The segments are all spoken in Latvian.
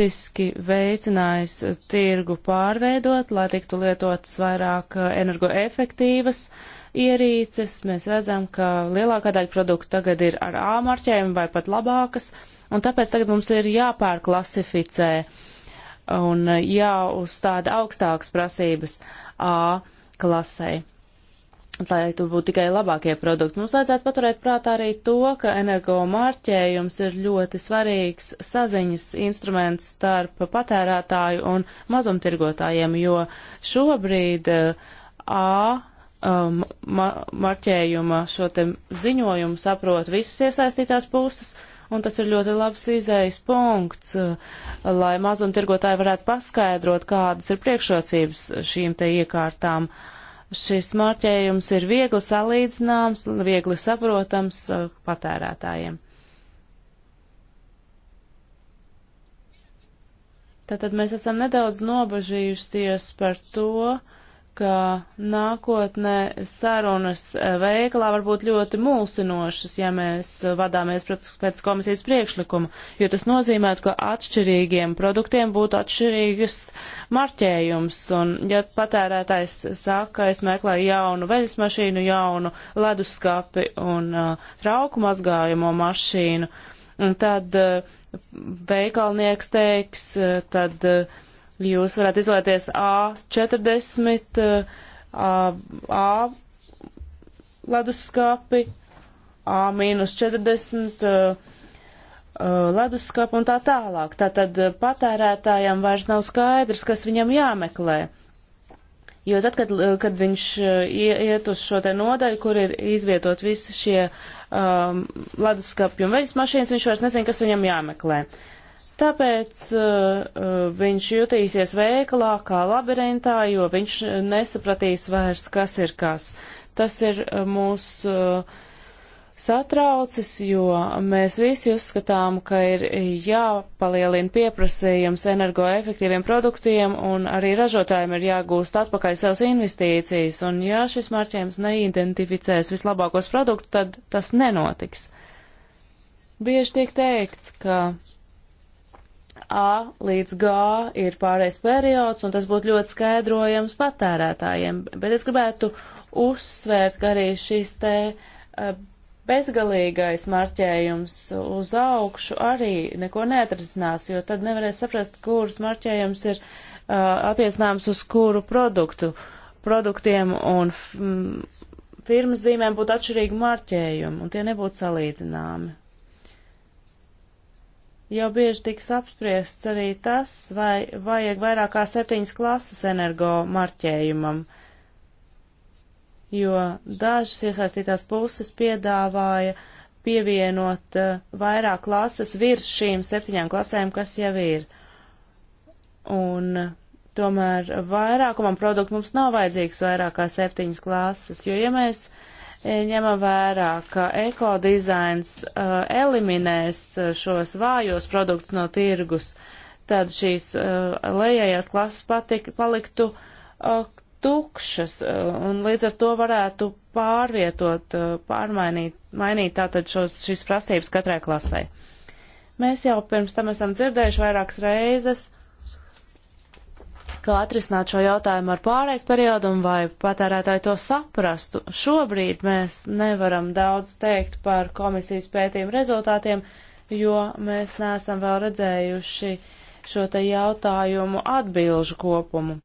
būtiski veicinājis tirgu pārveidot, lai tiktu lietotas vairāk eh, energoefektīvas ierīces. Mēs redzam, ka lielākā daļa produktu tagad ir ar A marķējumu vai pat labākas, un tāpēc tagad mums ir jāpārklasificē un eh, jāuzstāda augstākas prasības A klasei lai tur būtu tikai labākie produkti. Mums vajadzētu paturēt prātā arī to, ka energo marķējums ir ļoti svarīgs saziņas instruments starp patērētāju un mazumtirgotājiem, jo šobrīd eh, A eh, ma marķējuma šo te ziņojumu saprot visas iesaistītās puses, un tas ir ļoti labs izējas punkts, eh, lai mazumtirgotāji varētu paskaidrot, kādas ir priekšrocības šīm te iekārtām. Uh, Šis marķējums ir viegli salīdzināms, viegli saprotams uh, patērētājiem. Tātad mēs esam nedaudz nobažījušies par to, uh, ka nākotnē sarunas e, veiklā var būt ļoti mulsinošas, ja mēs vadāmies pēc komisijas priekšlikuma, jo tas nozīmē, ka atšķirīgiem produktiem būtu atšķirīgas marķējums. Un, ja patērētājs saka, es meklēju jaunu veļas mašīnu, jaunu leduskapi un uh, trauku mazgājamo mašīnu, un tad uh, veikalnieks teiks, uh, tad. Uh, Jūs varētu izvēlēties A40, eh, A, A leduskapi, A-40 eh, eh, leduskapu un tā tālāk. Tātad patērētājam vairs nav skaidrs, kas viņam jāmeklē. Jo tad, kad, kad viņš iet uz šo te nodaļu, kur ir izvietot visi šie um, leduskapju un veļas mašīnas, viņš vairs nezina, kas viņam jāmeklē. Uh, Tāpēc uh, uh, viņš jutīsies veikalā kā labirintā, jo viņš nesapratīs vairs, kas ir kas. Tas ir uh, mūs uh, satraucis, jo mēs visi uzskatām, ka ir jāpalielina pieprasījums energoefektīviem produktiem un arī ražotājiem ir jāgūst atpakaļ savas investīcijas. Un ja šis marķējums neidentificēs vislabākos produktus, tad tas nenotiks. Bieži tiek teikts, ka A līdz G ir pārējais periods, un tas būtu ļoti skaidrojams patērētājiem. Bet es gribētu uzsvērt, ka arī šis te e, bezgalīgais marķējums uz augšu arī neko neatrisinās, jo tad nevarēs saprast, kuras marķējums ir uh, attiecināms uz kuru produktu. Produktiem un firmas zīmēm būtu atšķirīgi marķējumi, un tie nebūtu salīdzināmi. Jau bieži tiks apspriests arī tas, vai vajag vairāk kā septiņas klases energo marķējumam, jo dažas iesaistītās puses piedāvāja pievienot eh, vairāk klases virs šīm septiņām klasēm, kas jau ir. Un tomēr vairākumam produktu mums nav vajadzīgs vairāk kā septiņas klases, jo ja mēs uh, E, ņemam vērā, ka ekodizains uh, eliminēs e, šos vājos produktus no tirgus, tad šīs uh, lejējās klases patik, paliktu uh, tukšas, un līdz ar to varētu pārvietot, pārmainīt, mainīt tātad šos, šīs prasības katrai klasē. Mēs jau pirms tam esam dzirdējuši vairākas reizes, uh, kā atrisināt šo jautājumu ar pārējais periodu un vai patērētāji to saprastu. Šobrīd mēs nevaram daudz teikt par komisijas pētījumu rezultātiem, jo mēs neesam vēl redzējuši šo te jautājumu atbilžu kopumu.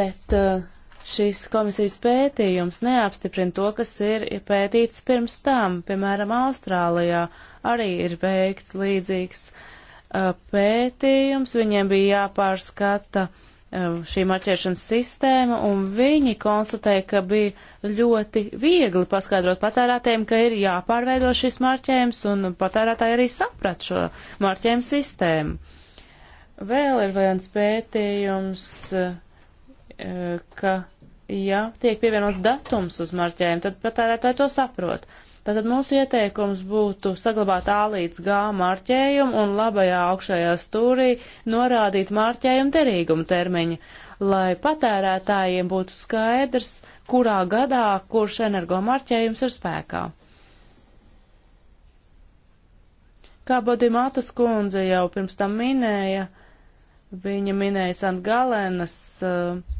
Bet eh, šīs komisijas pētījums neapstiprina to, kas ir pētīts pirms tam, piemēram, Austrālijā arī ir veikts līdzīgs uh, Eh, pētījums, viņiem bija jāpārskata eh, šī marķēšanas sistēma, un viņi konstatēja, ka bija ļoti viegli paskaidrot patērētājiem, ka ir jāpārveido šis marķējums, un patērētāji arī saprat šo marķējumu sistēmu. Vēl ir viens pētījums, eh, ka, ja tiek pievienots datums uz marķējumu, tad patērētāji to saprot. Uh, Tātad mūsu ieteikums būtu saglabāt A līdz G marķējumu un labajā augšējā stūrī norādīt marķējumu derīgumu termiņu, lai patērētājiem būtu skaidrs, kurā gadā kurš energo marķējums ir spēkā. Kā Bodimātas kundze jau pirms tam minēja, viņa minēja Sant Galenas uh,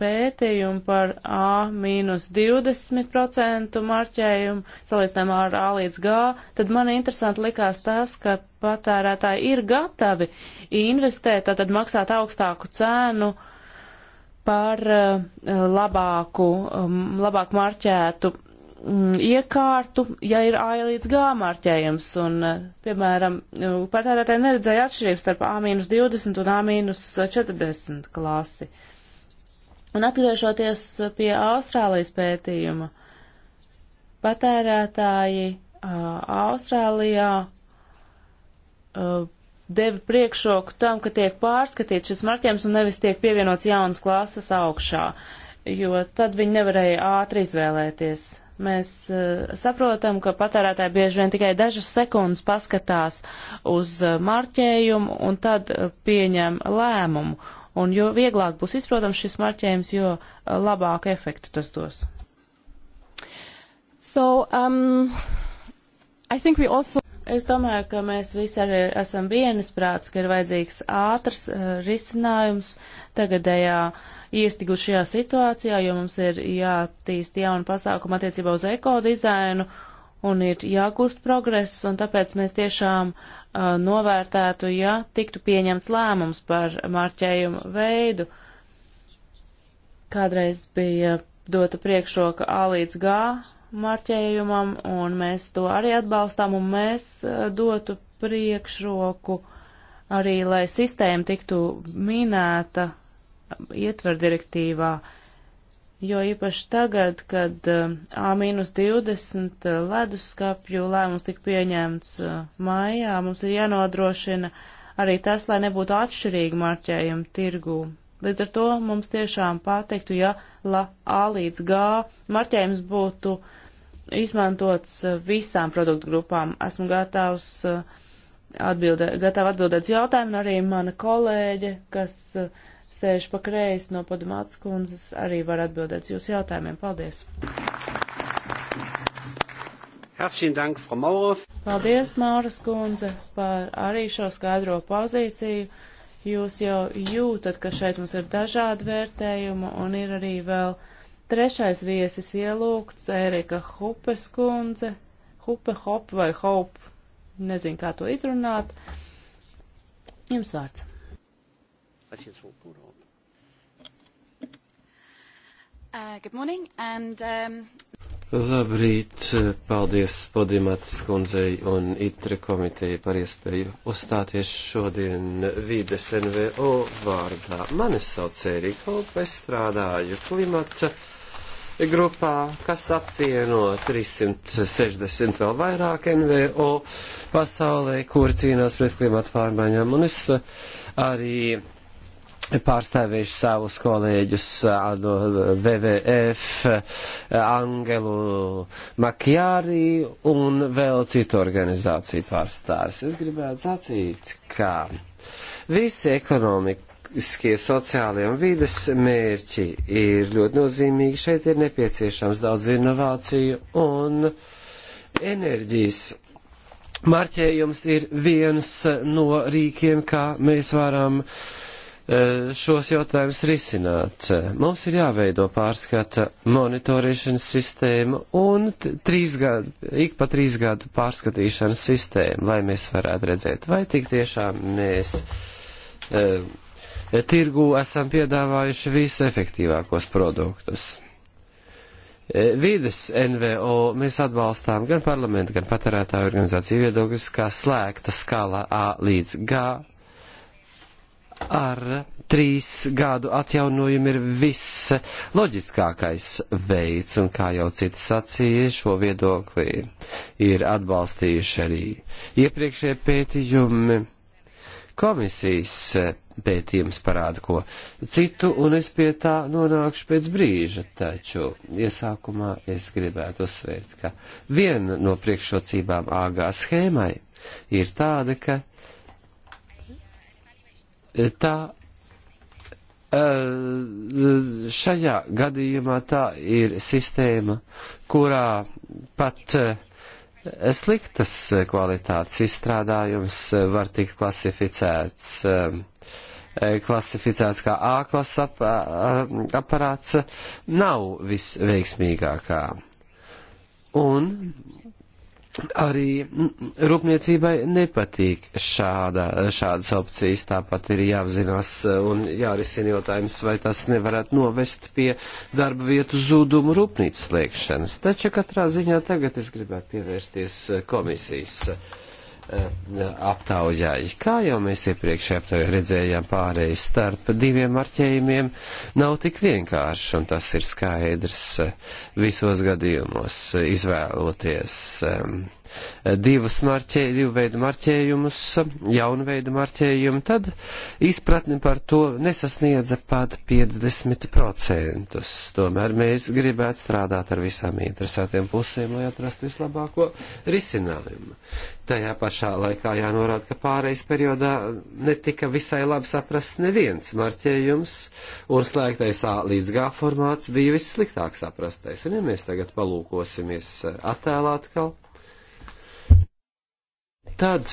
pētījumu par A-20% marķējumu, salīdzinājumā ar A līdz G, tad man interesanti likās tas, ka patērētāji ir gatavi investēt, tātad maksāt augstāku cēnu par eh, labāku, um, labāk marķētu mm, iekārtu, ja ir A līdz G marķējums. Un, eh, piemēram, patērētāji neredzēja atšķirības starp A-20 un A-40 klasi. Uh, Un atgriežoties pie Austrālijas pētījuma, patērētāji uh, Austrālijā uh, deva priekšroku tam, ka tiek pārskatīts šis marķējums un nevis tiek pievienots jaunas klases augšā, jo tad viņi nevarēja ātri izvēlēties. Mēs uh, saprotam, ka patērētāji bieži vien tikai dažas sekundes paskatās uz uh, marķējumu un tad uh, pieņem lēmumu. Un jo vieglāk būs izprotams šis marķējums, jo uh, labāku efektu tas dos. So, um, I think we also Es domāju, ka mēs visi arī esam vienisprāts, ka ir vajadzīgs ātrs uh, risinājums tagadējā iestigušajā situācijā, jo mums ir jātīst jauna pasākuma attiecībā uz ekodizainu un ir jāgūst progress, un tāpēc mēs tiešām Uh, novērtētu, ja tiktu pieņemts lēmums par marķējumu veidu. Kādreiz bija dota priekšroka A līdz G marķējumam, un mēs to arī atbalstām, un mēs uh, dotu priekšroku arī, lai sistēma tiktu minēta ietver direktīvā. Uh, jo īpaši tagad, kad eh, A-20 eh, leduskapju lēmums tika pieņemts eh, maijā, mums ir jānodrošina arī tas, lai nebūtu atšķirīgi marķējumi tirgū. Līdz ar to mums tiešām patiktu, ja la A līdz G marķējums būtu izmantots visām produktu grupām. Esmu gatavs atbildēt, gatava atbildēt uz jautājumu, un arī mana kolēģe, kas uh, sēž pa kreisi no padomātas kundzes, arī var atbildēt jūsu jautājumiem. Paldies! Dank, Frau Paldies, Māras kundze, par arī šo skaidro pozīciju. Jūs jau jūtat, ka šeit mums ir dažādi vērtējumi un ir arī vēl trešais viesis ielūgts Ērika Hupes kundze, Hupe Hop vai Hop, nezinu, kā to izrunāt. Jums vārds. Esiet sūk. Uh, good morning, and um, Labrīt! Paldies Podimatas kundzei un ITRE komiteja par iespēju uzstāties šodien Vīdes NVO vārdā. Mani sauc Ērika Hulpa, es strādāju klimata grupā, kas apvieno 360 vēl vairāk NVO pasaulē, kur cīnās pret klimata pārmaiņām. Un es arī pārstāvējuši savus kolēģus eh, Ado eh, VVF, eh, Angelu Makjārī un vēl citu organizāciju pārstāvis. Es gribētu sacīt, ka visi ekonomiskie, sociālie un vides mērķi ir ļoti nozīmīgi. Šeit ir nepieciešams daudz inovāciju un enerģijas. Marķējums ir viens no rīkiem, kā mēs varam uh, E, šos jautājumus risināt. Mums ir jāveido pārskata monitorēšanas sistēma un gadu, ik pa trīs gadu pārskatīšanas sistēma, lai mēs varētu redzēt, vai tik tiešām mēs e, tirgu esam piedāvājuši visefektīvākos produktus. E, vides NVO mēs atbalstām gan parlamentu, gan patērētāju organizāciju viedokļus, kā slēgta skala A līdz G ar trīs gadu atjaunojumu ir viss loģiskākais veids, un kā jau citi sacīja, šo viedokli ir atbalstījuši arī iepriekšējie pētījumi. Komisijas pētījums parāda ko citu, un es pie tā nonākšu pēc brīža, taču iesākumā es gribētu uzsvērt, ka viena no priekšrocībām āgā schēmai ir tāda, ka Tā e, šajā gadījumā tā ir sistēma, kurā pat e, sliktas kvalitātes izstrādājums var tikt klasificēts, e, klasificēts kā A klases ap, aparāts, nav visveiksmīgākā. Un arī mm, mm, rūpniecībai nepatīk šāda, šādas opcijas, tāpat ir jāapzinās eh, un jārisina jautājums, vai tas nevarētu novest pie darba vietu zūdumu rūpnīcas liekšanas. Taču katrā ziņā tagad es gribētu pievērsties eh, komisijas eh, Eh, aptaujājis. Kā jau mēs iepriekš aptaujā redzējām pārējais starp diviem marķējumiem, nav tik vienkārši, un tas ir skaidrs eh, visos gadījumos, eh, izvēloties divus marķē, divu veidu marķējumus, jaunu veidu marķējumu, tad izpratni par to nesasniedza pat 50%. Tomēr mēs gribētu strādāt ar visām interesētiem pusēm, lai atrastu vislabāko risinājumu. Tajā pašā laikā jānorāda, ka pārejas periodā netika visai labi saprasts neviens marķējums, un slēgtais A līdz G formāts bija vissliktāk saprastais. Un ja mēs tagad palūkosimies eh, attēlā atkal, tad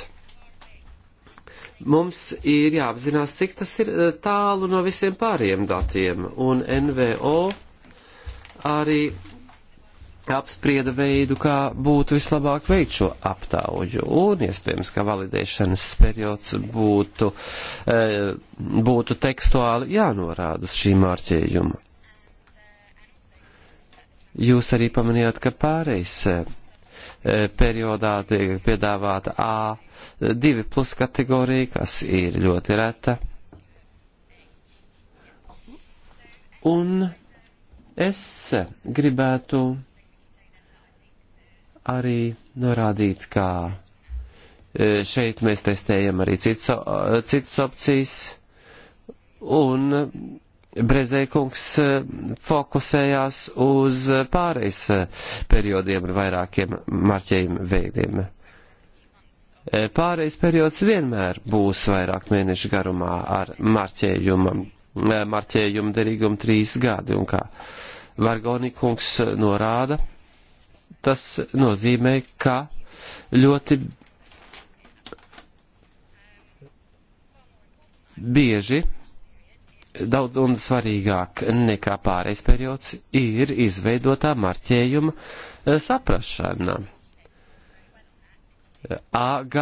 mums ir jāapzinās, cik tas ir eh, tālu no visiem pāriem datiem. Un NVO arī apsprieda veidu, kā būtu vislabāk veikt šo aptauju, un iespējams, ka validēšanas periods būtu, e, būtu tekstuāli jānorāda uz šī mārķējuma. Jūs arī pamanījāt, ka pārejas eh, E, periodā tiek piedāvāta A2 e, plus kategorija, kas ir ļoti reta. Un es gribētu arī norādīt, kā e, šeit mēs testējam arī citas, citas opcijas. Un Brezēkungs eh, fokusējās uz eh, pārejas eh, periodiem ar vairākiem marķējumu veidiem. Pārejas periods vienmēr būs vairāk mēnešu garumā ar marķējumu, marķējumu derīgumu trīs gadi, un kā Vargonikungs norāda, tas nozīmē, ka ļoti bieži daudz un svarīgāk nekā pārejas periods ir izveidotā marķējuma eh, saprašana. AG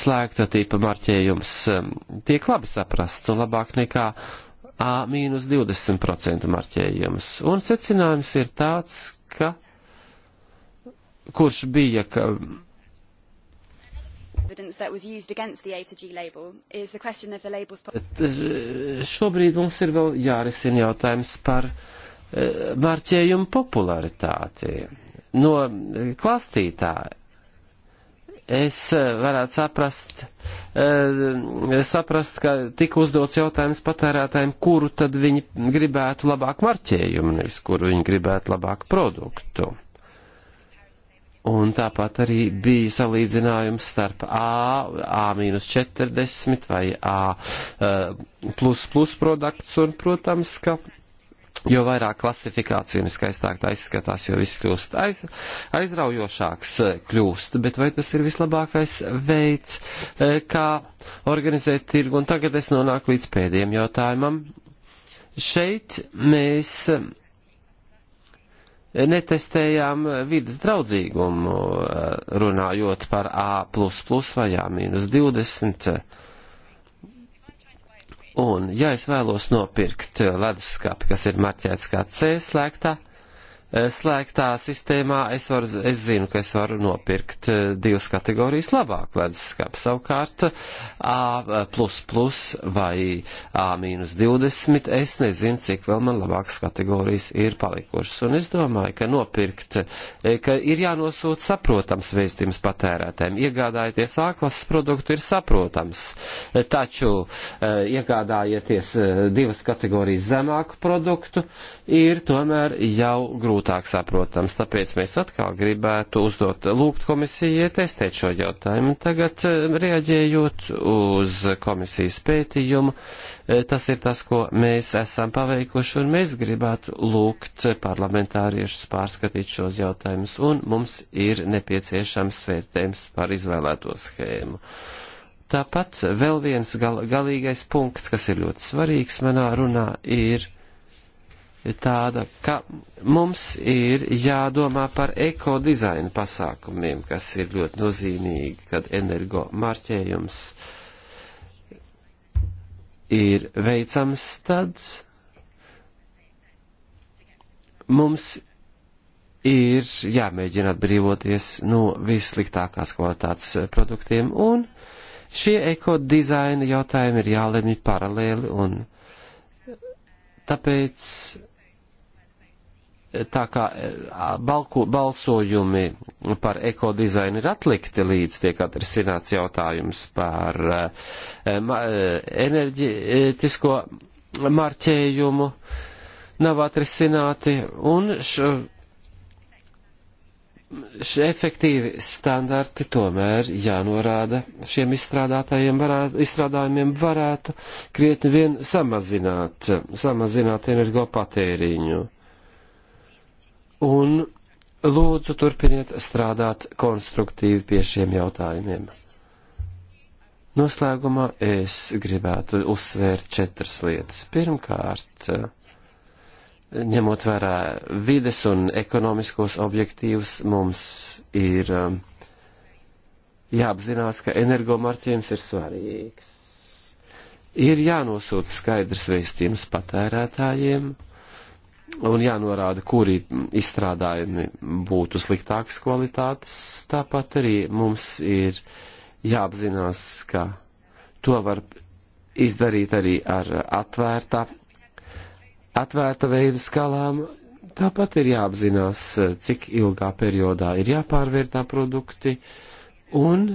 slēgta tipa marķējums eh, tiek labi saprasts un labāk nekā A-20% marķējums. Un secinājums ir tāds, ka kurš bija, ka evidence that was used against the A to G label is the question of the label's... Eh, šobrīd mums ir vēl jārisina jautājums par eh, marķējumu popularitāti. No eh, klastītā es varētu saprast, saprast, ka tika uzdots jautājums patērētājiem, kuru tad viņi gribētu labāk marķējumu, nevis kuru viņi gribētu labāk produktu. Un tāpat arī bija salīdzinājums starp A, A-40 vai A eh, plus plus produkts, un, protams, ka jo vairāk klasifikācija un skaistāk tā izskatās, jo viss kļūst aiz, aizraujošāks eh, kļūst, bet vai tas ir vislabākais veids, eh, kā organizēt tirgu? Un tagad es nonāku līdz pēdējiem jautājumam. Šeit mēs netestējām vidas draudzīgumu, eh, runājot par A vai A mīnus 20. Un, ja es vēlos nopirkt eh, leduskapi, kas ir marķēts kā C slēgtā, Eh, slēgtā sistēmā es, varu, es zinu, ka es varu nopirkt eh, divas kategorijas labāk leduskapu. Savukārt A eh, vai A-20 es nezinu, cik vēl man labākas kategorijas ir palikušas. Un es domāju, ka nopirkt, ka ir jānosūt saprotams vēstījums patērētēm. Iegādājieties A-klases produktu ir saprotams, taču iegādājieties divas kategorijas zemāku produktu ir tomēr jau grūti grūtāk saprotams. Tāpēc mēs atkal gribētu uzdot lūgt komisijai testēt šo jautājumu. Tagad eh, reaģējot uz komisijas pētījumu, eh, tas ir tas, ko mēs esam paveikuši, un mēs gribētu lūgt parlamentāriešus pārskatīt šos jautājumus, un mums ir nepieciešams vērtējums par izvēlēto schēmu. Tāpat vēl viens gal, galīgais punkts, kas ir ļoti svarīgs manā runā, ir tāda, ka mums ir jādomā par ekodizaina pasākumiem, kas ir ļoti nozīmīgi, kad energo marķējums ir veicams, tad mums ir jāmēģina atbrīvoties no vissliktākās kvalitātes produktiem, un šie ekodizaina jautājumi ir jālemj paralēli, un tāpēc tā kā balku, balsojumi par ekodizainu ir atlikti līdz tiek atrisināts jautājums par enerģētisko marķējumu, nav atrisināti un š, š efektīvi standarti tomēr jānorāda šiem izstrādātājiem varētu, izstrādājumiem varētu krietni vien samazināt, samazināt energo patēriņu un lūdzu turpiniet strādāt konstruktīvi pie šiem jautājumiem. Noslēgumā es gribētu uzsvērt četras lietas. Pirmkārt, ņemot vērā vides un ekonomiskos objektīvus, mums ir um, jāapzinās, ka energomarķējums ir svarīgs. Ir jānosūta skaidrs vēstījums patērētājiem, un jānorāda, kuri izstrādājumi būtu sliktākas kvalitātes. Tāpat arī mums ir jāapzinās, ka to var izdarīt arī ar atvērta, atvērta veida skalām. Tāpat ir jāapzinās, cik ilgā periodā ir jāpārvērtā produkti, un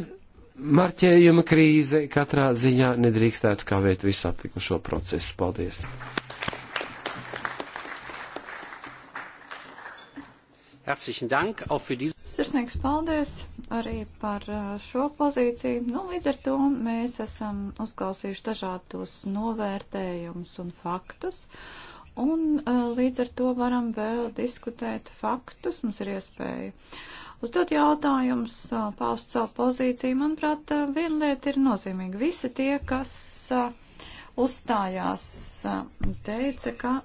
marķējuma krīze katrā ziņā nedrīkstētu kavēt visu atlikušo procesu. Paldies! Sirsnīgs paldies arī par uh, šo pozīciju. Nu, līdz ar to mēs esam uzklausījuši dažādus novērtējumus un faktus. Un uh, līdz ar to varam vēl diskutēt faktus. Mums ir iespēja uzdot jautājumus, uh, paust savu pozīciju. Manuprāt, viena lieta ir nozīmīga. Visi tie, kas uzstājās, teica, ka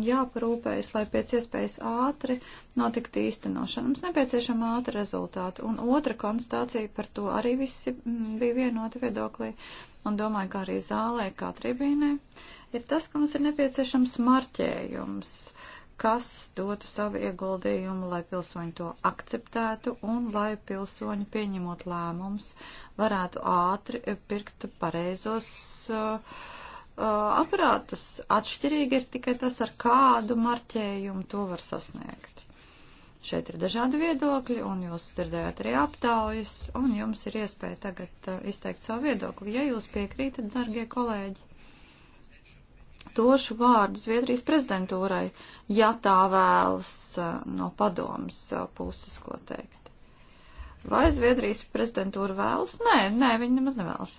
jāparūpējas, lai pēc iespējas ātri notiktu īstenošana. Mums nepieciešama ātra rezultāta. Un otra konstatācija par to arī visi mm, bija vienoti viedoklī, un domāju, kā arī zālē, kā tribīnē, ir tas, ka mums ir nepieciešams marķējums, kas dotu savu ieguldījumu, lai pilsoņi to akceptētu un lai pilsoņi pieņemot lēmumus varētu ātri pirkt pareizos uh, Uh, aparātus. Atšķirīgi ir tikai tas, ar kādu marķējumu to var sasniegt. Šeit ir dažādi viedokļi, un jūs dzirdējat arī aptaujas, un jums ir iespēja tagad uh, izteikt savu viedokli. Ja jūs piekrītat, dargie kolēģi, došu vārdu Zviedrijas prezidentūrai, ja tā vēlas uh, no padomas uh, puses, ko teikt. Vai Zviedrijas prezidentūra vēlas? Nē, nē, viņi nemaz nevēlas.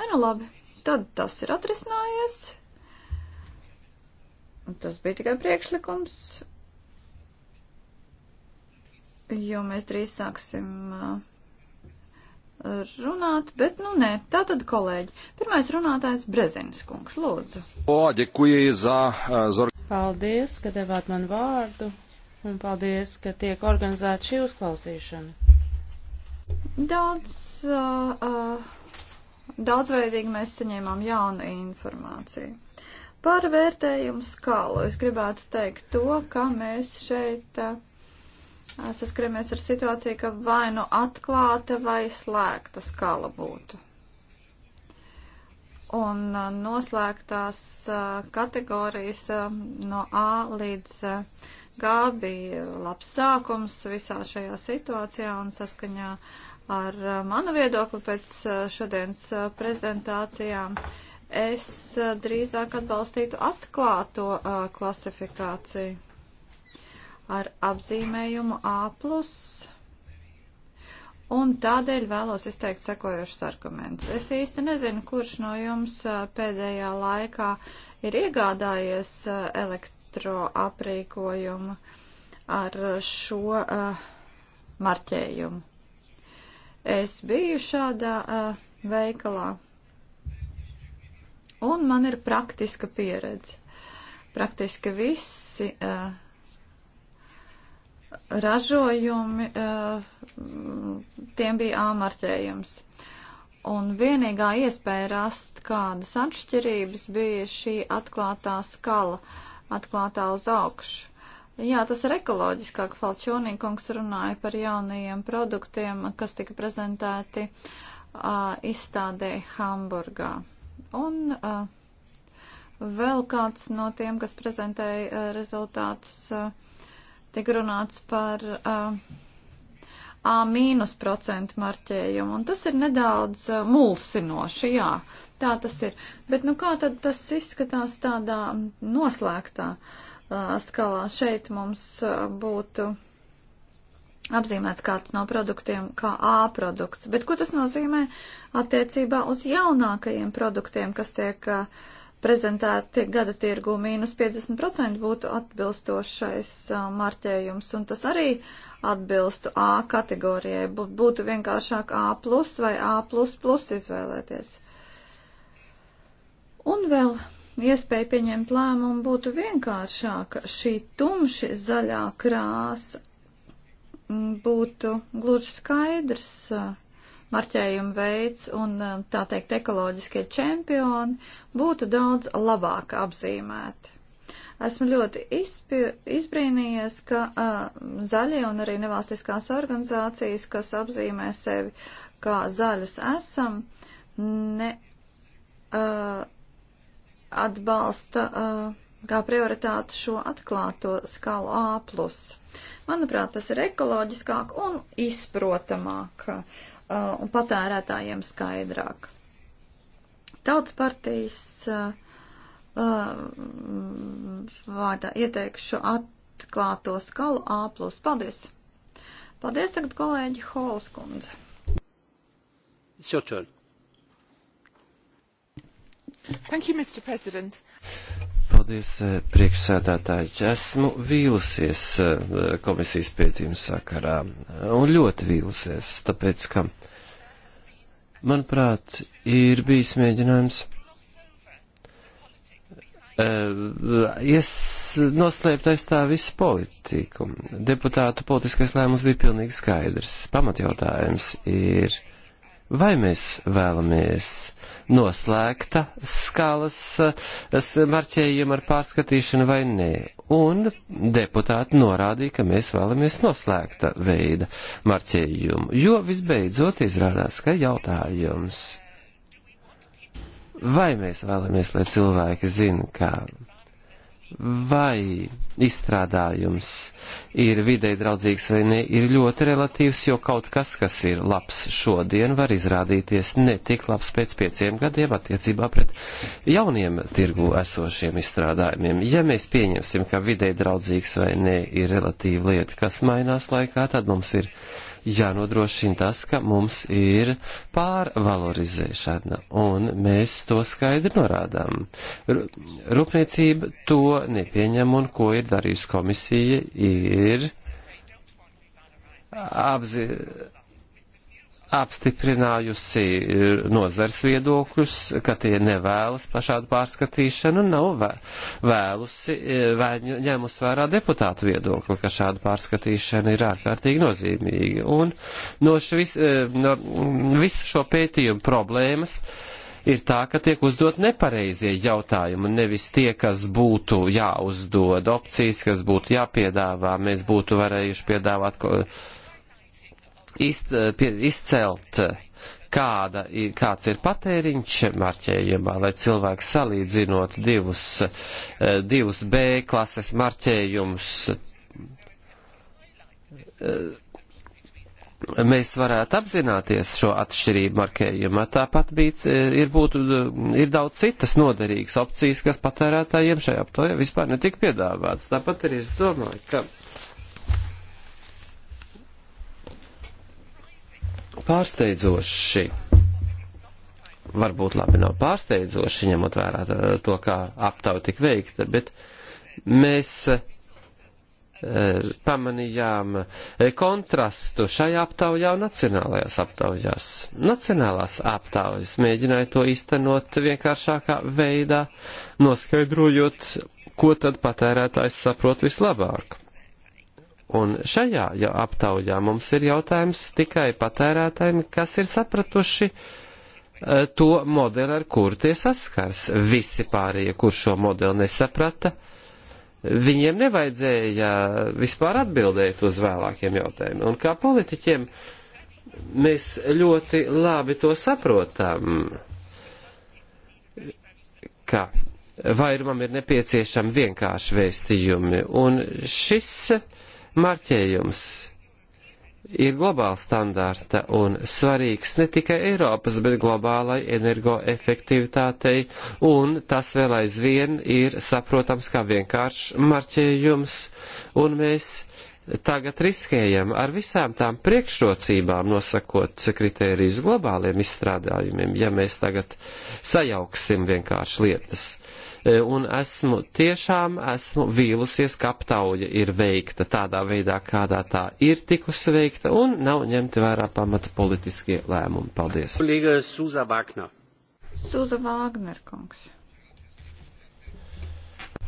Nē, nu labi. Tad tas ir atrisinājies. Tas bija tikai priekšlikums, jo mēs drīz sāksim uh, runāt, bet nu nē. Tātad, kolēģi, pirmais runātājs Brezins kungs, lūdzu. O, ģekuji za... Uh, zor... Paldies, ka devāt man vārdu, un paldies, ka tiek organizēta šī uzklausīšana. Daudz uh, uh, Daudzveidīgi mēs saņēmām jaunu informāciju. Par vērtējumu skalu es gribētu teikt to, ka mēs šeit eh, saskaramies ar situāciju, ka vai nu atklāta vai slēgta skala būtu. Un eh, noslēgtās eh, kategorijas no A līdz G bija labs sākums visā šajā situācijā un saskaņā ar uh, manu viedokli pēc uh, šodienas uh, prezentācijām. Es drīzāk atbalstītu atklāto klasifikāciju ar apzīmējumu A. Un tādēļ vēlos izteikt sekojušus argumentus. Es īsti nezinu, kurš no jums pēdējā laikā ir iegādājies elektroaprīkojumu ar šo marķējumu. Es biju šādā uh, veikalā, un man ir praktiska pieredze. Praktiski visi uh, ražojumi, uh, tiem bija āmarķējums. Un vienīgā iespēja rast kādas atšķirības bija šī atklātā skala, atklātā uz augšu. Jā, tas ir ekoloģiskāk. Falčonīkungs runāja par jaunajiem produktiem, kas tika prezentēti uh, izstādē Hamburgā. Un uh, vēl kāds no tiem, kas prezentēja uh, rezultātus, uh, tika runāts par uh, A-procentu marķējumu. Un tas ir nedaudz uh, mulsinoši, jā, tā tas ir. Bet nu kā tad tas izskatās tādā noslēgtā? Uh, skalā. Šeit mums būtu apzīmēts kāds no produktiem kā A produkts. Bet ko tas nozīmē attiecībā uz jaunākajiem produktiem, kas tiek prezentēti gada tirgu mīnus 50% būtu atbilstošais marķējums, un tas arī atbilstu A kategorijai. Būtu vienkāršāk A plus vai A plus plus izvēlēties. Un vēl iespēja pieņemt lēmumu būtu vienkāršāka. Šī tumši zaļā krāsa būtu gluži skaidrs marķējuma veids un, tā teikt, ekoloģiskie čempioni būtu daudz labāk apzīmēti. Esmu ļoti izpi, izbrīnījies, ka uh, zaļie un arī nevalstiskās organizācijas, kas apzīmē sevi kā zaļas esam, ne, uh, atbalsta uh, kā prioritāti šo atklāto skalu A. Manuprāt, tas ir ekoloģiskāk un izprotamāk uh, un patērētājiem skaidrāk. Tautas partijas uh, uh, vārdā ieteikšu atklāto skalu A. Paldies! Paldies tagad kolēģi Holskundze. It's your turn. Thank you, Mr. President. Paldies, eh, priekšsēdētāji. Esmu vīlusies eh, komisijas pētījuma sakarā un ļoti vīlusies, tāpēc, ka, manuprāt, ir bijis mēģinājums ies eh, noslēpt aiz tā visu politiku. Deputātu politiskais lēmums bija pilnīgi skaidrs. Pamatjautājums ir vai mēs vēlamies noslēgta skalas marķējumu ar pārskatīšanu vai nē. Un deputāti norādīja, ka mēs vēlamies noslēgta veida marķējumu, jo visbeidzot izrādās, ka jautājums. Vai mēs vēlamies, lai cilvēki zina, ka vai izstrādājums ir videi draudzīgs vai ne, ir ļoti relatīvs, jo kaut kas, kas ir labs šodien, var izrādīties ne tik labs pēc pieciem gadiem attiecībā pret jauniem tirgu esošiem izstrādājumiem. Ja mēs pieņemsim, ka videi draudzīgs vai ne ir relatīva lieta, kas mainās laikā, tad mums ir jānodrošina tas, ka mums ir pārvalorizēšana, un mēs to skaidri norādām. Rūpniecība to nepieņem, un ko ir darījusi komisija, ir apzināta apstiprinājusi eh, nozars viedokļus, ka tie nevēlas pašādu pārskatīšanu, nav vēlusi, eh, vai ņēmus vērā deputātu viedokli, ka šāda pārskatīšana ir ārkārtīgi nozīmīga. Un no, švis, eh, no mm, visu šo pētījumu problēmas ir tā, ka tiek uzdot nepareizie jautājumi, nevis tie, kas būtu jāuzdod, opcijas, kas būtu jāpiedāvā, mēs būtu varējuši piedāvāt. Ko, izc, izcelt, kāda, kāds ir patēriņš marķējumā, lai cilvēks salīdzinot divus, e, divus B klases marķējumus, e, mēs varētu apzināties šo atšķirību markējumā. Tāpat bija, e, ir, būtu, ir daudz citas noderīgas opcijas, kas patērētājiem šajā aptaujā vispār netika piedāvāts. Tāpat arī es domāju, ka pārsteidzoši varbūt labi nav pārsteidzoši, ņemot vērā to, kā aptauja tik veikta, bet mēs e, pamanījām e, kontrastu šajā aptaujā un nacionālajās aptaujās. Nacionālās aptaujas mēģināja to iztenot vienkāršākā veidā, noskaidrojot, ko tad patērētājs saprot vislabāk. Un šajā aptaujā mums ir jautājums tikai patērētājiem, kas ir sapratuši eh, to modeli, ar kuru tie saskars. Visi pārējie, kur šo modeli nesaprata, viņiem nevajadzēja vispār atbildēt uz vēlākiem jautājumiem. Un kā politiķiem mēs ļoti labi to saprotam, ka vairumam ir nepieciešami vienkārši vēstījumi. Un šis Marķējums ir globāla standārta un svarīgs ne tikai Eiropas, bet globālai energoefektivitātei, un tas vēl aizvien ir saprotams kā vienkāršs marķējums, un mēs tagad riskējam ar visām tām priekšrocībām nosakot kritērijus globāliem izstrādājumiem, ja mēs tagad sajauksim vienkārši lietas. Uh, E, un esmu tiešām esmu vīlusies, ka aptauja ir veikta tādā veidā, kādā tā ir tikusi veikta, un nav ņemti vērā pamata politiskie lēmumi. Paldies. Sūza Vāgner. Sūza Vāgner, kungs.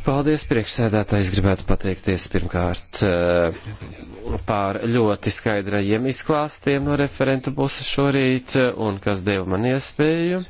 Paldies, priekšsēdētājs. Gribētu pateikties pirmkārt e, par ļoti skaidrajiem izklāstiem no referentu puses šorīt e, un kas deva man iespēju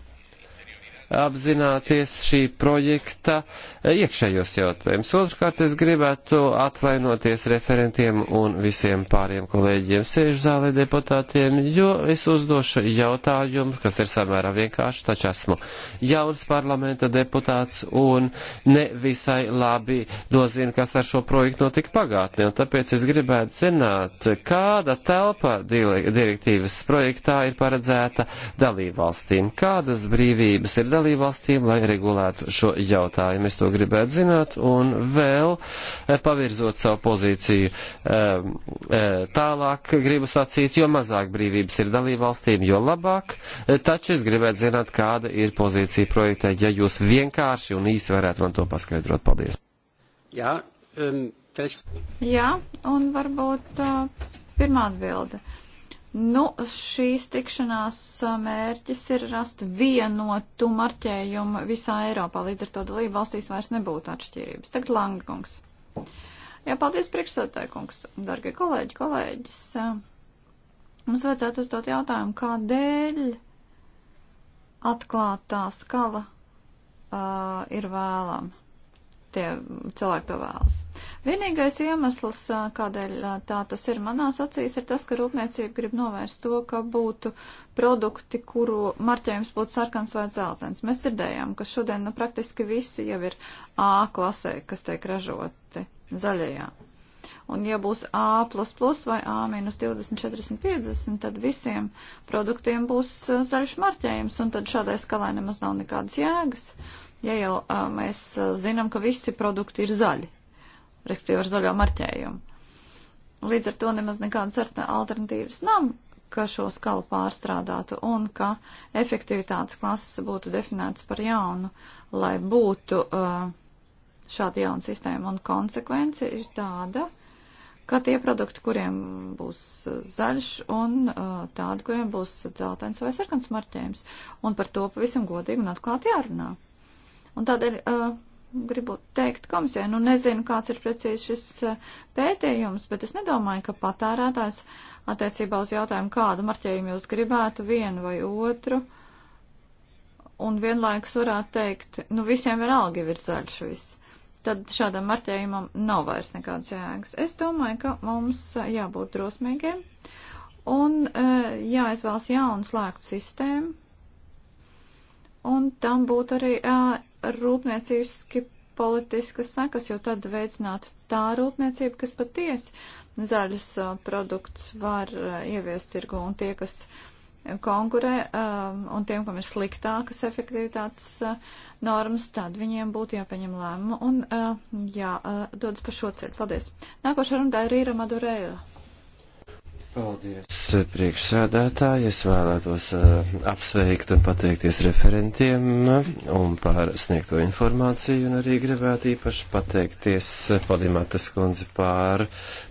apzināties šī projekta eh, iekšējos jautājumus. Otrkārt, es gribētu atvainoties referentiem un visiem pāriem kolēģiem sēžu zālē deputātiem, jo es uzdošu jautājumu, kas ir samērā vienkārši, taču esmu jauns parlamenta deputāts un ne visai labi nozinu, kas ar šo projektu notika pagātnē. Un tāpēc es gribētu zināt, kāda telpa direktīvas projektā ir paredzēta dalībvalstīm, kādas brīvības ir dalībvalstīm, lai regulētu šo jautājumu. Es to gribētu zināt un vēl eh, pavirzot savu pozīciju ehm, eh, tālāk, gribu sacīt, jo mazāk brīvības ir dalībvalstīm, jo labāk, eh, taču es gribētu zināt, kāda ir pozīcija projektē, ja jūs vienkārši un īsi varētu man to paskaidrot. Paldies! Jā, um, Jā un varbūt uh, pirmā atbilde. Uh, Nu, šīs tikšanās mērķis ir rast vienotu marķējumu visā Eiropā, līdz ar to dalību valstīs vairs nebūtu atšķirības. Tagad Langkungs. Jā, paldies priekšsētājkungs, dargie kolēģi, kolēģis. Mums vajadzētu uzdot jautājumu, kādēļ atklātā skala uh, ir vēlama? tie cilvēki to vēlas. Vienīgais iemesls, kādēļ tā tas ir manās acīs, ir tas, ka rūpniecība grib novērst to, ka būtu produkti, kuru marķējums būtu sarkans vai dzeltens. Mēs dzirdējām, ka šodien nu, praktiski visi jau ir A klasē, kas tiek ražoti zaļajā. Un ja būs A vai A minus 20, 40, 50, tad visiem produktiem būs zaļš marķējums, un tad šādai skalai nemaz nav nekādas jēgas. Uh, ja jau uh, mēs zinām, ka visi produkti ir zaļi, respektīvi ar zaļo marķējumu. Līdz ar to nemaz nekādas alternatīvas nav, ka šo skalu pārstrādātu un ka efektivitātes klases būtu definētas par jaunu, lai būtu uh, šāda jauna sistēma. Un konsekvence ir tāda, ka tie produkti, kuriem būs zaļš un uh, tādi, kuriem būs dzeltens vai sarkans marķējums. Un par to pavisam godīgi un atklāti jārunā. Un tādēļ uh, gribu teikt komisijai, nu nezinu, kāds ir precīzi šis uh, pētījums, bet es nedomāju, ka patērētājs attiecībā uz jautājumu, kādu marķējumu jūs gribētu, vienu vai otru, un vienlaikus varētu teikt, nu visiem vienalga ir zaļš viss. Tad šādam marķējumam nav vairs nekādas jēgas. Es domāju, ka mums uh, jābūt drosmīgiem un uh, jāizvēlas jaunu slēgtu sistēmu, un tam būtu arī uh, rūpnieciski politiskas sekas, jo tad veicinātu tā rūpniecība, kas patiesi zaļus uh, produktus var uh, ieviest tirgu un tie, kas konkurē um, un tiem, kam ir sliktākas efektivitātes uh, normas, tad viņiem būtu jāpieņem lēmumu un jādodas pa šo ceļu. Paldies. Nākošā runā ir Rīra Madureira. Paldies, priekšsēdētāji. Es vēlētos eh, apsveikt un pateikties referentiem eh, un par sniegto informāciju un arī gribētu īpaši pateikties eh, Palimatas kundzi par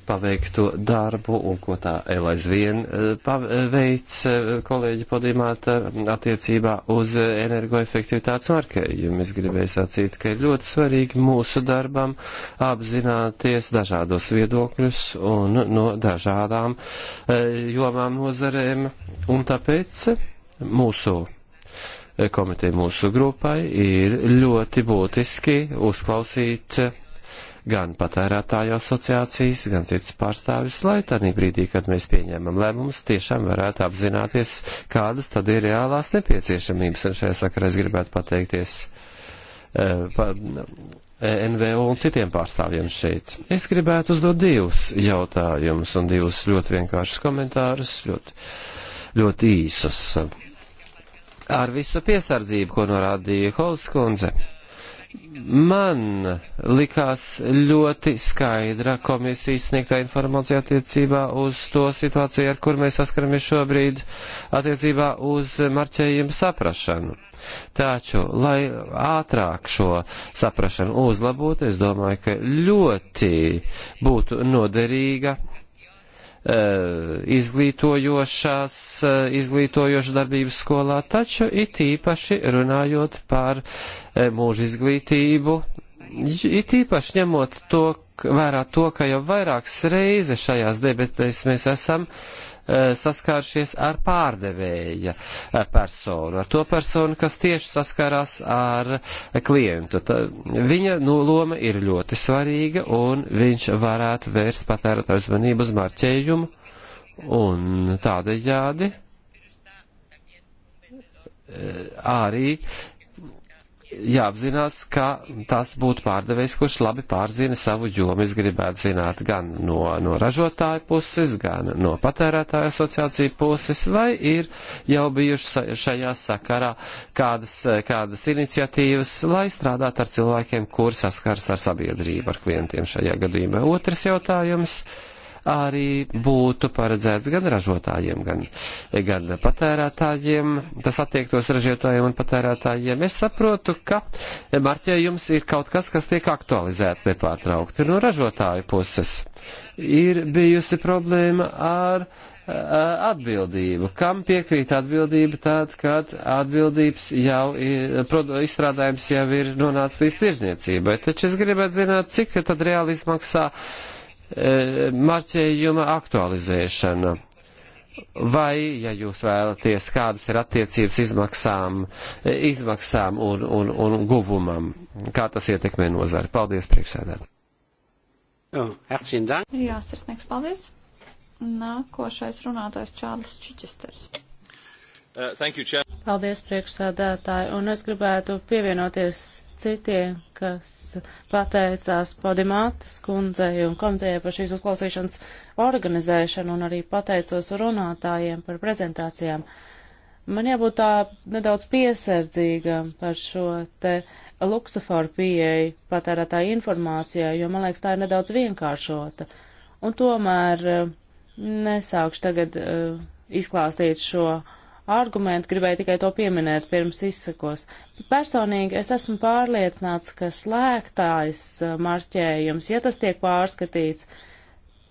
paveikto darbu un ko tā vēl aizvien eh, paveic eh, eh, kolēģi podimāta attiecībā uz energoefektivitātes markējumu. Es gribēju sacīt, ka ir ļoti svarīgi mūsu darbam apzināties dažādos viedokļus un no dažādām jomām nozarēm. Un tāpēc mūsu komiteja mūsu grupai ir ļoti būtiski uzklausīt gan patērētāju asociācijas, gan citas pārstāvis, lai tādī brīdī, kad mēs pieņemam lēmumus, tiešām varētu apzināties, kādas tad ir reālās nepieciešamības. Un šajā sakarā es gribētu pateikties eh, pa, NVO un citiem pārstāvjiem šeit. Es gribētu uzdot divus jautājumus un divus ļoti vienkāršus komentārus, ļoti, ļoti īsus. Ar visu piesardzību, ko norādīja Holskundze. kundze man likās ļoti skaidra komisijas sniegtā informācija attiecībā uz to situāciju, ar kur mēs saskaramies šobrīd attiecībā uz marķējumu saprašanu. Taču, lai ātrāk šo saprašanu uzlabotu, es domāju, ka ļoti būtu noderīga uh, Eh, izglītojošās, eh, izglītojošas darbības skolā, taču it īpaši runājot par eh, mūža izglītību, it īpaši ņemot to, vērā to, ka jau vairākas reizes šajās debatēs mēs esam uh, Eh, saskāršies ar pārdevēja eh, personu, ar to personu, kas tieši saskarās ar klientu. Tā, viņa no nu, loma ir ļoti svarīga, un viņš varētu vērst patērētāju uzmanību uz marķējumu, un tādējādi eh, arī jāapzinās, ka tas būtu pārdevējs, kurš labi pārzina savu jomu. Es gribētu zināt gan no, no ražotāja puses, gan no patērētāja asociācija puses, vai ir jau bijuši šajā sakarā kādas, kādas iniciatīvas, lai strādātu ar cilvēkiem, kur saskars ar sabiedrību, ar klientiem šajā gadījumā. Otrs jautājums. Uh, arī būtu paredzēts gan ražotājiem, gan, gan patērētājiem. Tas attiektos ražotājiem un patērētājiem. Es saprotu, ka marķējums ir kaut kas, kas tiek aktualizēts nepārtraukti no ražotāju puses. Ir bijusi problēma ar atbildību. Kam piekrīt atbildība tad, kad atbildības jau ir, izstrādājums jau ir nonācis līdz tirzniecībai? Taču es gribētu zināt, cik tad reāli izmaksā uh, E, marķējuma aktualizēšana. Vai, ja jūs vēlaties, kādas ir attiecības izmaksām, e, izmaksām un, un, un guvumam, kā tas ietekmē nozari? Paldies, priekšsēdētāji. Jā, sirsnieks, paldies. Nākošais runātājs Čārlis Čičisters. Uh, you, Paldies, priekšsēdētāji, un es gribētu pievienoties citiem, kas pateicās Padimātas kundzei un komitejai par šīs uzklausīšanas organizēšanu un arī pateicos runātājiem par prezentācijām. Man jābūt tā nedaudz piesardzīgam par šo te luksuforu pieeju patērētāju informācijai, jo man liekas, tā ir nedaudz vienkāršota. Un tomēr eh, nesākšu tagad uh, izklāstīt šo argumentu, gribēju tikai to pieminēt pirms izsakos. Personīgi es esmu pārliecināts, ka slēgtājs uh, marķējums, ja tas tiek pārskatīts,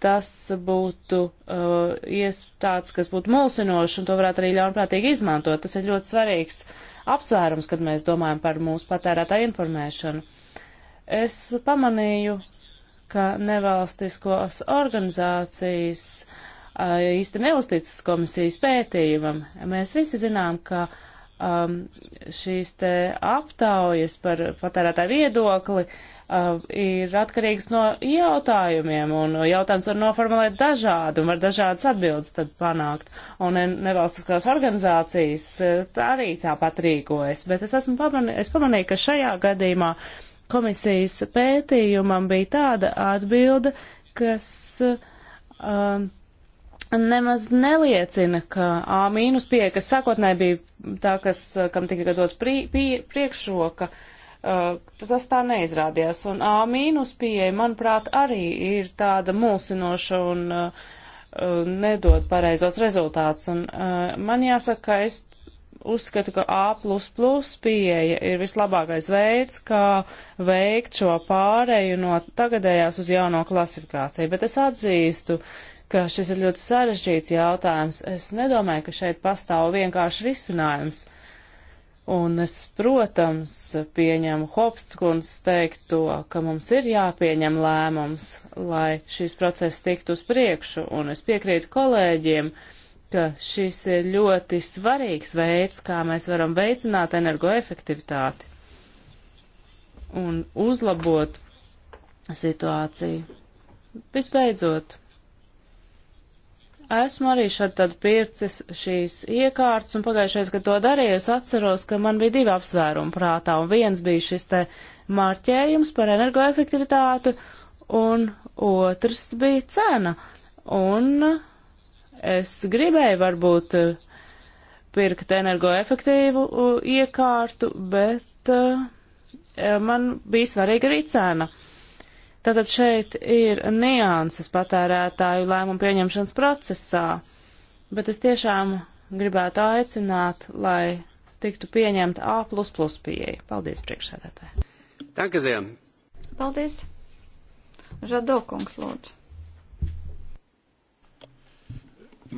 tas būtu uh, tāds, kas būtu mulsinošs un to varētu arī ļaunprātīgi izmantot. Tas ir ļoti svarīgs apsvērums, kad mēs domājam par mūsu patērētā informēšanu. Es pamanīju, ka nevalstiskos organizācijas uh, īsti neusticas komisijas pētījumam. Mēs visi zinām, ka um, šīs te aptaujas par patērētāju viedokli uh, ir atkarīgs no jautājumiem, un jautājums var noformulēt dažādi, un var dažādas atbildes tad panākt. Un nevalstiskās organizācijas tā arī tāpat rīkojas, bet es esmu pamanīju, es pamanīju, ka šajā gadījumā komisijas pētījumam bija tāda atbilde, kas. Um, uh, nemaz neliecina, ka A- pieeja, kas sākotnēji bija tā, kas, uh, kam tika dot prie, prie, priekšroka, uh, tas tā neizrādījās. Un A- pieeja, manuprāt, arī ir tāda mulsinoša un uh, uh, nedod pareizos rezultātus. Un uh, man jāsaka, ka es uzskatu, ka A++ pieeja ir vislabākais veids, kā veikt šo pāreju no tagadējās uz jauno klasifikāciju, bet es atzīstu, ka šis ir ļoti sarežģīts jautājums. Es nedomāju, ka šeit pastāv vienkārši risinājums. Un es, protams, pieņemu Hopstkuns teikto, ka mums ir jāpieņem lēmums, lai šīs process tiktu uz priekšu, un es piekrītu kolēģiem, ka šis ir ļoti svarīgs veids, kā mēs varam veicināt energoefektivitāti un uzlabot situāciju. Visbeidzot, Esmu arī šad tad pircis šīs iekārtas, un pagājušais, kad to darīju, es atceros, ka man bija divi apsvērumi prātā, un viens bija šis te marķējums par energoefektivitātu, un otrs bija cena. Un es gribēju varbūt pirkt energoefektīvu uh, iekārtu, bet uh, man bija svarīga arī cena. Tātad šeit ir nianses patērētāju lēmumu pieņemšanas procesā, bet es tiešām gribētu aicināt, lai tiktu pieņemta A++ pieeja. Paldies, priekšsēdētāji. Tankaziem. Paldies. Žadokungs, lūdzu.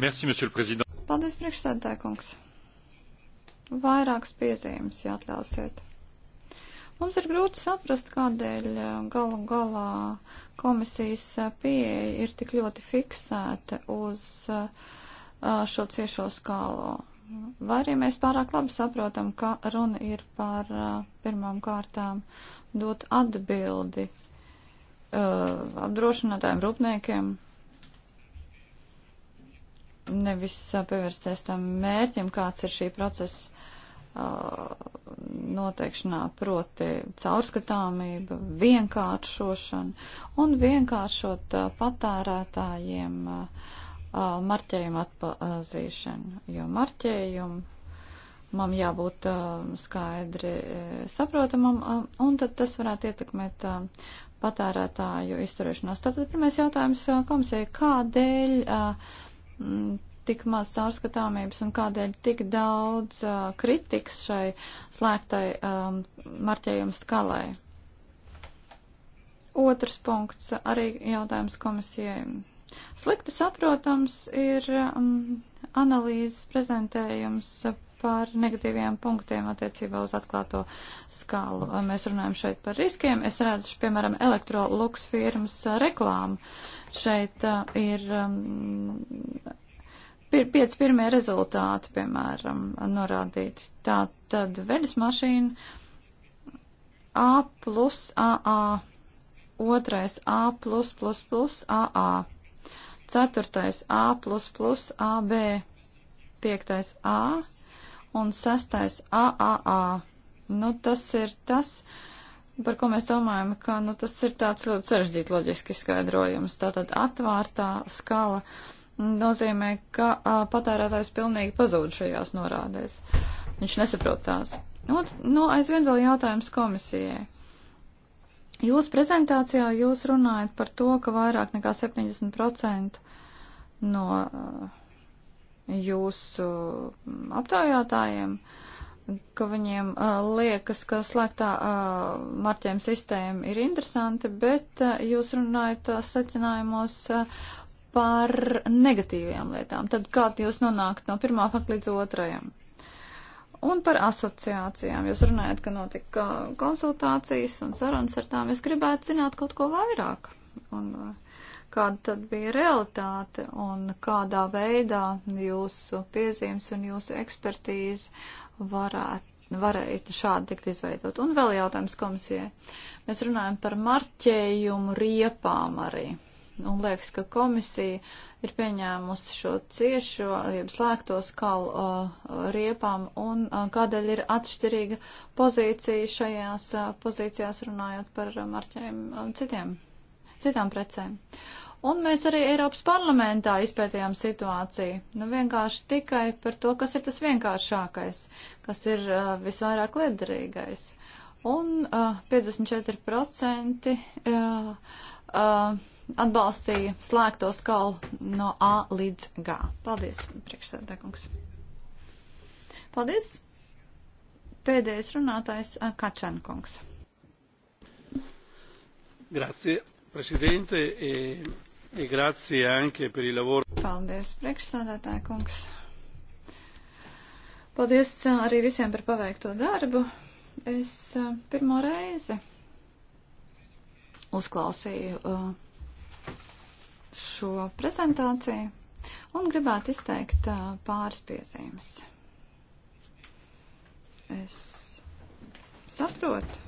Merci, monsieur le président. Paldies, priekšsēdētāji kungs. Vairākas piezīmes, ja atļausiet. Mums ir grūti saprast, kādēļ eh, galu galā komisijas eh, pieeja ir tik ļoti fiksēta uz eh, šo ciešo skālo. Vai arī mēs pārāk labi saprotam, ka runa ir par pirmām kārtām dot atbildi apdrošinātājiem, rūpniekiem, nevis pievērsties tam mērķim, kāds ir šī procesa Uh, noteikšanā, proti caurskatāmība, vienkāršošana un vienkāršot uh, patērētājiem uh, marķējumu atpazīšanu, jo marķējumu man jābūt skaidri saprotamam, un tad tas varētu ietekmēt patērētāju izturēšanos. Tātad pirmais jautājums komisijai, kādēļ tik maz caurskatāmības un kādēļ tik daudz uh, kritikas šai slēgtai um, marķējuma skalai. Otrs punkts, arī jautājums komisijai. Slikti saprotams ir um, analīzes prezentējums par negatīviem punktiem attiecībā uz atklāto skalu. Mēs runājam šeit par riskiem. Es redzu, piemēram, Electrolux firmas reklāmu. Šeit uh, ir um, pir, pieci pirmie rezultāti, piemēram, norādīti. Tā tad veļas mašīna A plus AA, otrais A plus plus plus AA, ceturtais A plus plus AB, piektais A un sestais AAA. Nu, tas ir tas, par ko mēs domājam, ka nu, tas ir tāds ļoti sarežģīts loģiski skaidrojums. Tātad atvārtā skala. Uh, nozīmē, ka uh, patērētājs pilnīgi pazūd šajās norādēs. Viņš nesaprot tās. Nu, nu, aizvien vēl jautājums komisijai. Jūsu prezentācijā jūs runājat par to, ka vairāk nekā 70% no uh, jūsu aptaujātājiem, ka viņiem uh, liekas, ka slēgtā uh, marķējuma sistēma ir interesanti, bet uh, jūs runājat uh, secinājumos uh, par negatīvajām lietām. Tad kā jūs nonākat no pirmā fakta līdz otrajam? Un par asociācijām. Jūs runājat, ka notika konsultācijas un sarunas ar tām. Es gribētu zināt kaut ko vairāk. Un uh, kāda tad bija realitāte un kādā veidā jūsu piezīmes un jūsu ekspertīze varētu varēja šādi tikt izveidot. Un vēl jautājums komisijai. Mēs runājam par marķējumu riepām arī un liekas, ka komisija ir pieņēmusi šo ciešo, jeb slēgtos kalu uh, riepām, un uh, kādēļ ir atšķirīga pozīcija šajās uh, pozīcijās runājot par uh, um, marķēm uh, um, citiem, citām precēm. Un mēs arī Eiropas parlamentā izpētījām situāciju. Nu, vienkārši tikai par to, kas ir tas vienkāršākais, kas ir uh, visvairāk liederīgais. Un uh, 54% uh, uh, atbalstīja slēgto skalu no A līdz G. Paldies, priekšsēdētājkungs. Paldies. Pēdējais runātājs uh, Kačankungs. Grazie, prezidente, e, e grazie anche per il lavoro. Paldies, priekšsēdētājkungs. Paldies uh, arī visiem par paveikto darbu. Es uh, pirmo reizi uzklausīju uh, šo prezentāciju un gribētu izteikt uh, pāris piezīmes. Es saprotu,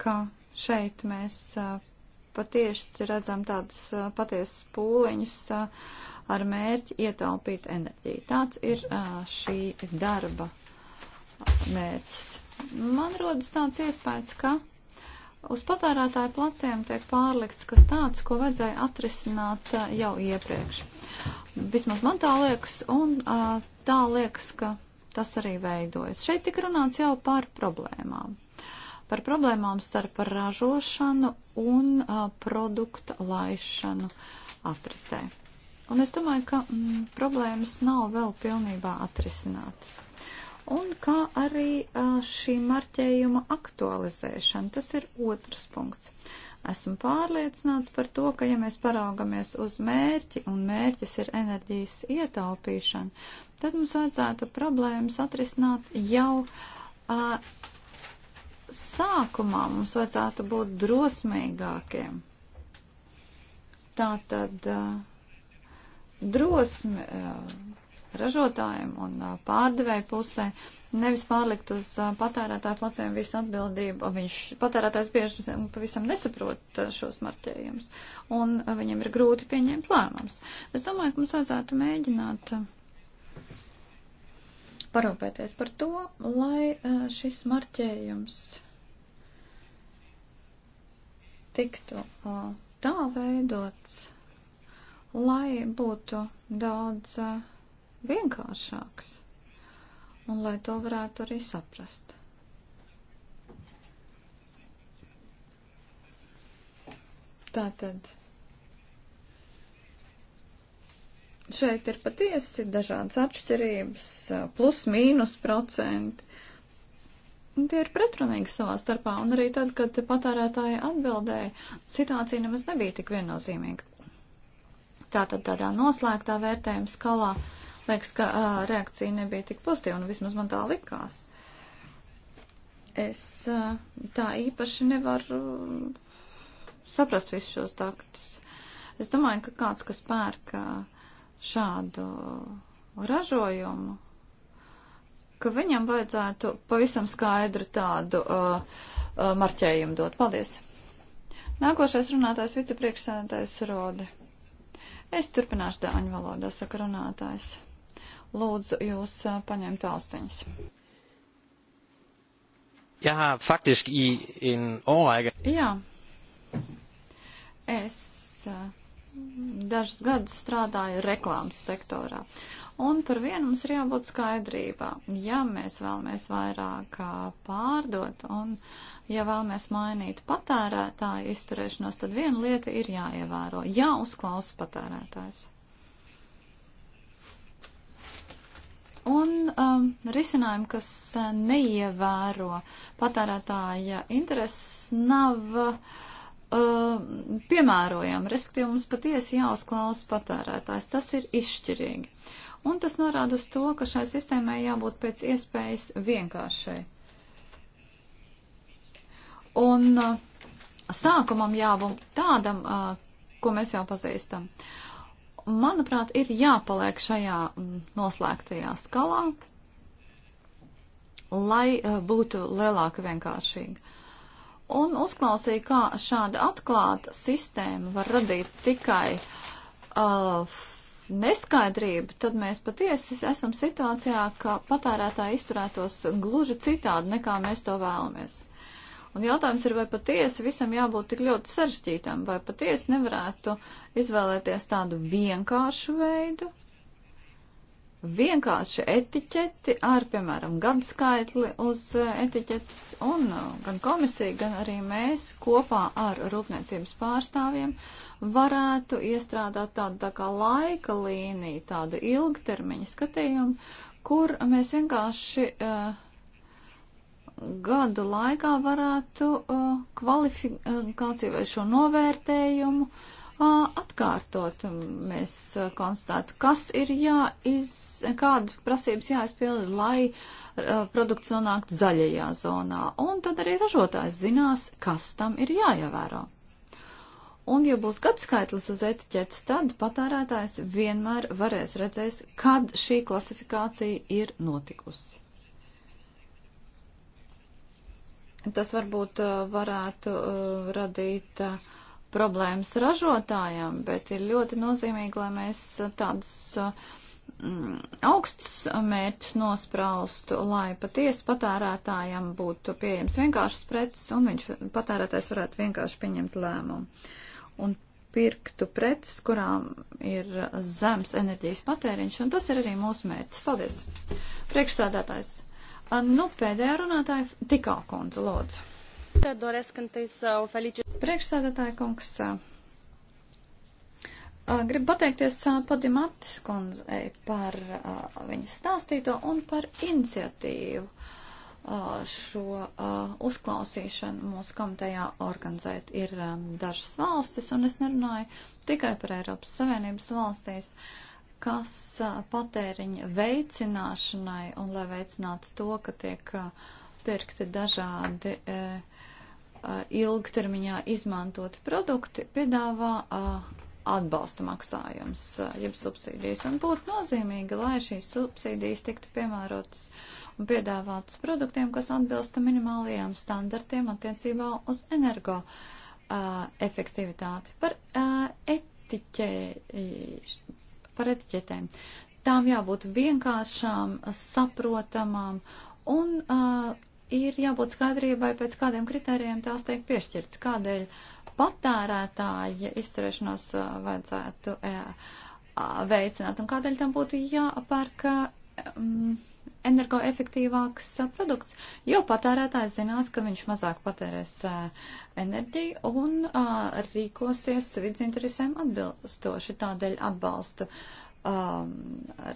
ka šeit mēs uh, patieši redzam tādas uh, patiesas pūliņus uh, ar mērķi ietaupīt enerģiju. Tāds ir uh, šī darba mērķis. Man rodas tāds iespējas, ka uz patērētāju placiem tiek pārlikts, kas tāds, ko vajadzēja atrisināt uh, jau iepriekš. Vismaz man tā liekas, un uh, tā liekas, ka tas arī veidojas. Šeit tik runāts jau par problēmām. Par problēmām starp ražošanu un uh, produkta laišanu apritē. Un es domāju, ka mm, problēmas nav vēl pilnībā atrisinātas un kā arī šī marķējuma aktualizēšana. Tas ir otrs punkts. Esmu pārliecināts par to, ka ja mēs paraugamies uz mērķi un mērķis ir enerģijas ietaupīšana, tad mums vajadzētu problēmas atrisināt jau uh, sākumā. Mums vajadzētu būt drosmīgākiem. Tā tad uh, drosme. Uh, ražotājiem un pārdevēju pusē, nevis pārlikt uz patērētāju pleciem visu atbildību. Viņš patērētājs bieži pavisam nesaprot šos marķējumus, un viņam ir grūti pieņemt lēmumus. Es domāju, ka mums vajadzētu mēģināt parūpēties par to, lai šis marķējums tiktu tā veidots, lai būtu daudz uh, vienkāršāks. Un lai to varētu arī saprast. Tātad šeit ir patiesi dažādas atšķirības, plus mīnus procenti. Tie ir pretrunīgi savā starpā, un arī tad, kad patērētāji atbildēja, situācija nemaz nebija tik viennozīmīga. Tātad tādā noslēgtā vērtējuma skalā uh, Liekas, ka uh, reakcija nebija tik pozitīva, nu vismaz man tā likās. Es uh, tā īpaši nevaru saprast visus šos taktus. Es domāju, ka kāds, kas pērk šādu ražojumu, ka viņam vajadzētu pavisam skaidru tādu uh, uh, marķējumu dot. Paldies! Nākošais runātājs vicepriekšsēdētājs Rode. Es turpināšu dāņu valodā, saka runātājs. Lūdzu, jūs paņemt austiņas. Jā, faktiski, in årrække. Jā. Es dažus gadus strādāju reklāmas sektorā. Un par vienu mums ir jābūt skaidrībā. Ja mēs vēlamies vairāk pārdot un ja vēlamies mainīt patērētāju izturēšanos, tad viena lieta ir jāievēro. Jāuzklausa patērētājs. Un um, risinājumi, kas neievēro patērētāja intereses, nav uh, um, piemērojami. Respektīvi, mums patiesi jāuzklaus patērētājs. Tas ir izšķirīgi. Un tas norāda uz to, ka šai sistēmai jābūt pēc iespējas vienkāršai. Un uh, sākumam jābūt tādam, uh, ko mēs jau pazīstam. Uh, manuprāt, ir jāpaliek šajā mm, noslēgtajā skalā, lai eh, būtu lielāka vienkāršība. Un uzklausīju, kā šāda atklāta sistēma var radīt tikai uh, neskaidrību, tad mēs patiesi esam situācijā, ka patērētāji izturētos gluži citādi, nekā mēs to vēlamies. Un jautājums ir, vai patiesi visam jābūt tik ļoti sarežģītam, vai patiesi nevarētu izvēlēties tādu vienkāršu veidu, vienkārši etiķeti ar, piemēram, gadu skaitli uz eh, etiķetes, un eh, gan komisija, gan arī mēs kopā ar rūpniecības pārstāvjiem varētu iestrādāt tādu tā kā laika līniju, tādu ilgtermiņa skatījumu, kur mēs vienkārši uh, gadu laikā varētu uh, kvalifikāciju vai šo novērtējumu uh, atkārtot. Mēs uh, konstatētu, kas ir jāiz, kāda prasības jāizpilda, lai uh, produkts nonāktu zaļajā zonā. Un tad arī ražotājs zinās, kas tam ir jāievēro. Un, ja būs gadskaitlis uz etiķetes, tad patērētājs vienmēr varēs redzēs, kad šī klasifikācija ir notikusi. Tas varbūt uh, varētu uh, radīt uh, problēmas ražotājiem, bet ir ļoti nozīmīgi, lai mēs tādus mm, augstus mērķus nospraustu, lai patiesi patērētājiem būtu pieejams vienkāršs preces un viņš patērētājs varētu vienkārši pieņemt lēmumu. Un pirktu preces, kurām ir zems enerģijas patēriņš, un tas ir arī mūsu mērķis. Paldies! Priekšsādātājs! Nu, pēdējā runātāja tikā kundze, lūdzu. Priekšsēdētāja kungs, gribu pateikties Padimatis kundzei par viņas stāstīto un par iniciatīvu šo uzklausīšanu mūsu komitejā organizēt. Ir dažas valstis, un es nerunāju tikai par Eiropas Savienības valstīs. Uh, kas patēriņa veicināšanai un lai veicinātu to, ka tiek pirkti dažādi ilgtermiņā izmantoti produkti, piedāvā atbalsta maksājums, jeb subsīdijas. Un būtu nozīmīgi, lai šīs subsīdijas tiktu piemērotas un piedāvātas produktiem, kas atbilsta minimālajiem standartiem attiecībā uz energo uh, efektivitāti. Par uh, etiķē, par etiķetēm. Tām jābūt vienkāršām, saprotamām un uh, ir jābūt skaidrībai, pēc kādiem kritērijiem tās tiek piešķirts, kādēļ patērētāja izturēšanos uh, vajadzētu uh, veicināt un kādēļ tam būtu jāpērk. Um, energoefektīvāks produkts, jo patērētājs zinās, ka viņš mazāk patērēs enerģiju un rīkosies vidas interesēm atbilstoši. Tādēļ atbalstu um,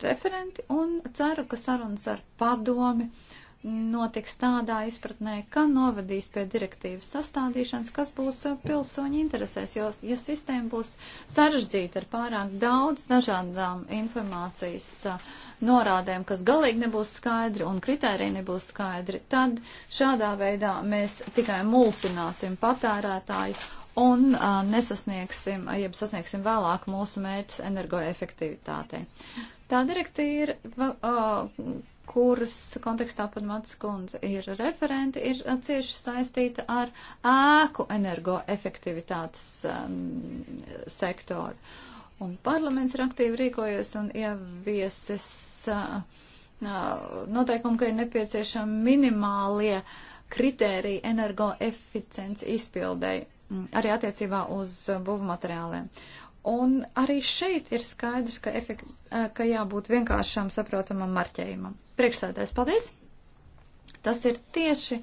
referenti un ceru, ka sarunas ar padomi uh, notiks tādā izpratnē, ka novadīs pie direktīvas sastādīšanas, kas būs uh, pilsoņu interesēs, jo, ja sistēma būs sarežģīta ar pārāk daudz dažādām informācijas uh, norādēm, kas galīgi nebūs skaidri un kritērija nebūs skaidri, tad šādā veidā mēs tikai mulsināsim patērētāju un uh, nesasniegsim, jeb sasniegsim vēlāk mūsu mērķus energoefektivitātei. Tā direktīva, uh, kuras kontekstā pat Mats Kundze ir referenti, ir cieši saistīta ar ēku energoefektivitātes um, sektoru. Un parlaments ir aktīvi rīkojies un ieviesis uh, noteikumu, ka ir nepieciešami minimālie kritēriji energoeficients izpildēji arī attiecībā uz būvmateriāliem. Un arī šeit ir skaidrs, ka, efekt, ka jābūt vienkāršam saprotamam marķējumam. Priekšsēdēs, paldies! Tas ir tieši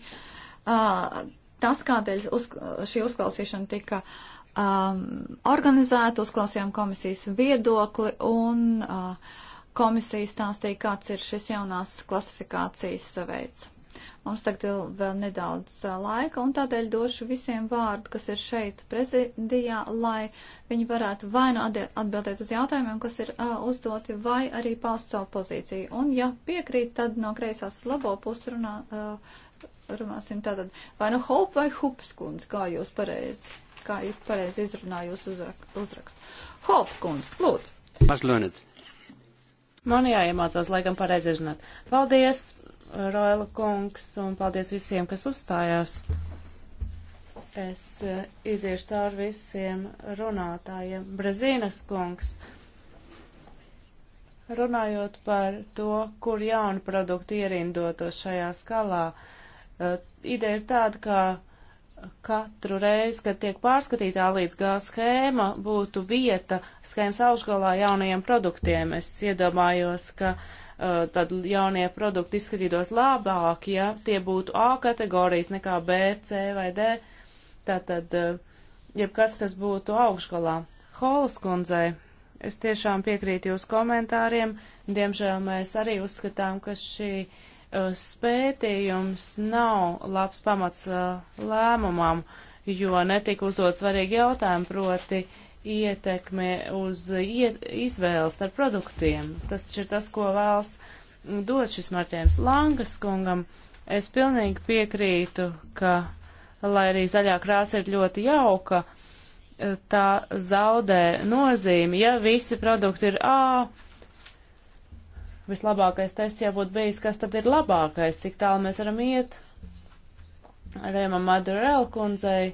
uh, tas, kādēļ uz, šī uzklausīšana tika um, organizēta, uzklausījām komisijas viedokli un uh, komisija stāstīja, kāds ir šis jaunās klasifikācijas veids. Mums tagad ir vēl nedaudz laika, un tādēļ došu visiem vārdu, kas ir šeit prezidijā, lai viņi varētu vai nu atbildēt uz jautājumiem, kas ir uh, uzdoti, vai arī paust savu pozīciju. Un, ja piekrīt, tad no kreisās uz labo pusi runā, uh, runāsim tātad vai nu Hope vai Hups kundze, kā jūs pareizi, kā jūs pareizi izrunāju jūsu uzrak uzrakstu. Hope kundze, lūdzu. Man jāiemācās laikam pareizi izrunāt. Paldies! Raila kungs, un paldies visiem, kas uzstājās. Es eh, iziešu cauri visiem runātājiem. Brezīnas kungs, runājot par to, kur jauni produkti ierindotos šajā skalā, eh, ideja ir tāda, ka katru reizi, kad tiek pārskatītā līdz gā schēma, būtu vieta schēmas augšgalā jaunajiem produktiem. Es iedomājos, ka uh, Eh, tad jaunie produkti izskatītos labāk, ja tie būtu A kategorijas nekā B, C vai D. Tātad, eh, jebkas, kas būtu augšgalā. Holas kundzei, es tiešām piekrītu jūsu komentāriem. Diemžēl mēs arī uzskatām, ka šī eh, spētījums nav labs pamats lēmumam, jo netika uzdot svarīgi jautājumi proti, uh, ietekme uz iet, izvēles starp produktiem. Tas taču ir tas, ko vēlas dot šis Martēns Langas kungam. Es pilnīgi piekrītu, ka, lai arī zaļā krāsa ir ļoti jauka, tā zaudē nozīmi, ja visi produkti ir ā, vislabākais tests jau būtu bijis, kas tad ir labākais, cik tālu mēs varam iet. Rēma Madurel kundzei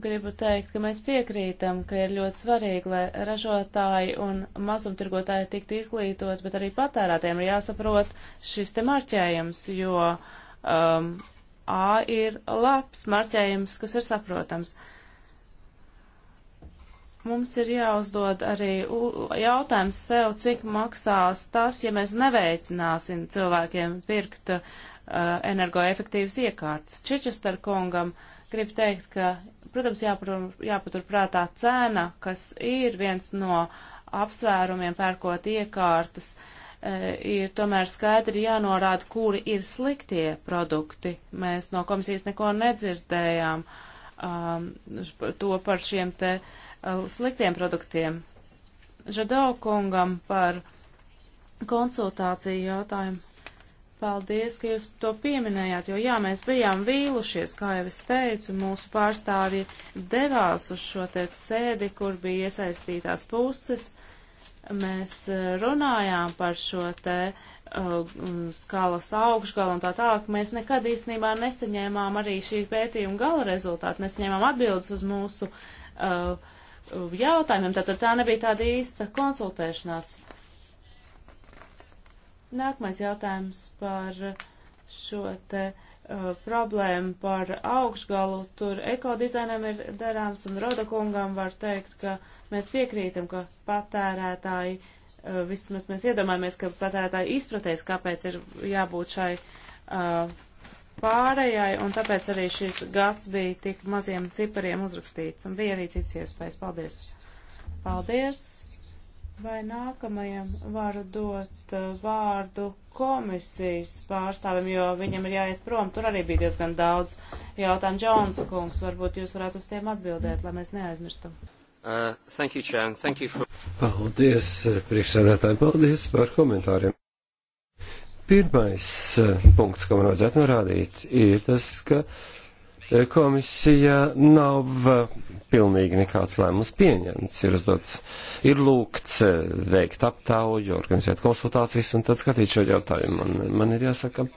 gribu teikt, ka mēs piekrītam, ka ir ļoti svarīgi, lai ražotāji un mazumtirgotāji tiktu izglītot, bet arī patērētiem ir jāsaprot šis te marķējums, jo um, A ir labs marķējums, kas ir saprotams. Mums ir jāuzdod arī jautājums sev, cik maksās tas, ja mēs neveicināsim cilvēkiem pirkt uh, energoefektīvas iekārtas. Čičester kungam uh, gribu teikt, ka, protams, jāpatur, jāpatur prātā cena, kas ir viens no apsvērumiem pērkot iekārtas, e, ir tomēr skaidri jānorāda, kuri ir sliktie produkti. Mēs no komisijas neko nedzirdējām um, to par šiem te e, sliktiem produktiem. Žadaukungam par konsultāciju jautājumu Paldies, ka jūs to pieminējāt, jo jā, mēs bijām vīlušies, kā jau es teicu, mūsu pārstāvji devās uz šo te sēdi, kur bija iesaistītās puses. Mēs eh, runājām par šo te uh, skalas augšgalu un tā tālāk. Mēs nekad īstenībā nesaņēmām arī šī pētījuma gala rezultātu, nesaņēmām atbildes uz mūsu uh, jautājumiem, tātad tā nebija tāda īsta konsultēšanās. Nākamais jautājums par šo te uh, problēmu par augšgalu. Tur ekodizainam ir darāms un Rodakungam var teikt, ka mēs piekrītam, ka patērētāji, uh, vismaz mēs iedomājamies, ka patērētāji izpratēs, kāpēc ir jābūt šai uh, pārējai, un tāpēc arī šis gads bija tik maziem cipariem uzrakstīts, un bija arī cits iespējas. Paldies! Paldies! Vai nākamajam varu dot uh, vārdu komisijas pārstāvim, jo viņam ir jāiet prom. Tur arī bija diezgan daudz jautājumu. Džons kungs, varbūt jūs varētu uz tiem atbildēt, lai mēs neaizmirstam. Uh, thank you, Chan. Thank you for... Paldies, uh, priekšsēdētāji. Paldies par komentāriem. Pirmais uh, punkts, ko man vajadzētu norādīt, ir tas, ka uh, Eh, komisijā nav eh, pilnīgi nekāds lēmums pieņemts. Ir, uzdots, ir lūgts eh, veikt aptauju, organizēt konsultācijas un tad skatīt šo jautājumu. Man, man ir jāsaka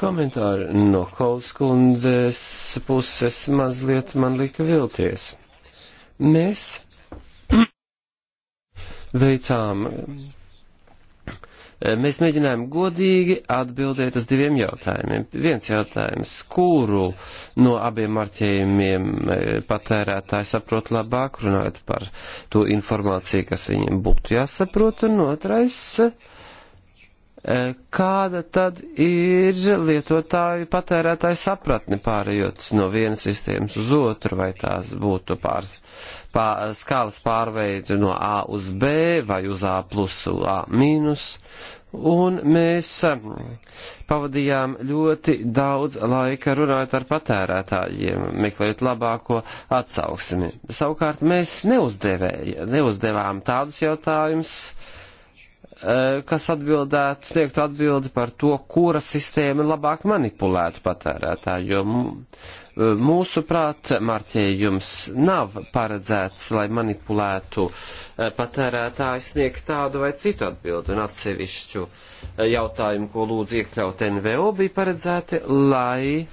komentāri no Kolskundzes puses mazliet man lika vilties. Mēs veicām Mēs mēģinājām godīgi atbildēt uz diviem jautājumiem. Viens jautājums, kuru no abiem marķējumiem e, patērētāji saprot labāk, runājot par to informāciju, kas viņiem būtu jāsaprot, un otrais. No kāda tad ir lietotāju patērētāju sapratne pārējot no vienas sistēmas uz otru, vai tās būtu pārs, pār, skalas pārveidi no A uz B vai uz A plus uz A mīnus. Un mēs um, pavadījām ļoti daudz laika runājot ar patērētājiem, meklējot labāko atsauksmi. Savukārt mēs neuzdevējām tādus jautājumus, uh, Eh, kas atbildētu, sniegtu atbildi par to, kura sistēma labāk manipulētu patērētāju, jo eh, mūsu prāt marķējums nav paredzēts, lai manipulētu eh, patērētāju sniegt tādu vai citu atbildi, un atsevišķu jautājumu, ko lūdzu iekļaut NVO, bija paredzēti, lai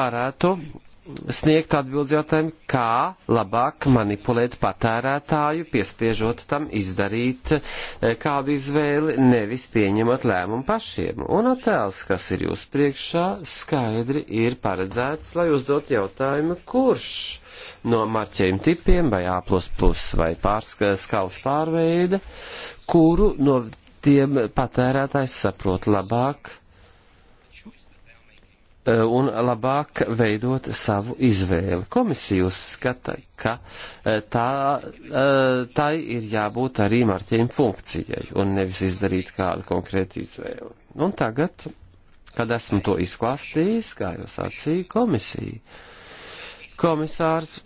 varētu sniegt atbildes jautājumu, kā labāk manipulēt patērētāju, piespiežot tam izdarīt eh, kādu izvēli, nevis pieņemot lēmumu pašiem. Un attēls, kas ir jūs priekšā, skaidri ir paredzēts, lai uzdot jautājumu, kurš no marķējuma tipiem vai A++ vai pārskalas pārveida, kuru no tiem patērētājs saprot labāk Eh, un labāk veidot savu izvēli. Komisija uzskata, ka eh, tā, eh, tā ir jābūt arī marķējuma funkcijai un nevis izdarīt kādu konkrētu izvēli. Un tagad, kad esmu to izklāstījis, kā jau sacīja komisija, komisārs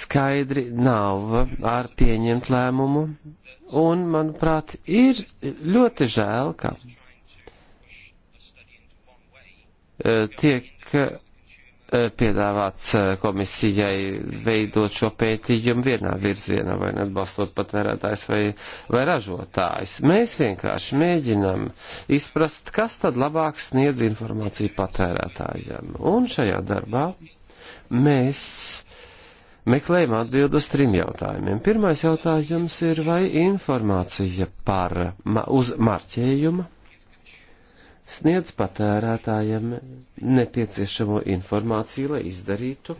skaidri nav ar pieņemt lēmumu, un, manuprāt, ir ļoti žēl, ka tiek eh, piedāvāts eh, komisijai veidot šo pētījumu vienā virzienā, vai atbalstot patērētājs vai, vai ražotājs. Mēs vienkārši mēģinam izprast, kas tad labāk sniedz informāciju patērētājiem. Un šajā darbā mēs meklējam atbild uz trim jautājumiem. Pirmais jautājums ir, vai informācija par, ma, uz marķējumu sniedz patērētājiem nepieciešamo informāciju, lai izdarītu,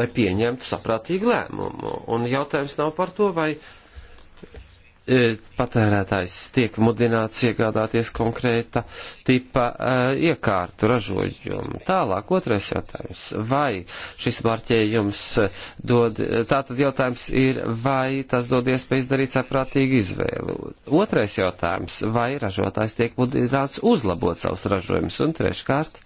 lai pieņemtu saprātīgu lēmumu. Un jautājums nav par to, vai uh, E, patērētājs tiek mudināts iegādāties konkrēta tipa e, iekārtu ražojumu. Tālāk, otrais jautājums. Vai šis marķējums dod, tātad jautājums ir, vai tas dod iespēju izdarīt saprātīgu izvēli. Otrais jautājums. Vai ražotājs tiek mudināts uzlabot savus ražojumus? Un treškārt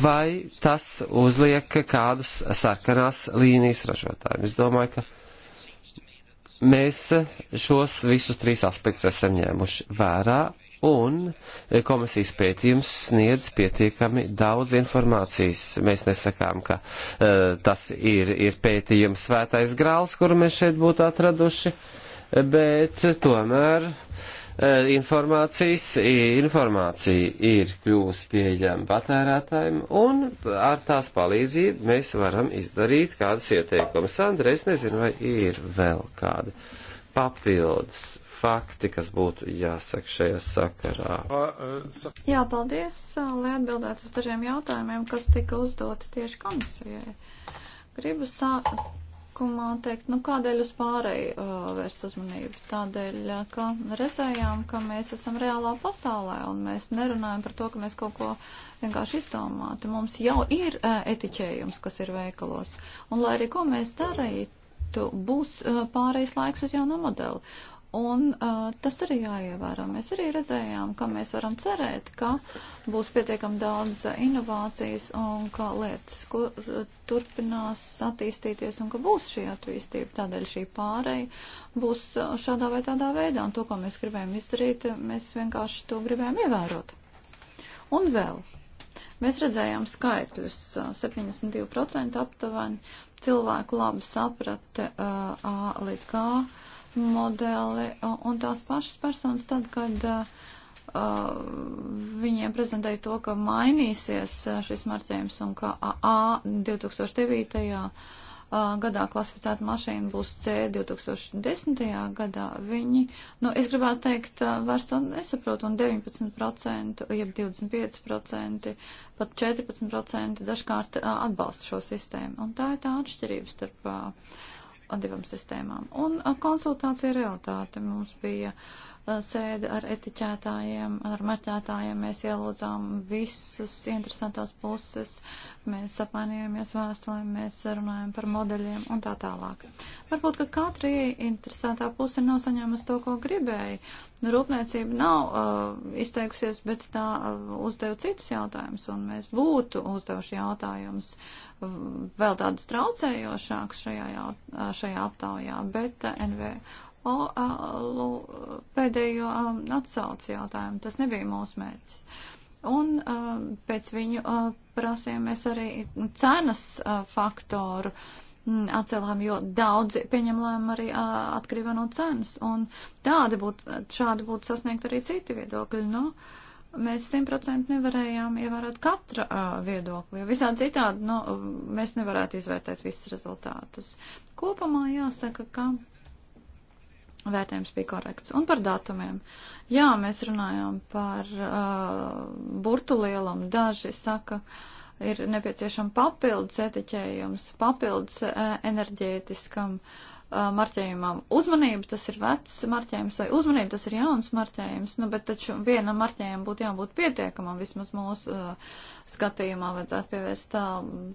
vai tas uzliek kādus sarkanās līnijas ražotājiem. Es domāju, ka mēs šos visus trīs aspektus esam ņēmuši vērā, un komisijas pētījums sniedz pietiekami daudz informācijas. Mēs nesakām, ka uh, tas ir, ir pētījums svētais grāls, kuru mēs šeit būtu atraduši, bet tomēr uh, Eh, informācijas, informācija ir kļūst pieejama patērētājiem, un ar tās palīdzību mēs varam izdarīt kādus ieteikumus. Sandra, es nezinu, vai ir vēl kādi papildus fakti, kas būtu jāsaka šajā sakarā. Jā, paldies, eh, lai atbildētu uz dažiem jautājumiem, kas tika uzdoti tieši komisijai. Gribu sākt sākumā teikt, nu kādēļ uz pārēju uh, vērst uzmanību? Tādēļ, uh, ka redzējām, ka mēs esam reālā pasaulē un mēs nerunājam par to, ka mēs kaut ko vienkārši izdomātu. Mums jau ir uh, etiķējums, kas ir veikalos. Un lai arī ko mēs darītu, būs uh, pārējais laiks uz jauno modeli. Un uh, tas arī jāievēro. Mēs arī redzējām, ka mēs varam cerēt, ka būs pietiekami daudz inovācijas un ka lietas kur, turpinās attīstīties un ka būs šī attīstība. Tādēļ šī pārēja būs šādā vai tādā veidā. Un to, ko mēs gribējām izdarīt, mēs vienkārši to gribējām ievērot. Un vēl. Mēs redzējām skaitļus 72% aptuveni cilvēku labi saprata A līdz G modeli un tās pašas personas tad, kad uh, viņiem prezentēja to, ka mainīsies šis marķējums un ka A 2009. gadā klasificēta mašīna būs C 2010. gadā, viņi, nu, es gribētu teikt, vairs to nesaprotu, un 19%, jeb 25%, pat 14% dažkārt atbalsta šo sistēmu. Un tā ir tā atšķirība starp uh, divām sistēmām. Un konsultācija realitāte mums bija. Uh, Uh, sēdi ar etiķētājiem, ar marķētājiem. Mēs ielūdzām visus interesantās puses, mēs apmainījāmies vēstulēm, mēs runājam par modeļiem un tā tālāk. Varbūt, ka katra interesantā puse nav saņēmusi to, ko gribēja. Rūpniecība nav uh, izteikusies, bet tā uh, uzdeva citus jautājumus, un mēs būtu uzdevuši jautājumus uh, vēl tādus traucējošākus šajā, jaut, uh, šajā aptaujā, bet uh, NVO o, l, pēdējo um, atsauci jautājumu. Tas nebija mūsu mērķis. Un um, pēc viņu uh, prasījuma mēs arī cenas uh, faktoru mm, atcēlām, jo daudzi pieņem lēmumu arī uh, atkarībā no cenas. Un tādi būtu, šādi būtu sasniegt arī citi viedokļi. Nu, mēs simtprocentīgi nevarējām ievērot katra uh, viedokli, jo visādi citādi nu, mēs nevarētu izvērtēt visus rezultātus. Kopumā jāsaka, ka vērtējums bija korekts. Un par datumiem. Jā, mēs runājām par uh, burtu lielumu. Daži saka, ir nepieciešama papildus etiķējums, papildus uh, enerģētiskam uh, marķējumam. Uzmanība tas ir vecs marķējums vai uzmanība tas ir jauns marķējums, nu, bet taču vienam marķējumam būtu jābūt pietiekamam, vismaz mūsu uh, skatījumā vajadzētu pievērst tā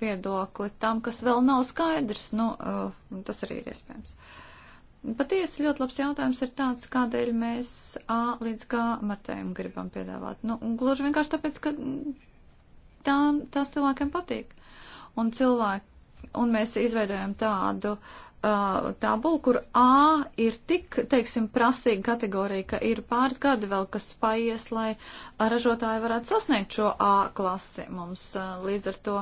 viedokli tam, kas vēl nav skaidrs, nu, uh, tas arī ir iespējams. Uh, Patiesi ļoti labs jautājums ir tāds, kādēļ mēs A līdz G martējumu gribam piedāvāt. Nu, gluži vienkārši tāpēc, ka tā, tās cilvēkiem patīk. Un, cilvēki, un mēs izveidojam tādu uh, tabulu, kur A ir tik, teiksim, prasīga kategorija, ka ir pāris gadi vēl, kas paies, lai ražotāji varētu sasniegt šo A klasi. Mums uh, līdz ar to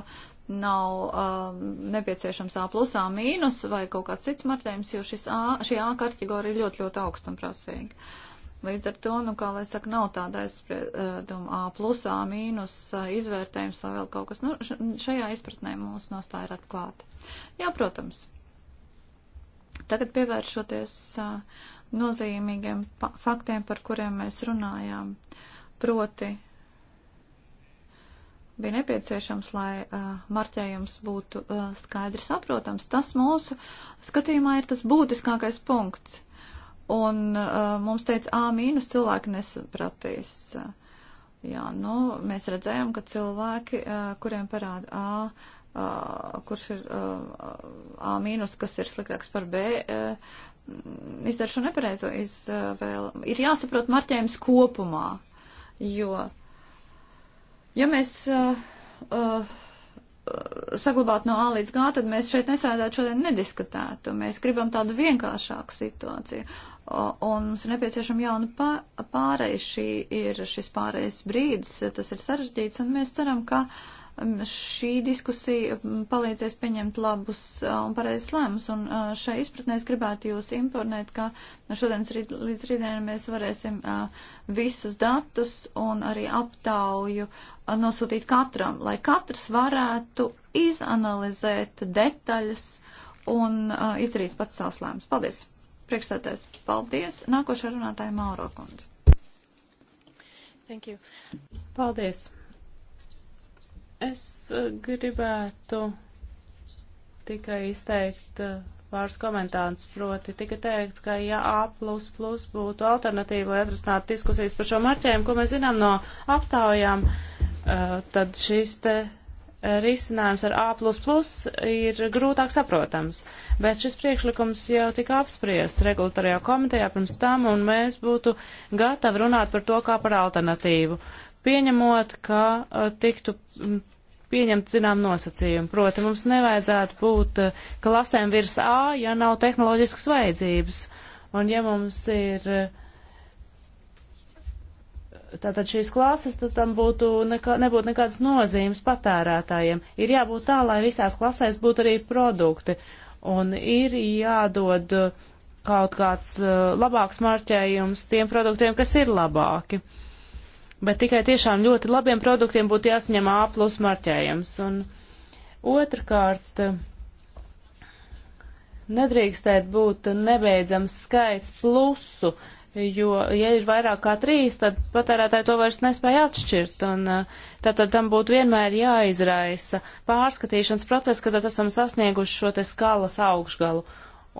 nav uh, nepieciešams A plus, A mīnus vai kaut kāds cits marķējums, jo šis A, šī A kategorija ir ļoti, ļoti augsta un prasīga. Līdz ar to, nu, kā lai saka, nav tāda aizsprieduma A plus, A mīnus izvērtējums vai vēl kaut kas. Nu, šajā izpratnē mūsu nostāja ir atklāta. Jā, protams. Tagad pievēršoties nozīmīgiem faktiem, par kuriem mēs runājām, proti bija nepieciešams, lai uh, marķējums būtu uh, eh, skaidri saprotams. Tas mūsu skatījumā ir tas būtiskākais punkts. Un uh, mums teica, ā, mīnus cilvēki nesapratīs. Uh, jā, nu, mēs redzējām, ka cilvēki, uh, kuriem parāda ā, uh, kurš ir uh, ā mīnus, kas ir sliktāks par B, uh, izdara šo nepareizo izvēlu. Uh, ir jāsaprot marķējums kopumā, jo. Uh, Ja mēs uh, uh, saglabātu no A līdz G, tad mēs šeit nesēdētu šodien nediskutētu. Mēs gribam tādu vienkāršāku situāciju. Un mums ir nepieciešama jauna pārējais. Šī ir šis pārējais brīdis, tas ir sarežģīts, un mēs ceram, ka uh, šī diskusija mm, palīdzēs pieņemt labus un pareizes lēmumus. Un šai izpratnē es gribētu jūs informēt, ka šodien līdz rītdienai mēs varēsim visus datus un arī aptauju nosūtīt katram, lai katrs varētu izanalizēt detaļas un izdarīt pats savus lēmumus. Paldies! Priekšstādājs, paldies! Nākošā runātāja Mauro Kundze. Thank you. Paldies! Es eh, gribētu tikai izteikt eh, pāris komentārus, proti tika teikts, ka ja A++ būtu alternatīva, lai atrastinātu diskusijas par šo marķējumu, ko mēs zinām no aptaujām, eh, tad šis te risinājums ar A++ ir grūtāk saprotams. Bet šis priekšlikums jau tika apspriests regulatorijā komitejā pirms tam, un mēs būtu gatavi runāt par to kā par alternatīvu. Pieņemot, ka tiktu pieņemt zinām nosacījumi. Proti, mums nevajadzētu būt eh, klasēm virs A, ja nav tehnoloģiskas vajadzības. Un ja mums ir eh, tātad šīs klases, tad tam būtu nekā, nebūtu nekādas nozīmes patērētājiem. Ir jābūt tā, lai visās klasēs būtu arī produkti. Un ir jādod eh, kaut kāds labāks marķējums tiem produktiem, kas ir labāki. Uh, bet tikai tiešām ļoti labiem produktiem būtu jāsaņem A plus marķējums. Un otrkārt, nedrīkstēt būt nebeidzams skaits plusu, jo, ja ir vairāk kā trīs, tad patērētāji to vairs nespēja atšķirt, un eh, tātad tam būtu vienmēr jāizraisa pārskatīšanas process, kad esam sasnieguši šo te skalas augšgalu.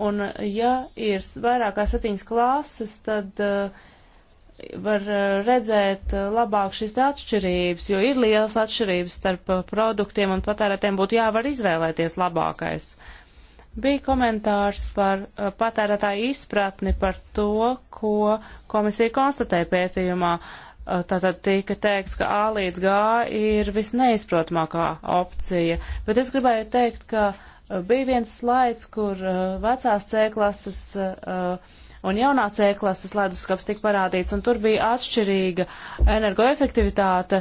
Un, ja ir vairāk kā septiņas klases, tad uh, var eh, redzēt eh, labāk šīs atšķirības, jo ir lielas atšķirības starp eh, produktiem un patērētiem būtu jāvar izvēlēties labākais. Bija komentārs par patērētāju izpratni par to, ko komisija konstatēja pētījumā. Tātad tika teikts, ka A līdz G ir visneizprotamākā opcija, bet es gribēju teikt, ka bija viens slaids, kur vecās C klases uh, un jaunās E-klases leduskaps tika parādīts, un tur bija atšķirīga energoefektivitāte,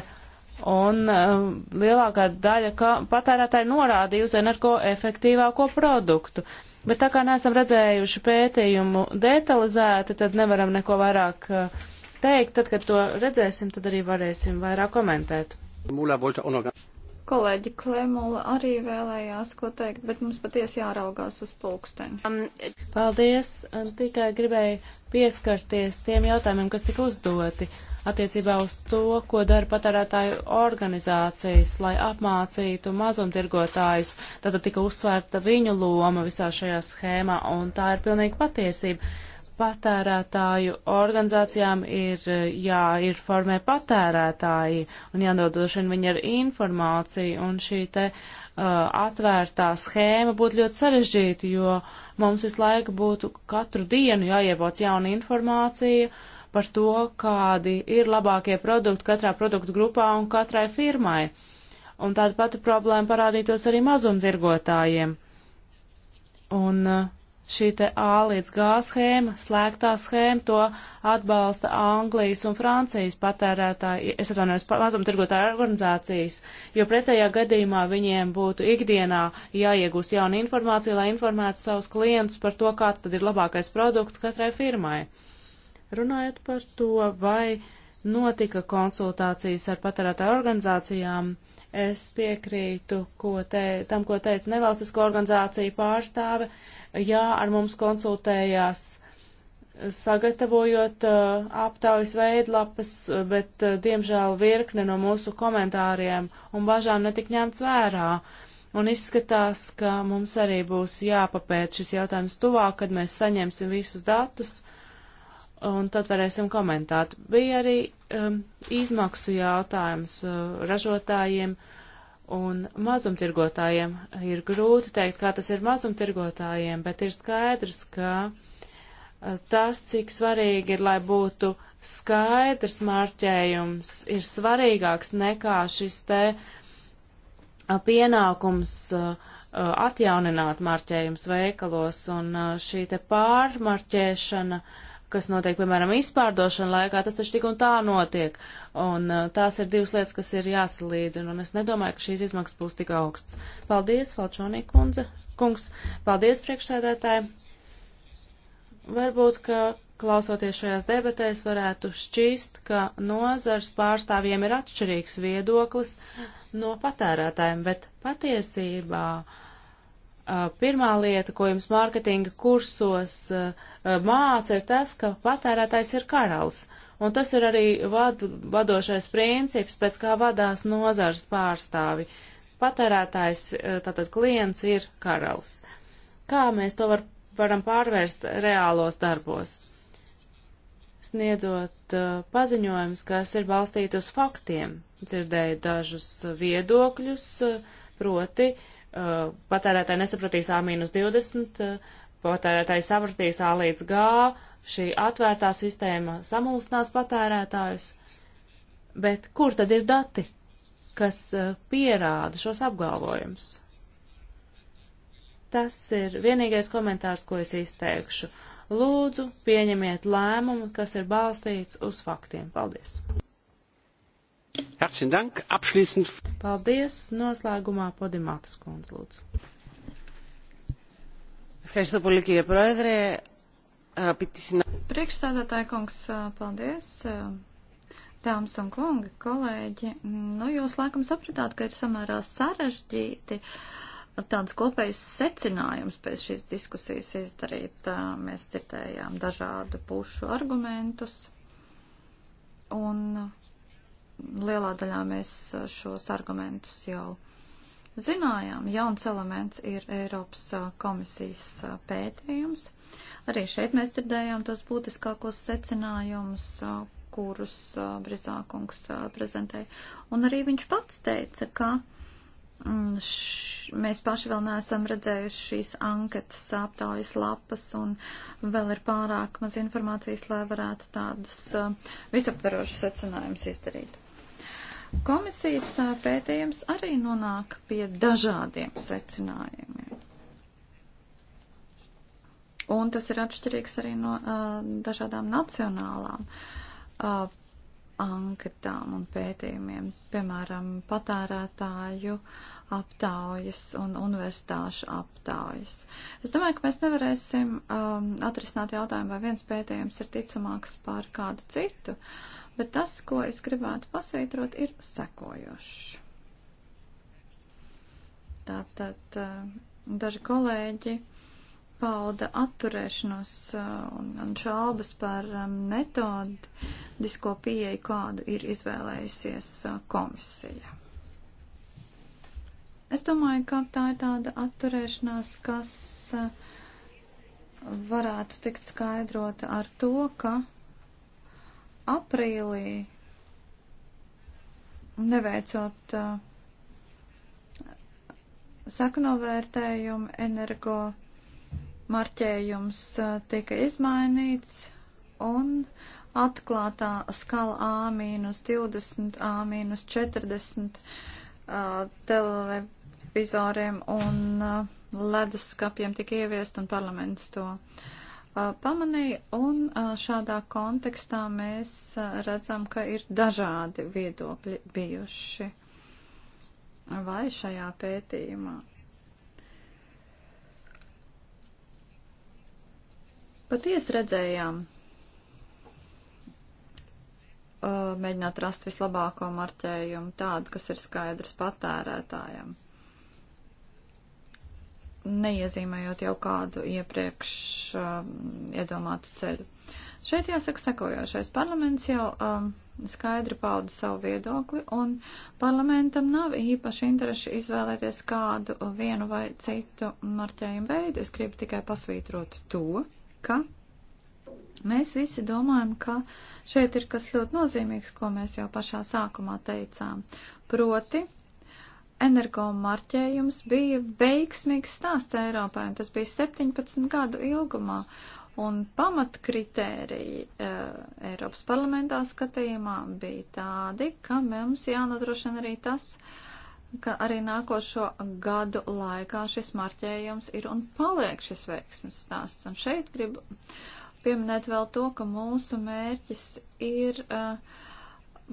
un um, lielākā daļa ka, patērētāji norādīja uz energoefektīvāko produktu. Bet tā kā neesam redzējuši pētījumu detalizēti, tad nevaram neko vairāk uh, teikt. Tad, kad to redzēsim, tad arī varēsim vairāk komentēt. Mūlā, volta, Kolēģi Klemula arī vēlējās ko teikt, bet mums patiesi jāraugās uz pulksteni. Um, paldies, tikai gribēju pieskarties tiem jautājumiem, kas tika uzdoti attiecībā uz to, ko dara patērētāju organizācijas, lai apmācītu mazumtirgotājus. Tātad tika uzsvērta viņu loma visā šajā schēmā, un tā ir pilnīgi patiesība patērētāju organizācijām ir jāinformē patērētāji un jānodrošina viņi ar informāciju, un šī te uh, atvērtā schēma būtu ļoti sarežģīta, jo mums visu laiku būtu katru dienu jāievoc jauna informācija par to, kādi ir labākie produkti katrā produktu grupā un katrai firmai. Un tāda pati problēma parādītos arī mazumtirgotājiem. Un uh, šī te A līdz G schēma, slēgtā schēma, to atbalsta Anglijas un Francijas patērētāji, es atvainojos, mazumtirgotāju organizācijas, jo pretējā gadījumā viņiem būtu ikdienā jāiegūst jauna informācija, lai informētu savus klientus par to, kāds tad ir labākais produkts katrai firmai. Runājot par to, vai notika konsultācijas ar patērētāju organizācijām, es piekrītu ko te, tam, ko teica nevalstisko organizāciju pārstāve jā, ar mums konsultējās sagatavojot uh, aptaujas veidlapas, uh, bet uh, diemžēl virkne no mūsu komentāriem un bažām netika ņemts vērā. Un izskatās, ka mums arī būs jāpapēt šis jautājums tuvāk, kad mēs saņemsim visus datus, un tad varēsim komentēt. Bija arī um, izmaksu jautājums uh, ražotājiem. Uh, Un mazumtirgotājiem ir grūti teikt, kā tas ir mazumtirgotājiem, bet ir skaidrs, ka e, tas, cik svarīgi ir, lai būtu skaidrs marķējums, ir svarīgāks nekā šis te e, pienākums e, atjaunināt marķējums veikalos un šī te pārmarķēšana kas notiek, piemēram, izpārdošana laikā, tas taču tik un tā notiek. Uh, Un uh, tās ir divas lietas, kas ir jāsalīdzina, un es nedomāju, ka šīs izmaksas būs tik augsts. Paldies, Falčonī kundze, kungs, paldies priekšsēdētāji. Varbūt, ka klausoties šajās debatēs, varētu šķīst, ka nozars pārstāvjiem ir atšķirīgs viedoklis no patērētājiem, bet patiesībā uh, pirmā lieta, ko jums mārketinga kursos uh, māca, ir tas, ka patērētājs ir karalis. Un tas ir arī vadu, vadošais princips, pēc kā vadās nozars pārstāvi. Patērētājs, e, tātad klients, ir karalis. Kā mēs to var, varam pārvērst reālos darbos? Sniedzot uh, paziņojums, kas ir balstīti uz faktiem, dzirdēju dažus viedokļus, e, proti uh, patērētāji nesapratīs A-20, patērētāji sapratīs A līdz G, šī atvērtā sistēma samulstinās patērētājus, bet kur tad ir dati, kas eh, pierāda šos apgalvojumus? Tas ir vienīgais komentārs, ko es izteikšu. Lūdzu, pieņemiet lēmumu, kas ir balstīts uz faktiem. Paldies! Herzlichen Dank. Abschließend. Paldies. Noslēgumā Podimātas kundze, lūdzu. Ευχαριστώ πολύ κύριε Πρόεδρε. Priekšsēdētāja kungs, paldies. Dāmas un kungi, kolēģi, nu jūs laikam sapratāt, ka ir samērā sarežģīti tāds kopējs secinājums pēc šīs diskusijas izdarīt. Mēs citējām dažādu pušu argumentus un lielā daļā mēs šos argumentus jau zinājām. Jauns elements ir Eiropas komisijas pētījums. Uh, Arī šeit mēs dzirdējām tos būtiskākos secinājumus, kurus Brizākungs prezentēja. Un arī viņš pats teica, ka mm, š, mēs paši vēl neesam redzējuši šīs anketas aptaujas lapas un vēl ir pārāk maz informācijas, lai varētu tādus visaptverošus secinājumus izdarīt. Komisijas pētījums arī nonāk pie dažādiem secinājumiem. Un tas ir atšķirīgs arī no uh, dažādām nacionālām uh, anketām un pētījumiem, piemēram, patērētāju aptaujas un universitāšu aptaujas. Es domāju, ka mēs nevarēsim um, atrisināt jautājumu, vai viens pētījums ir ticamāks par kādu citu, bet tas, ko es gribētu pasvītrot, ir sekojošs. Tātad uh, daži kolēģi pauda atturēšanos uh, un, un šaubas par um, metodisko pieeju, kādu ir izvēlējusies uh, komisija. Es domāju, ka tā ir tāda atturēšanās, kas uh, varētu tikt skaidrota ar to, ka aprīlī neveicot uh, saknovērtējumu energo marķējums tika izmainīts un atklātā skala A-20, A-40 televizoriem un leduskapiem tika ieviest un parlaments to pamanīja. Un šādā kontekstā mēs redzam, ka ir dažādi viedokļi bijuši vai šajā pētījumā Patiesi redzējām, uh, mēģināt rast vislabāko marķējumu, tādu, kas ir skaidrs patērētājam. Neiezīmējot jau kādu iepriekš um, iedomātu ceļu. Šeit jāsaka sekojošais. Parlaments jau um, skaidri pauda savu viedokli, un parlamentam nav īpaši intereši izvēlēties kādu vienu vai citu marķējumu veidu. Es gribu tikai pasvītrot to, uh, ka mēs visi domājam, ka šeit ir kas ļoti nozīmīgs, ko mēs jau pašā sākumā teicām. Proti, energomarķējums bija veiksmīgs stāsts Eiropai, un tas bija 17 gadu ilgumā. Un pamatkritēriji e, Eiropas parlamentā skatījumā bija tādi, ka mums jānodrošina arī tas, uh, ka arī nākošo gadu laikā šis marķējums ir un paliek šis veiksmes stāsts. Un šeit gribu pieminēt vēl to, ka mūsu mērķis ir uh,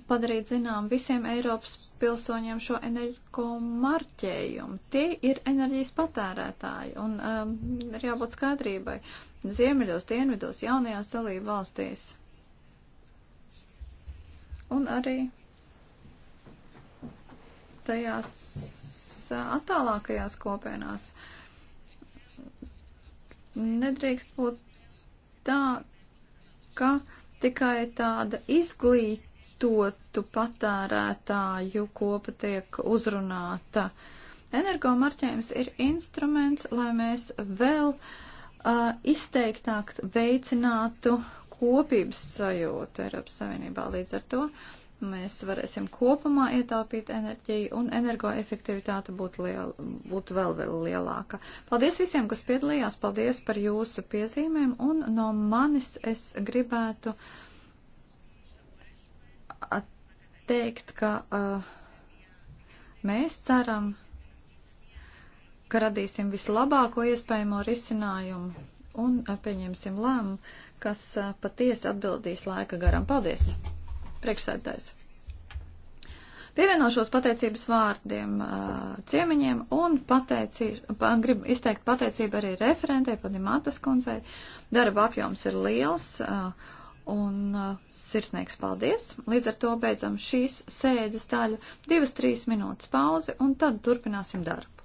padarīt zinām visiem Eiropas pilsoņiem šo enerģiko marķējumu. Tie ir enerģijas patērētāji un um, ir jābūt skaidrībai. Ziemeļos, dienvidos, jaunajās dalību valstīs. Un arī tajās attālākajās kopienās. Nedrīkst būt tā, ka tikai tāda izglītotu patērētāju kopa tiek uzrunāta. Energomarķējums ir instruments, lai mēs vēl uh, izteiktāk veicinātu kopības sajūtu Eiropas Savienībā līdz ar to. Uh, mēs varēsim kopumā ietaupīt enerģiju un energoefektivitāte būtu, liel, būtu vēl, vēl lielāka. Paldies visiem, kas piedalījās, paldies par jūsu piezīmēm un no manis es gribētu teikt, ka uh, mēs ceram, ka radīsim vislabāko iespējamo risinājumu un uh, pieņemsim lēmumu, kas uh, patiesi atbildīs laika garam. Paldies! Priekšsēdētājs. Pievienošos pateicības vārdiem uh, ciemiņiem un pateici, pa, gribu izteikt pateicību arī referentei, Padimatas kundzei. Darba apjoms ir liels uh, un uh, sirsnīgs paldies. Līdz ar to beidzam šīs sēdes daļu, divas, trīs minūtes pauzi un tad turpināsim darbu.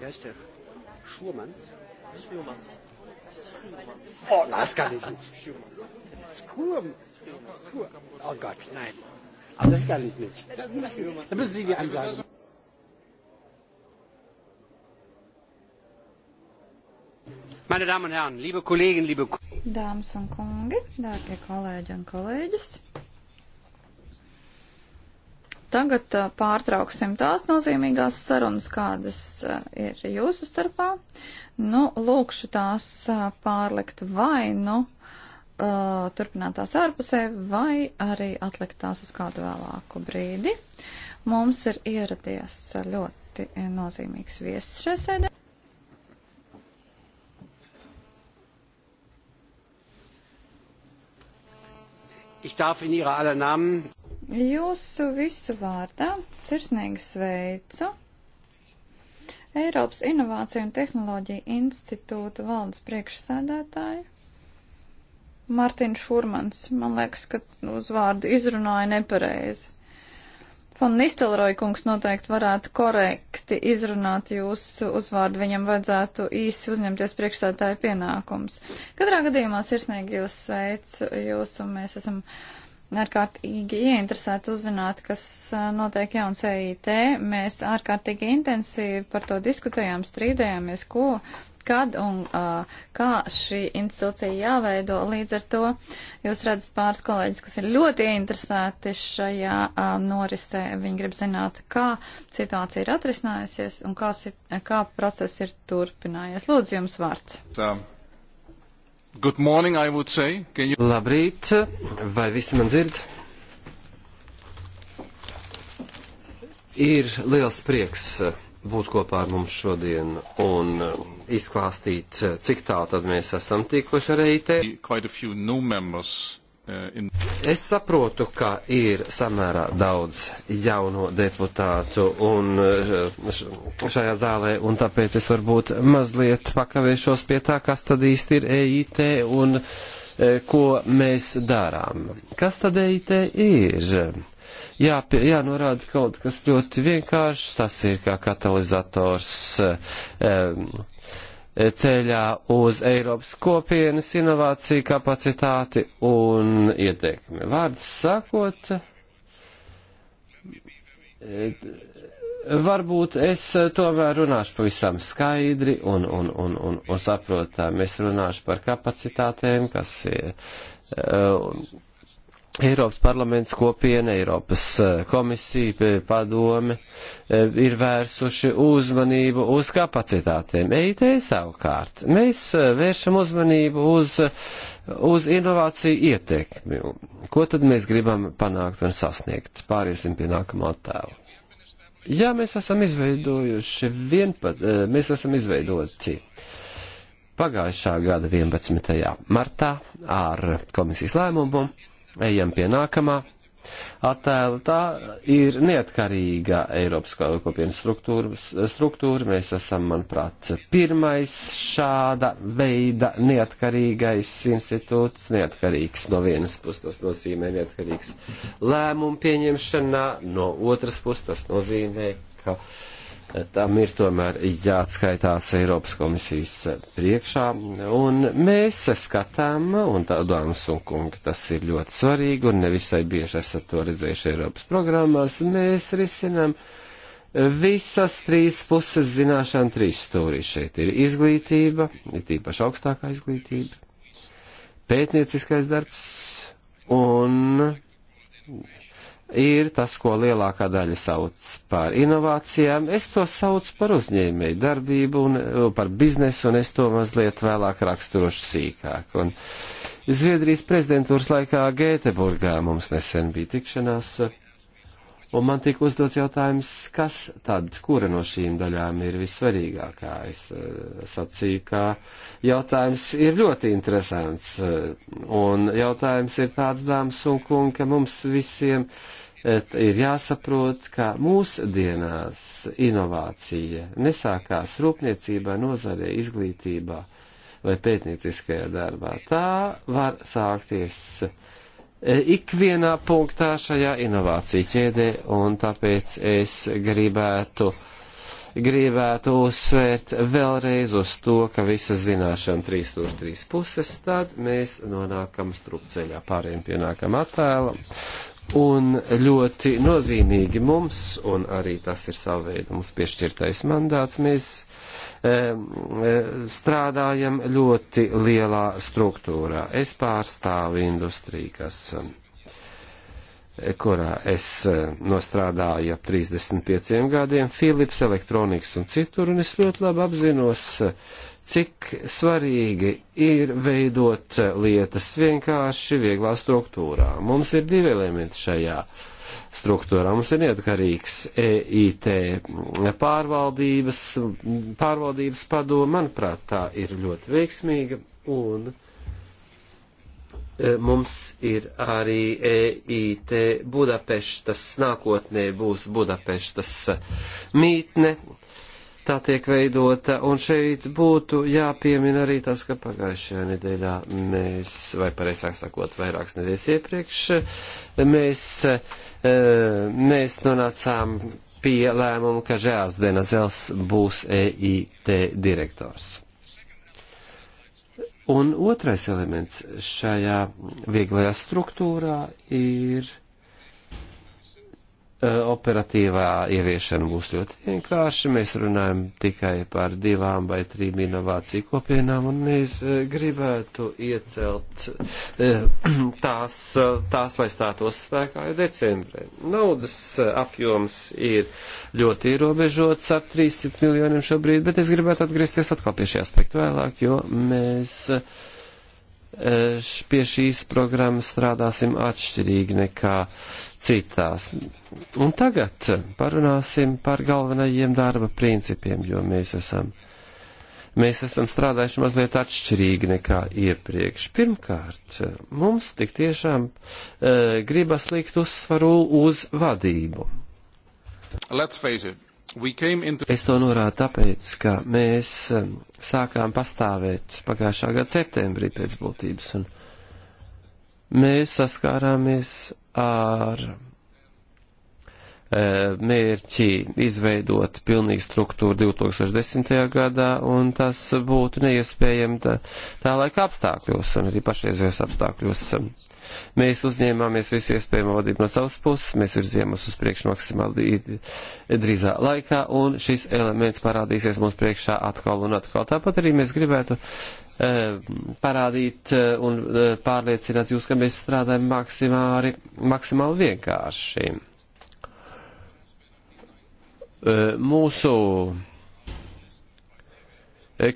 wie heißt der? Schurmanns? Schurmanns. Oh, nein, das kann ich nicht. Skurm. Oh Gott, nein. Aber das kann ich nicht. Das müssen, das müssen Sie die ansagen. Meine Damen und Herren, liebe Kollegen, liebe Dāmas un kungi, dārgie kolēģi un kolēģis. Tagad uh, pārtrauksim tās nozīmīgās sarunas, kādas uh, ir jūsu starpā. Nu, lūkšu tās uh, pārlikt vai nu turpinātās ārpusē, vai arī atlikt tās uz kādu vēlāku brīdi. Mums ir ieradies ļoti nozīmīgs viesis šajā sēdē. Ich darf in Ihrer aller Namen Jūsu visu vārdā sirsnīgi sveicu Eiropas Inovāciju un Tehnoloģiju institūta valdes priekšsēdētāju Martinu Šurmans. Man liekas, ka uzvārdu izrunāja nepareizi. Fon Nistelroja kungs noteikti varētu korekti izrunāt jūsu uzvārdu, viņam vajadzētu īsi uzņemties priekšsētāja pienākums. Katrā gadījumā sirsnīgi jūs sveicu jūs un mēs esam ārkārtīgi ieinteresēti uzzināt, kas notiek jauns EIT. Mēs ārkārtīgi intensīvi par to diskutējām, strīdējāmies, ko kad un uh, kā šī institūcija jāveido. Līdz ar to jūs redzat pāris kolēģis, kas ir ļoti interesēti šajā uh, norisē. Viņi grib zināt, kā situācija ir atrisinājusies un kā, sit, kā process ir turpinājies. Lūdzu, jums vārds. Tā. Good morning, I would say. Can you... Labrīt, vai visi man dzird? Ir liels prieks eh, būt kopā ar mums šodien un eh, izklāstīt, eh, cik tā tad mēs esam tikuši ar EIT. Quite a few new members Uh, es saprotu, ka ir samērā daudz jauno deputātu un uh, šajā zālē, un tāpēc es varbūt mazliet pakavēšos pie tā, kas tad īsti ir EIT un uh, ko mēs darām. Kas tad EIT ir? jā, pie, jā, norāda kaut kas ļoti vienkāršs, tas ir kā katalizators um, eh, ceļā uz Eiropas kopienas inovāciju kapacitāti un ietekmi. Vārds sakot, varbūt es tomēr runāšu pavisam skaidri un, un, un, un, un saprotām. Es runāšu par kapacitātēm, kas ir. Uh, Eiropas parlaments kopiena, Eiropas e, komisija, padome e, ir vērsuši uzmanību uz kapacitātēm. EIT savukārt. Mēs e, vēršam uzmanību uz, uz inovāciju ietekmi. Ko tad mēs gribam panākt un sasniegt? Pāriesim pie nākamā tēla. Jā, mēs esam izveidojuši vienpat, mēs esam izveidoti pagājušā gada 11. martā ar komisijas lēmumu Ejam pie nākamā attēla. Tā ir neatkarīga Eiropas kopienas struktūra. struktūra. Mēs esam, manuprāt, pirmais šāda veida neatkarīgais institūts, neatkarīgs no vienas puses, tas nozīmē neatkarīgs lēmumu pieņemšanā, no otras puses tas nozīmē, ka. Uh, tam ir tomēr jāatskaitās Eiropas komisijas priekšā, un mēs skatām, un tā, dāmas un kungi, tas ir ļoti svarīgi, un nevisai bieži esat to redzējuši Eiropas programmās, mēs risinām visas trīs puses zināšana trīs stūrī. Šeit ir izglītība, ir tīpaši augstākā izglītība, pētnieciskais darbs un ir tas, ko lielākā daļa sauc par inovācijām. Es to saucu par uzņēmēju darbību un eh, par biznesu, un es to mazliet vēlāk raksturošu sīkāk. Un Zviedrijas prezidentūras laikā Gēteburgā mums nesen bija tikšanās Un man tika uzdots jautājums, kas tad, kura no šīm daļām ir vissvarīgākā? Es eh, sacīju, ka jautājums ir ļoti interesants. Eh, un jautājums ir tāds, dāmas un kungi, ka mums visiem eh, ir jāsaprot, ka mūsdienās inovācija nesākās rūpniecībā, nozarē, izglītībā vai pētnieciskajā darbā. Tā var sākties E, ikvienā punktā šajā inovāciju ķēdē, un tāpēc es gribētu, gribētu uzsvērt vēlreiz uz to, ka visas zināšana trīs tur trīs puses, tad mēs nonākam strupceļā, pāriem pienākam attēlam un ļoti nozīmīgi mums, un arī tas ir savu veidu mums piešķirtais mandāts, mēs e, strādājam ļoti lielā struktūrā. Es pārstāvu industriju, kas, eh, kurā es eh, nostrādāju ap 35 gadiem, Philips, elektronikas un citur, un es ļoti labi apzinos, e, cik svarīgi ir veidot lietas vienkārši, vieglā struktūrā. Mums ir divi elementi šajā struktūrā. Mums ir neatkarīgs EIT pārvaldības, pārvaldības padoma. Manuprāt, tā ir ļoti veiksmīga un e, mums ir arī EIT Budapeštas, nākotnē būs Budapeštas mītne tā tiek veidota, un šeit būtu jāpiemina arī tas, ka pagājušajā nedēļā mēs, vai pareizāk sakot, vairākas nedēļas iepriekš, mēs, eh, mēs nonācām pie lēmumu, ka Žēls Denazels būs EIT direktors. Un otrais elements šajā vieglajā struktūrā ir Eh, operatīvā ieviešana būs ļoti vienkārši. Mēs runājam tikai par divām vai trim inovāciju kopienām, un mēs eh, gribētu iecelt eh, tās, tās lai stātos spēkā jau decembrī. Naudas apjoms ir ļoti ierobežots ap 300 miljoniem šobrīd, bet es gribētu atgriezties atkal pie šī aspekta vēlāk, jo mēs pie šīs programmas strādāsim atšķirīgi nekā citās. Un tagad parunāsim par galvenajiem darba principiem, jo mēs esam, mēs esam strādājuši mazliet atšķirīgi nekā iepriekš. Pirmkārt, mums tik tiešām e, gribas likt uzsvaru uz vadību. Into... Es to norādu tāpēc, ka mēs eh, sākām pastāvēt pagājušā gada septembrī pēc būtības. Un, mēs saskārāmies ar e, mērķi izveidot pilnīgu struktūru 2010. gadā, un tas būtu neiespējami tā, tā laika apstākļos, un arī pašreizējos apstākļos. Mēs uzņēmāmies visu iespējamo vadību no savas puses, mēs virzījāmies uz priekšu maksimāli drīzā laikā, un šis elements parādīsies mums priekšā atkal un atkal. Tāpat arī mēs gribētu Eh, parādīt eh, un eh, pārliecināt jūs, ka mēs strādājam maksimāli, maksimāli vienkārši. Mūsu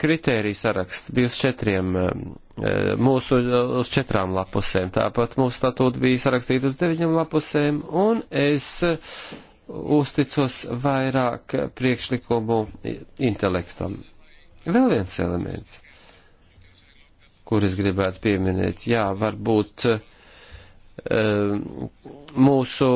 kritērija saraksts bija uz četriem, mūsu uz četrām lapusēm, tāpat mūsu statūti bija sarakstīti uz deviņām lapusēm, un es uzticos vairāk priekšlikumu intelektam. Vēl viens elements kuras gribētu pieminēt. Jā, varbūt eh, mūsu,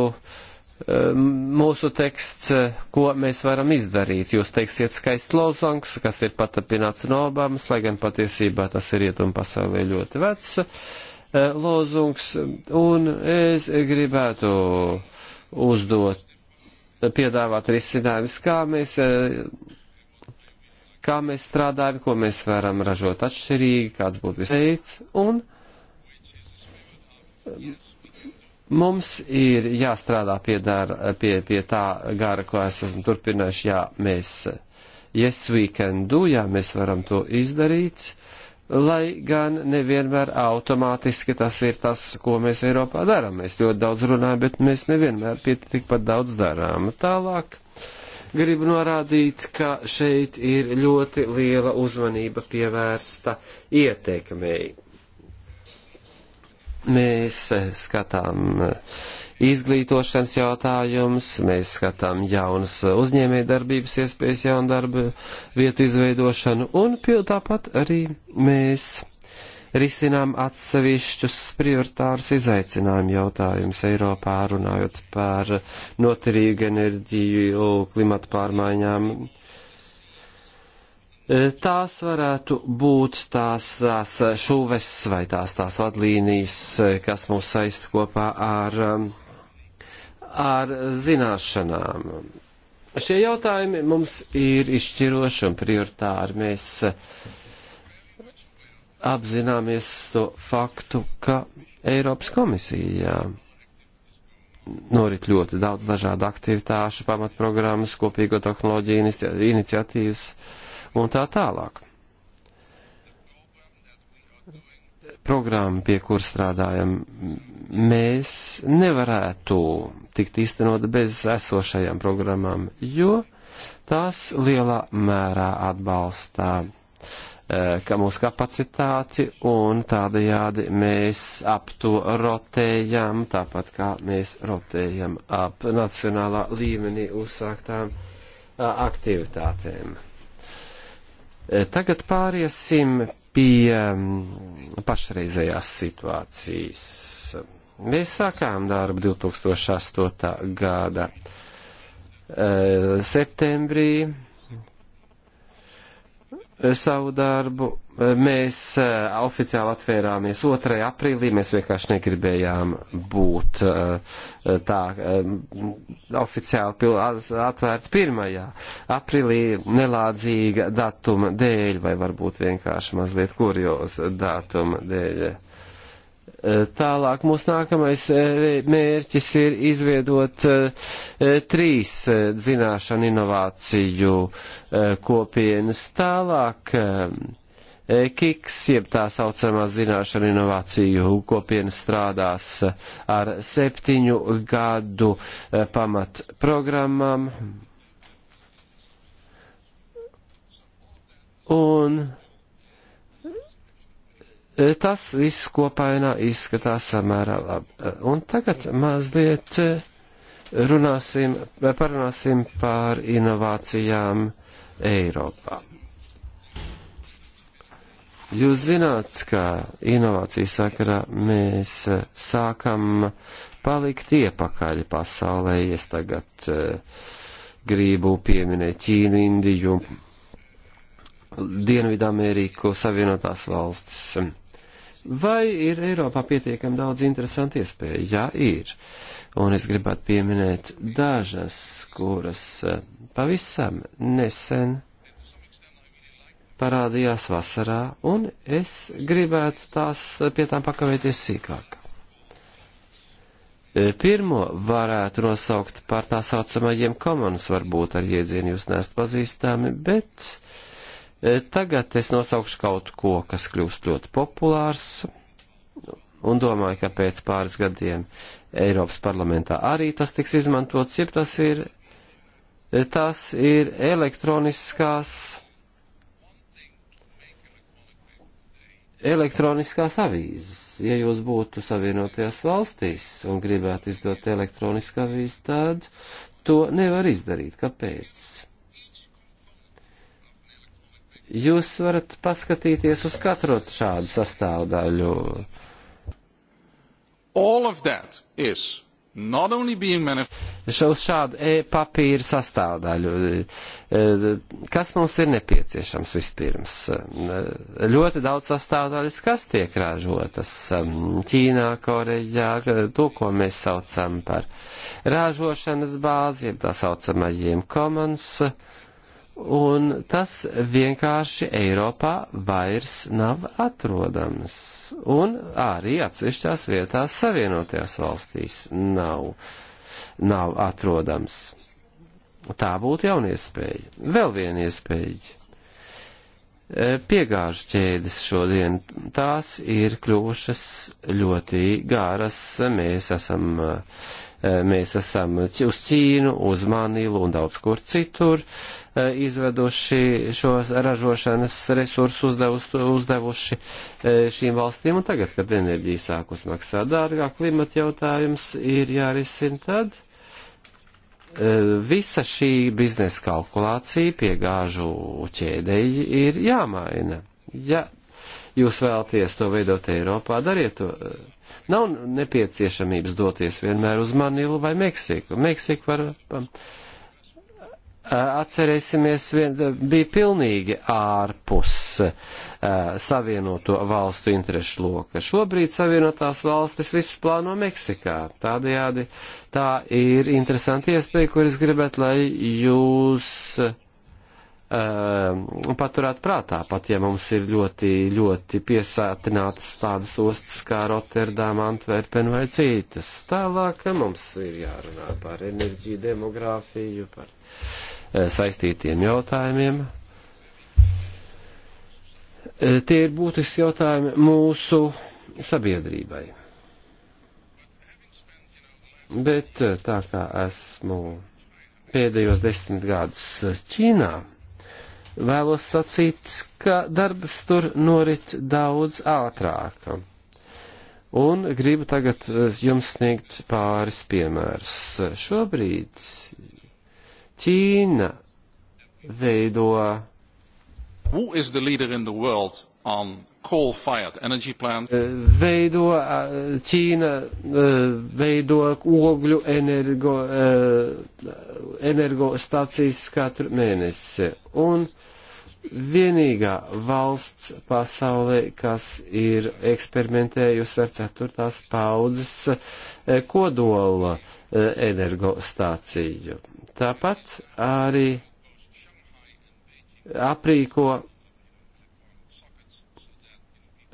eh, mūsu teksts, eh, ko mēs varam izdarīt. Jūs teiksiet skaists lozangs, kas ir patapināts no Obamas, lai gan patiesībā tas ir rietumu pasaulē ļoti vecs lozungs. Un es gribētu uzdot, piedāvāt risinājumus, kā mēs kā mēs strādājam, ko mēs varam ražot atšķirīgi, kāds būtu visveids, un mums ir jāstrādā pie, dar, pie, pie tā gara, ko esam turpinājuši, jā, mēs, yes we can do, jā, mēs varam to izdarīt, lai gan nevienmēr automātiski tas ir tas, ko mēs Eiropā darām. Mēs ļoti daudz runājam, bet mēs nevienmēr pie tikpat daudz darām. Tālāk gribu norādīt, ka šeit ir ļoti liela uzmanība pievērsta ietekmei. Mēs eh, skatām eh, izglītošanas jautājumus, mēs skatām jaunas uzņēmē darbības iespējas, jaunu darba vietu izveidošanu un tāpat arī mēs risinām atsevišķus prioritārus izaicinājumu jautājumus Eiropā, runājot par noturīgu enerģiju, klimatu pārmaiņām. E, tās varētu būt tās, tās šūves vai tās, tās vadlīnijas, kas mūs saist kopā ar, ar zināšanām. Šie jautājumi mums ir izšķiroši un prioritāri. Mēs uh, apzināmies to faktu, ka Eiropas komisijā norit ļoti daudz dažādu aktivitāšu, pamatprogrammas, kopīgo tehnoloģiju iniciatīvas un tā tālāk. Programma, pie kur strādājam, mēs nevarētu tikt īstenot bez esošajām programmām, jo tās lielā mērā atbalstā Eh, ka mūsu kapacitāti un tādajādi mēs ap to rotējam, tāpat kā mēs rotējam ap nacionālā līmenī uzsāktām eh, aktivitātēm. Eh, tagad pāriesim pie mm, pašreizējās situācijas. Mēs sākām darbu 2008. gada septembrī savu darbu. Mēs eh, oficiāli atvērāmies 2. aprīlī, mēs vienkārši negribējām būt eh, tā eh, oficiāli atvērta 1. aprīlī nelādzīga datuma dēļ vai varbūt vienkārši mazliet kurjos datuma dēļ. Eh, tālāk mūsu nākamais eh, mērķis ir izveidot eh, trīs zināšanu inovāciju kopienas. Tālāk KIKS, jeb tā saucamā zināšanu inovāciju kopiena strādās ar septiņu gadu pamat programmām. Un Tas viss kopainā izskatās samērā labi. Un tagad mazliet eh, runāsim, parunāsim par inovācijām Eiropā. Jūs zināt, ka inovāciju sakarā mēs eh, sākam palikt iepakaļ pasaulē. Es tagad eh, gribu pieminēt Ķīnu, Indiju, Dienvidameriku, Savienotās valstis. Vai ir Eiropā pietiekami daudz interesanti iespēju? Jā, ir. Un es gribētu pieminēt dažas, kuras eh, pavisam nesen parādījās vasarā, un es gribētu tās eh, pie tām pakavēties sīkāk. Eh, pirmo varētu nosaukt par tā saucamajiem commons, varbūt ar jēdzienu jūs nest pazīstami, bet uh, E, tagad es nosaukšu kaut ko, kas kļūst ļoti populārs, un domāju, ka pēc pāris gadiem Eiropas parlamentā arī tas tiks izmantots, jeb tas ir, e, tas ir elektroniskās, elektroniskās avīzes. Ja jūs būtu savienotajās valstīs un gribētu izdot elektronisku avīzi, tad to nevar izdarīt. Kāpēc? Jūs varat paskatīties uz katru šādu sastāvdaļu. Šaus šādu e-papīra sastāvdaļu. E, kas mums ir nepieciešams vispirms? E, ļoti daudz sastāvdaļas, kas tiek ražotas Ķīnā, Korejā, e, to, ko mēs saucam par ražošanas bāzi, jeb tā saucamajiem commons un tas vienkārši Eiropā vairs nav atrodams. Un arī atsevišķās vietās savienotajās valstīs nav, nav atrodams. Tā būtu jauna iespēja. Vēl viena iespēja. E, piegāžu ķēdes šodien tās ir kļuvušas ļoti gāras. Mēs esam uh, Eh, mēs esam uz Ķīnu, uz Manilu un daudz kur citur eh, izveduši šos ražošanas resursus uzdevuši, uzdevuši eh, šīm valstīm, un tagad, kad enerģija sākus maksā dārgāk, klimata jautājums ir jārisina tad visa šī biznesa kalkulācija pie gāžu ķēdeļi ir jāmaina. Ja jūs vēlaties to veidot Eiropā, dariet to Nav nepieciešamības doties vienmēr uz Manilu vai Meksiku. Meksika var. Um, atcerēsimies, vien, bija pilnīgi ārpus uh, savienoto valstu interešu loka. Šobrīd savienotās valstis visu plāno Meksikā. Tādējādi tā ir interesanti iespēja, kur es gribētu, lai jūs uh, uh, paturēt prātā, pat ja mums ir ļoti, ļoti piesātinātas tādas ostas kā Rotterdama, Antverpen vai citas. Tālāk mums ir jārunā par enerģiju, demogrāfiju, par uh, saistītiem jautājumiem. Uh, tie ir būtiski jautājumi mūsu sabiedrībai. Bet eh, tā kā esmu pēdējos desmit gadus Ķīnā, vēlos sacīt, ka darbs tur norit daudz ātrāk. Un gribu tagad eh, jums sniegt pāris piemērus. Šobrīd Ķīna veido. Who is the leader in the world on Eh, veido, eh, Ķīna eh, veido ogļu energo, energostacijas katru mēnesi. Un vienīgā valsts pasaulē, kas ir eksperimentējusi ar ceturtās paudzes kodola energostāciju. Tāpat arī aprīko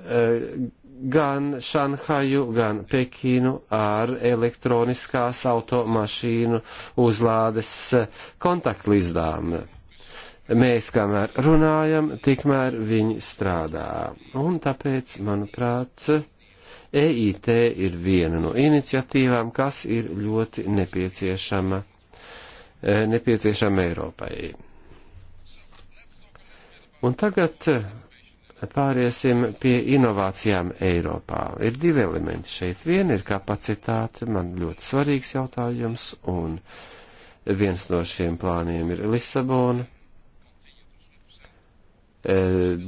Eh, gan Šanhaju, gan Pekīnu ar elektroniskās automašīnu uzlādes eh, kontaktlizdām. Mēs, kamēr runājam, tikmēr viņi strādā. Un tāpēc, manuprāt, EIT ir viena no iniciatīvām, kas ir ļoti nepieciešama, eh, nepieciešama Eiropai. Un tagad Tad pāriesim pie inovācijām Eiropā. Ir divi elementi šeit. Viena ir kapacitāte, man ļoti svarīgs jautājums, un viens no šiem plāniem ir Lisabona.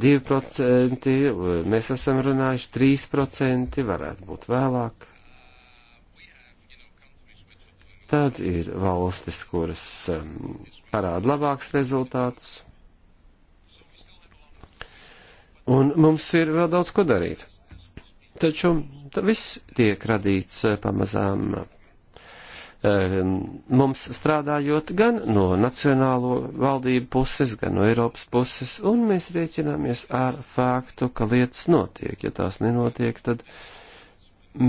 2%, e, mēs esam runājuši 3%, varētu būt vēlāk. Tad ir valstis, kuras um, parāda labāks rezultātus. Un mums ir vēl daudz ko darīt. Taču viss tiek radīts eh, pamazām eh, mums strādājot gan no nacionālo valdību puses, gan no Eiropas puses, un mēs rieķināmies ar faktu, ka lietas notiek. Ja tās nenotiek, tad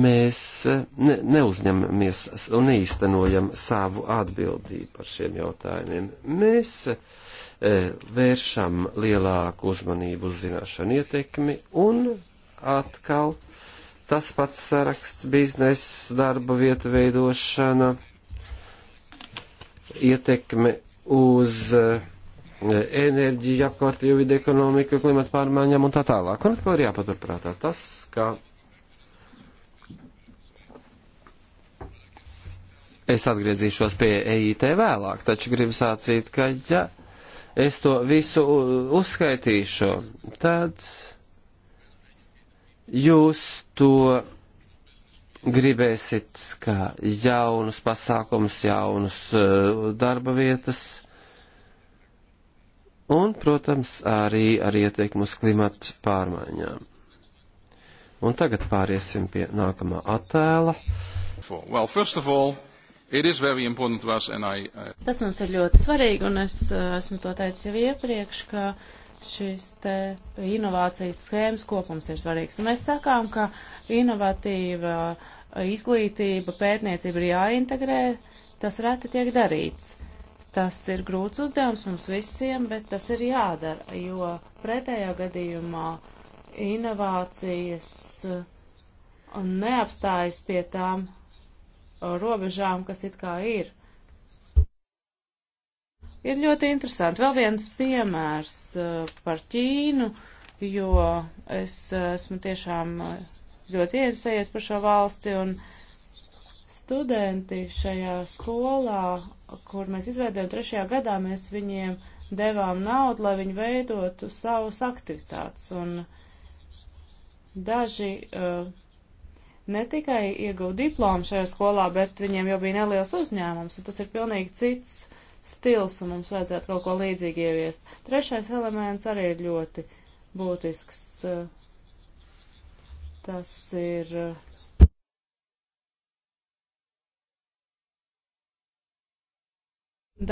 mēs eh, ne, neuzņemamies un neīstenojam savu atbildību par šiem jautājumiem. Mēs uh, Eh, vēršam lielāku uzmanību uz zināšanu ietekmi un atkal tas pats saraksts biznesa darba vietu veidošana ietekme uz eh, enerģiju, apkārtējo vidu ekonomiku, klimatu pārmaiņām un tā tālāk. Un atkal ir jāpaturprātā tas, ka es atgriezīšos pie EIT vēlāk, taču gribu sācīt, ka ja es to visu uzskaitīšu, tad jūs to gribēsit kā jaunus pasākumus, jaunus e, darba vietas un, protams, arī ar ieteikumu uz klimatu pārmaiņām. Un tagad pāriesim pie nākamā attēla. Well, first of all, I... Uh, tas mums ir ļoti svarīgi, un es uh, esmu to teicis jau iepriekš, ka šīs te inovācijas schēmas kopums ir svarīgs. Mēs sakām, ka inovatīva uh, izglītība, pētniecība ir jāintegrē, tas reti tiek darīts. Tas ir grūts uzdevums mums visiem, bet tas ir jādara, jo pretējā gadījumā inovācijas neapstājas pie tām robežām, kas it kā ir. Ir ļoti interesanti. Vēl viens piemērs par Ķīnu, jo es esmu tiešām ļoti ieinteresējies par šo valsti un studenti šajā skolā, kur mēs izveidojam trešajā gadā, mēs viņiem devām naudu, lai viņi veidotu savus aktivitātes. Un daži uh, ne tikai iegūt diplomu šajā skolā, bet viņiem jau bija neliels uzņēmums, un tas ir pilnīgi cits stils, un mums vajadzētu kaut ko līdzīgi ieviest. Trešais elements arī ir ļoti būtisks. Tas ir eh,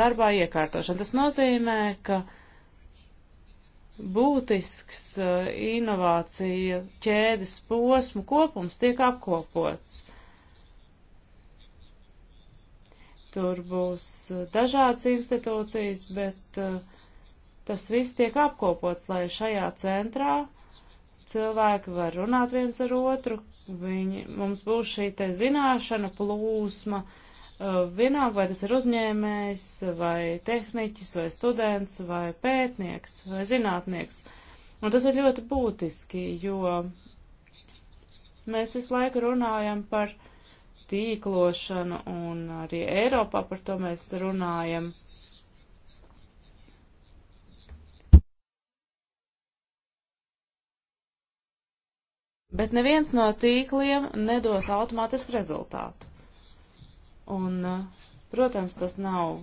darbā iekārtošana. Tas nozīmē, ka būtisks eh, inovācija ķēdes posmu kopums tiek apkopots. Tur būs eh, dažādas institūcijas, bet eh, tas viss tiek apkopots, lai šajā centrā cilvēki var runāt viens ar otru, viņi, mums būs šī te zināšana plūsma, uh, Uh, vienalga, vai tas ir uzņēmējs, vai tehniķis, vai students, vai pētnieks, vai zinātnieks. Un tas ir ļoti būtiski, jo mēs visu laiku runājam par tīklošanu, un arī Eiropā par to mēs runājam. Bet neviens no tīkliem nedos automātisku rezultātu. Un, eh, protams, tas nav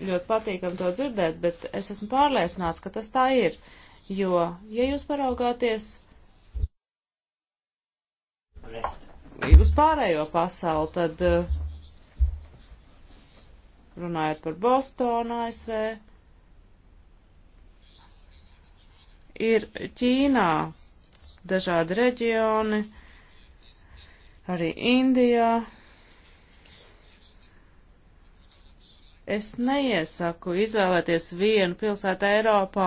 ļoti patīkami to dzirdēt, bet es esmu pārliecināts, ka tas tā ir. Jo, ja jūs paraugāties uz pārējo pasauli, tad eh, runājot par Bostonu, ASV, ir Ķīnā dažādi reģioni, arī Indijā, Es neiesaku izvēlēties vienu pilsētu Eiropā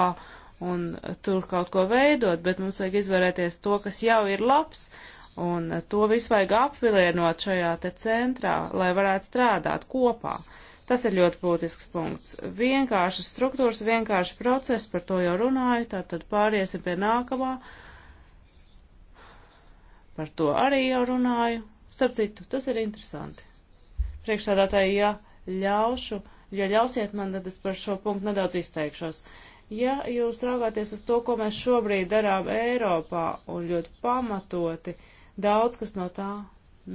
un tur kaut ko veidot, bet mums vajag izvēlēties to, kas jau ir labs, un to visu vajag apvilienot šajā te centrā, lai varētu strādāt kopā. Tas ir ļoti būtisks punkts. Vienkārši struktūras, vienkārši process, par to jau runāju, tātad pāriesim pie nākamā. Par to arī jau runāju. Starp citu, tas ir interesanti. Priekšstādātāji, ja ļaušu, ja ļausiet man, tad es par šo punktu nedaudz izteikšos. Ja jūs raugāties uz to, ko mēs šobrīd darām Eiropā, un ļoti pamatoti, daudz kas no tā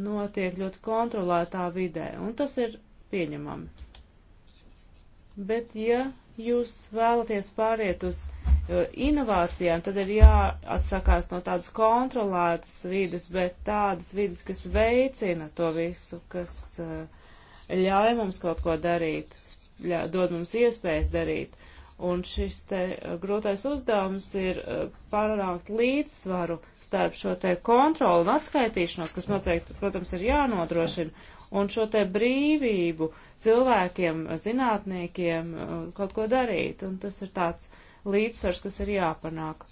notiek ļoti kontrolētā vidē, un tas ir pieņemami. Bet ja jūs vēlaties pāriet uz uh, inovācijām, tad ir jāatsakās no tādas kontrolētas vidas, bet tādas vidas, kas veicina to visu, kas uh, ļauj mums kaut ko darīt, ļauj, dod mums iespējas darīt. Un šis te uh, grūtais uzdevums ir uh, panākt līdzsvaru starp šo te kontroli un atskaitīšanos, kas noteikti, protams, ir jānodrošina, un šo te brīvību cilvēkiem, zinātniekiem uh, kaut ko darīt. Un tas ir tāds līdzsvars, kas ir jāpanāk.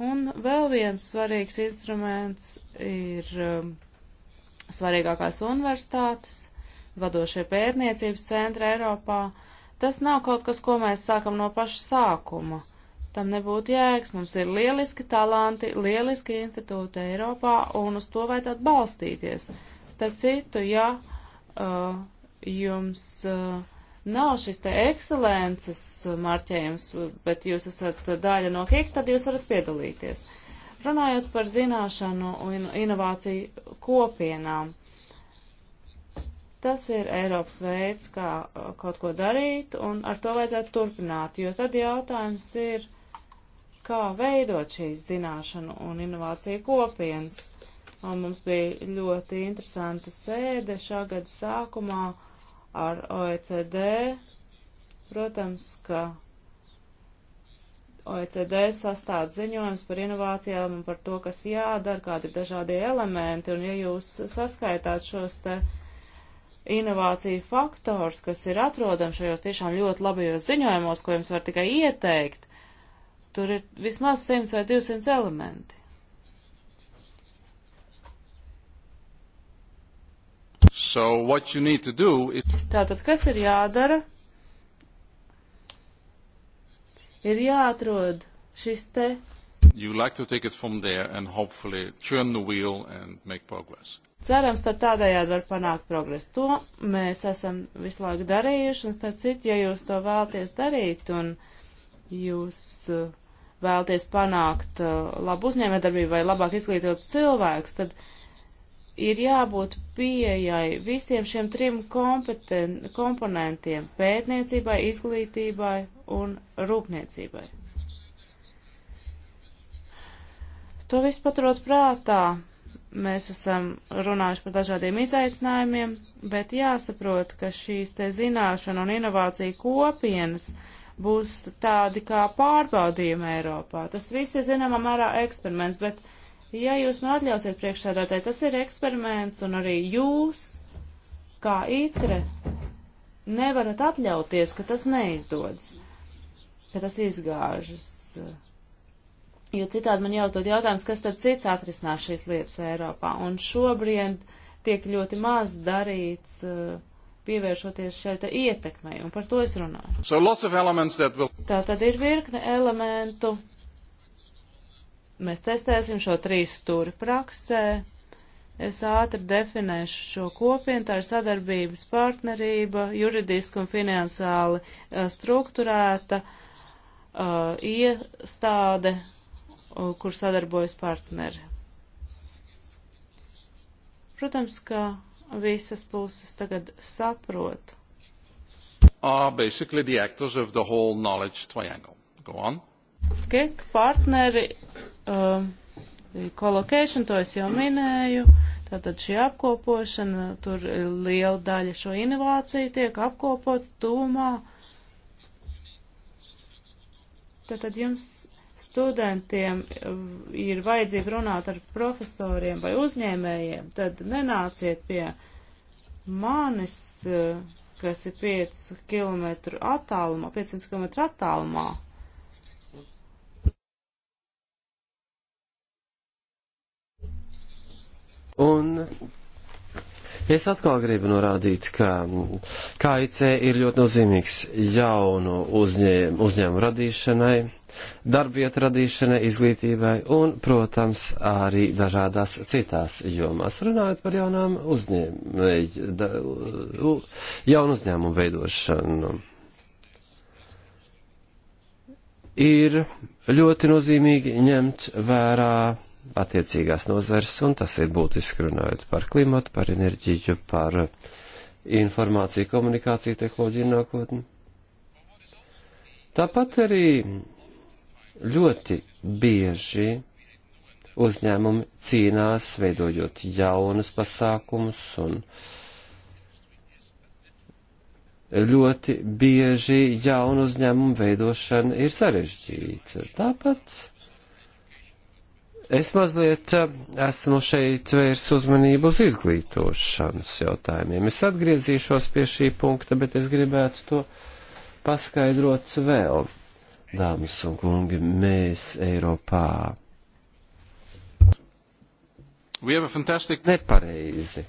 Un vēl viens svarīgs instruments ir um, svarīgākās universitātes vadošie pētniecības centri Eiropā. Tas nav kaut kas, ko mēs sākam no paša sākuma. Tam nebūtu jēgas, mums ir lieliski talanti, lieliski institūti Eiropā, un uz to vajadzētu balstīties. Starp citu, ja uh, jums uh, nav šis te ekscelences marķējums, bet jūs esat daļa no KIK, tad jūs varat piedalīties. Runājot par zināšanu un inovāciju kopienām, Tas ir Eiropas veids, kā uh, kaut ko darīt, un ar to vajadzētu turpināt, jo tad jautājums ir, kā veidot šīs zināšanu un inovāciju kopienas. Un mums bija ļoti interesanta sēde šā gada sākumā ar OECD. Protams, ka OECD sastāv ziņojums par inovācijām un par to, kas jādara, kādi ir dažādie elementi, un ja jūs saskaitāt šos te uh, inovāciju faktors, kas ir atrodams šajos tiešām ļoti labajos ziņojumos, ko jums var tikai ieteikt, tur ir vismaz 100 vai 200 elementi. So what you need to do is... Tātad, kas ir jādara? Ir jāatrod šis te. You like to take it from there and hopefully turn the wheel and make progress. Cerams, tad tādējādi var panākt progresu. To mēs esam visu laiku darījuši, un starp citu, ja jūs to vēlties darīt un jūs uh, vēlties panākt uh, labu uzņēmējdarbību vai labāk izglītotus cilvēkus, tad ir jābūt pieejai visiem šiem trim komponentiem - pētniecībai, izglītībai un rūpniecībai. To visu paturot prātā, Mēs esam runājuši par dažādiem izaicinājumiem, bet jāsaprot, ka šīs te zināšana un inovācija kopienas būs tādi kā pārbaudījumi Eiropā. Tas viss ir zināmā mērā eksperiments, bet, ja jūs man atļausiet priekšsēdētāji, tas ir eksperiments un arī jūs, kā itre, nevarat atļauties, ka tas neizdodas, ka tas izgāžas jo citādi man jāuzdod jautājums, kas tad cits atrisinās šīs lietas Eiropā. Un šobrīd tiek ļoti maz darīts, eh, pievēršoties šai ietekmei, un par to es runāju. So will... Tā tad ir virkne elementu. Mēs testēsim šo trīs stūri praksē, Es ātri definēšu šo kopienu, tā ir sadarbības partnerība, juridiski un finansiāli eh, struktūrēta uh, eh, iestāde, kur sadarbojas partneri. Protams, ka visas puses tagad saprot. Are basically the actors of the whole knowledge triangle. Go on. Kiek partneri, um, collocation, to es jau minēju, tātad šī apkopošana, tur liela daļa šo inovāciju tiek apkopots tūmā. Tātad jums studentiem eh, ir vajadzība runāt ar profesoriem vai uzņēmējiem, tad nenāciet pie manis, eh, kas ir 5 km attālumā, 500 km attālumā. Un Es atkal gribu norādīt, ka KIC ir ļoti nozīmīgs jaunu uzņēm, uzņēmumu radīšanai, darbvietu radīšanai, izglītībai un, protams, arī dažādās citās jomās. Runājot par jaunām uzņēmēju, jaunu uzņēmumu veidošanu. Ir ļoti nozīmīgi ņemt vērā attiecīgās nozares, un tas ir būtiski runājot par klimatu, par enerģiju, par informāciju, komunikāciju, tehnoloģiju nākotni. Tāpat arī ļoti bieži uzņēmumi cīnās, veidojot jaunus pasākumus un ļoti bieži jaunu uzņēmumu veidošana ir sarežģīta. Tāpat Es mazliet eh, esmu šeit vērs uzmanību uz izglītošanas jautājumiem. Es atgriezīšos pie šī punkta, bet es gribētu to paskaidrot vēl. Dāmas un kungi, mēs Eiropā. Fantastic... Nepareizi.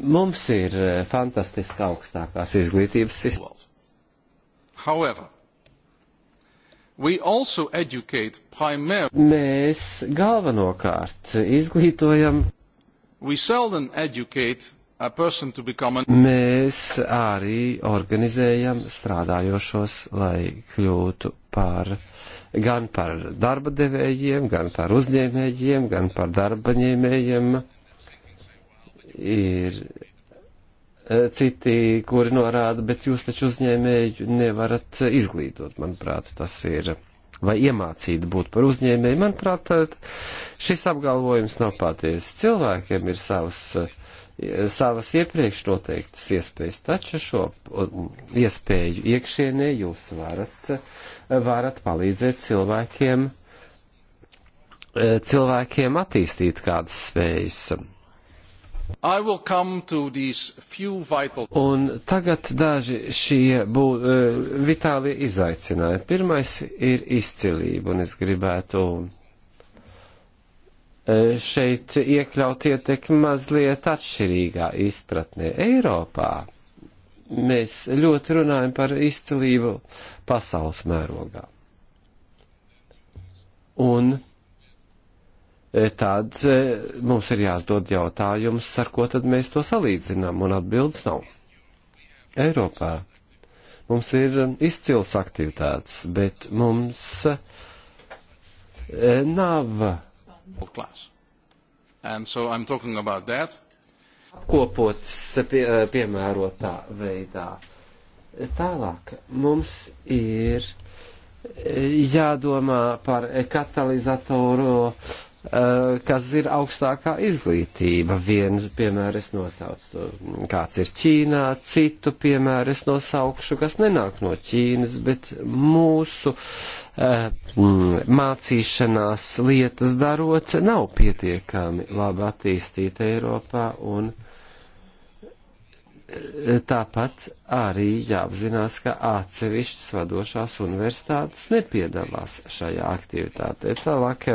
Mums ir eh, fantastiska augstākās izglītības sistēma. However, Mēs galvenokārt izglītojam. Mēs arī organizējam strādājošos, lai kļūtu par, gan par darba devējiem, gan par uzņēmējiem, gan par darba ņēmējiem. Ir Eh, citi, kuri norāda, bet jūs taču uzņēmēju nevarat eh, izglītot, manuprāt, tas ir, vai iemācīt būt par uzņēmēju. Manuprāt, eh, šis apgalvojums nav patiesa. Cilvēkiem ir savas, savas iepriekš noteiktas iespējas, taču šo iespēju iekšienē jūs varat, varat palīdzēt cilvēkiem, cilvēkiem attīstīt kādas spējas Vital... Un tagad daži šie bū, e, vitāli izaicinājumi. Pirmais ir izcilība, un es gribētu e, šeit iekļaut ietekmi mazliet atšķirīgā izpratnē Eiropā. Mēs ļoti runājam par izcilību pasaules mērogā. Un Eh, tad eh, mums ir jāsdod jautājums, ar ko tad mēs to salīdzinām, un atbildes nav. Eiropā mums ir eh, izcils aktivitātes, bet mums nav. So Kopotas pie, piemērotā veidā. Tālāk mums ir jādomā par katalizatoru uh, Eh, kas ir augstākā izglītība. Vienu piemēru es nosaucu, kāds ir Ķīnā, citu piemēru es nosaukšu, kas nenāk no Ķīnas, bet mūsu uh, mācīšanās lietas darot nav pietiekami labi attīstīta Eiropā un eh, tāpat arī jāapzinās, ka atsevišķas vadošās universitātes nepiedalās šajā aktivitātē. Tālāk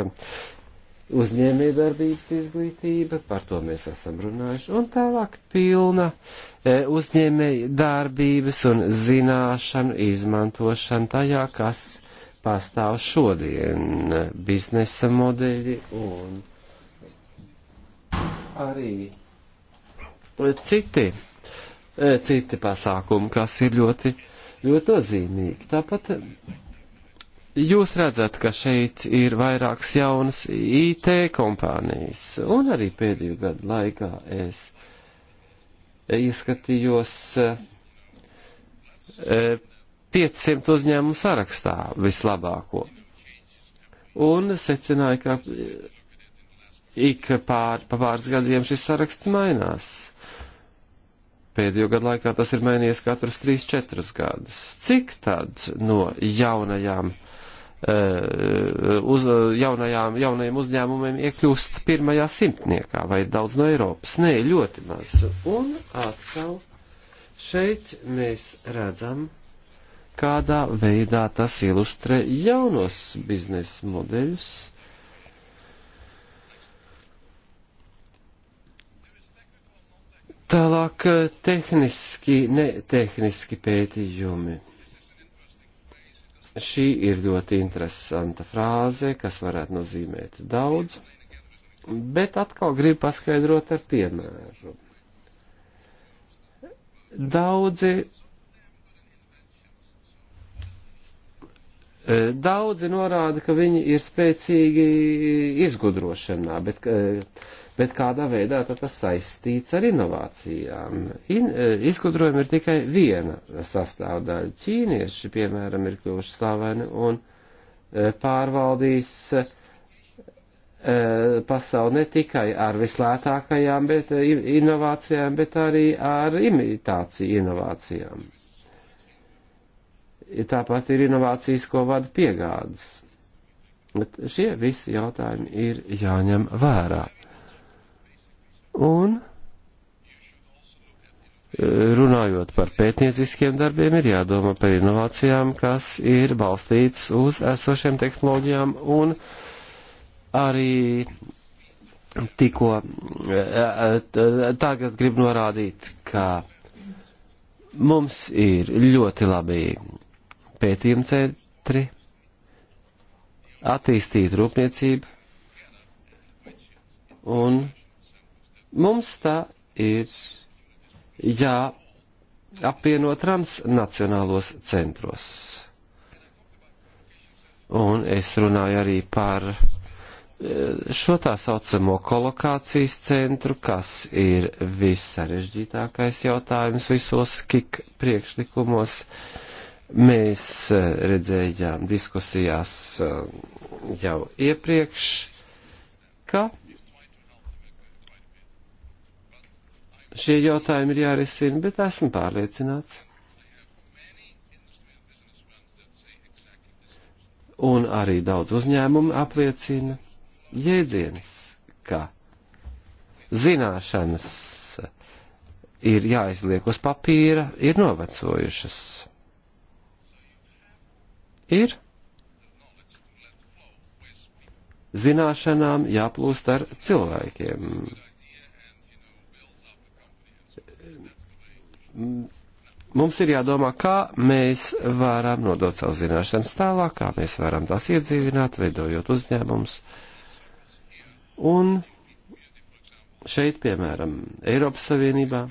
uzņēmējdarbības izglītība, par to mēs esam runājuši, un tālāk pilna e, uzņēmējdarbības un zināšanu izmantošana tajā, kas pastāv šodien biznesa modeļi un arī citi, e, citi pasākumi, kas ir ļoti, ļoti nozīmīgi. Tāpat Jūs redzat, ka šeit ir vairākas jaunas IT kompānijas, un arī pēdējo gadu laikā es ieskatījos 500 e, uzņēmumu sarakstā vislabāko. Un secināju, ka ik pār, pa pāris gadiem šis saraksts mainās. Pēdējo gadu laikā tas ir mainījies katrs 3-4 gadus. Cik tad no jaunajām uh, Eh, eh, uz eh, jaunajām, jaunajiem uzņēmumiem iekļūst pirmajā simtniekā vai daudz no Eiropas. Nē, ļoti maz. Un atkal šeit mēs redzam, kādā veidā tas ilustrē jaunos biznesa modeļus. Tālāk tehniski, netehniski pētījumi. Šī ir ļoti interesanta frāze, kas varētu nozīmēt daudz, bet atkal gribu paskaidrot ar piemēru. Daudzi, eh, daudzi norāda, ka viņi ir spēcīgi izgudrošanā, bet eh, bet kādā veidā tas saistīts ar inovācijām. In, e, izgudrojumi ir tikai viena sastāvdaļa. Ķīnieši, piemēram, ir kļuvuši slaveni un e, pārvaldīs e, pasauli ne tikai ar vislētākajām bet, inovācijām, bet arī ar imitāciju inovācijām. Tāpat ir inovācijas, ko vada piegādes. Bet šie visi jautājumi ir jāņem vērā. Un e, runājot par pētnieciskiem darbiem, ir jādomā par inovācijām, kas ir balstīts uz esošiem tehnoloģijām un arī tikko e, e, tagad grib norādīt, ka mums ir ļoti labi pētījuma centri, attīstīt rūpniecību un Mums tā ir jāapvieno transnacionālos centros. Un es runāju arī par e, šo tā saucamo kolokācijas centru, kas ir vissarežģītākais jautājums visos kik priekšlikumos. Mēs e, redzējām diskusijās e, jau iepriekš, ka Šie jautājumi ir jārisina, bet esmu pārliecināts. Un arī daudz uzņēmumu apliecina jēdzienas, ka zināšanas ir jāizliek uz papīra, ir novecojušas. Ir zināšanām jāplūst ar cilvēkiem. mums ir jādomā, kā mēs varam nodot savu zināšanas tālāk, kā mēs varam tās iedzīvināt, veidojot uzņēmumus. Un šeit, piemēram, Eiropas Savienībā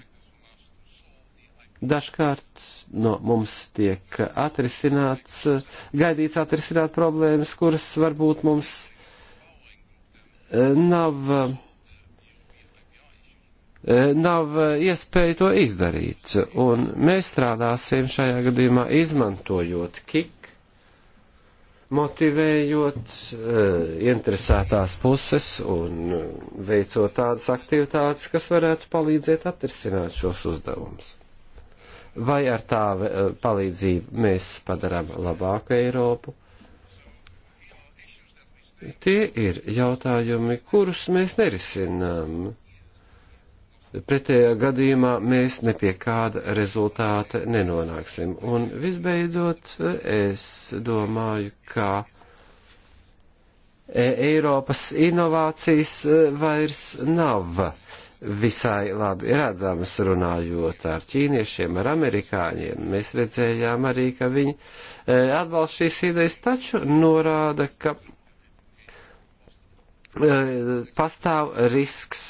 dažkārt no mums tiek atrisināts, gaidīts atrisināt problēmas, kuras varbūt mums eh, nav E, nav e, iespēja to izdarīt. Un mēs strādāsim šajā gadījumā izmantojot kik, motivējot e, interesētās puses un veicot tādas aktivitātes, kas varētu palīdzēt atrisināt šos uzdevumus. Vai ar tā palīdzību mēs padarām labāku Eiropu? Tie ir jautājumi, kurus mēs nerisinām Pretējā gadījumā mēs nepie kāda rezultāta nenonāksim. Un visbeidzot, es domāju, ka e, Eiropas inovācijas e, vairs nav visai labi redzamas runājot ar ķīniešiem, ar amerikāņiem. Mēs redzējām arī, ka viņi e, atbalsta šīs idejas, taču norāda, ka pastāv risks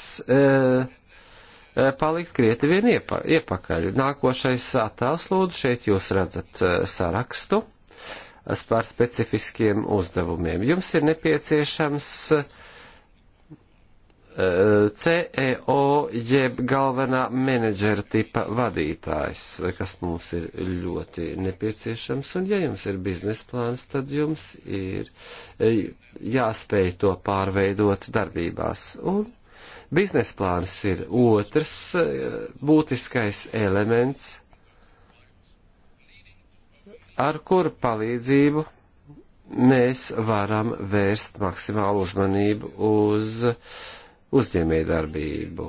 Eh, palikt krieti vien iepa, iepakaļ. Nākošais attēls lūdzu, šeit jūs redzat eh, sarakstu par specifiskiem uzdevumiem. Jums ir nepieciešams eh, CEO jeb galvenā menedžera tipa vadītājs, kas mums ir ļoti nepieciešams, un ja jums ir biznesa plāns, tad jums ir jāspēj to pārveidot darbībās. Un Biznesa plāns ir otrs eh, būtiskais elements, ar kuru palīdzību mēs varam vērst maksimālu uzmanību uz uzņēmējdarbību.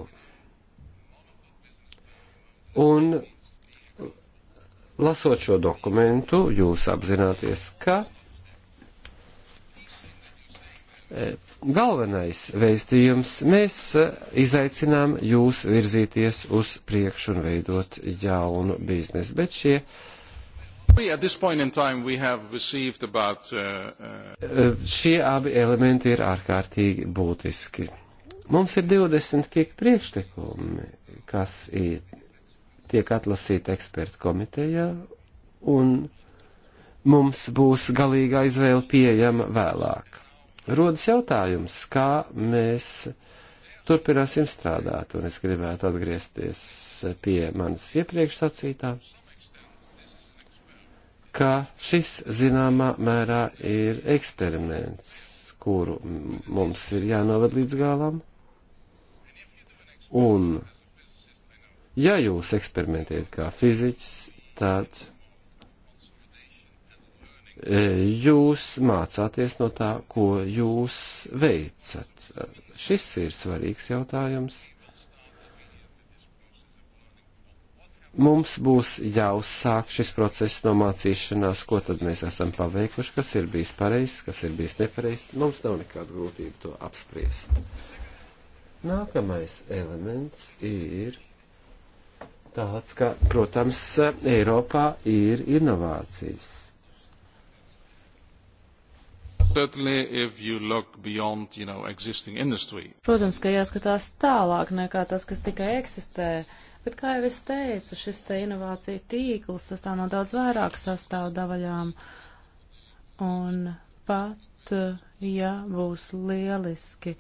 Un lasot šo dokumentu, jūs apzināties, ka galvenais vēstījums mēs eh, izaicinām jūs virzīties uz priekšu un veidot jaunu biznesu, bet šie about, uh, uh eh, Šie abi elementi ir ārkārtīgi būtiski. Mums ir 25 priekšlikumi, kas ir, tiek atlasīti ekspertu komitejā, un mums būs galīga izvēle pieejama vēlāk Rodas jautājums, kā mēs turpināsim strādāt, un es gribētu atgriezties pie manas iepriekš sacītā, ka šis zināmā mērā ir eksperiments, kuru mums ir jānovad līdz galam. Un, ja jūs eksperimentējat kā fiziķis, tad E, jūs mācāties no tā, ko jūs veicat. Šis ir svarīgs jautājums. Mums būs jāuzsāk šis process no mācīšanās, ko tad mēs esam paveikuši, kas ir bijis pareizs, kas ir bijis nepareizs. Mums nav nekāda grūtība to apspriest. Nākamais elements ir tāds, ka, protams, Eiropā ir inovācijas Beyond, you know, Protams, ka jāskatās tālāk nekā tas, kas tikai eksistē, bet, kā jau es teicu, šis te inovācija tīkls sastāv no daudz vairāk sastāvdaļām, un pat, ja būs lieliski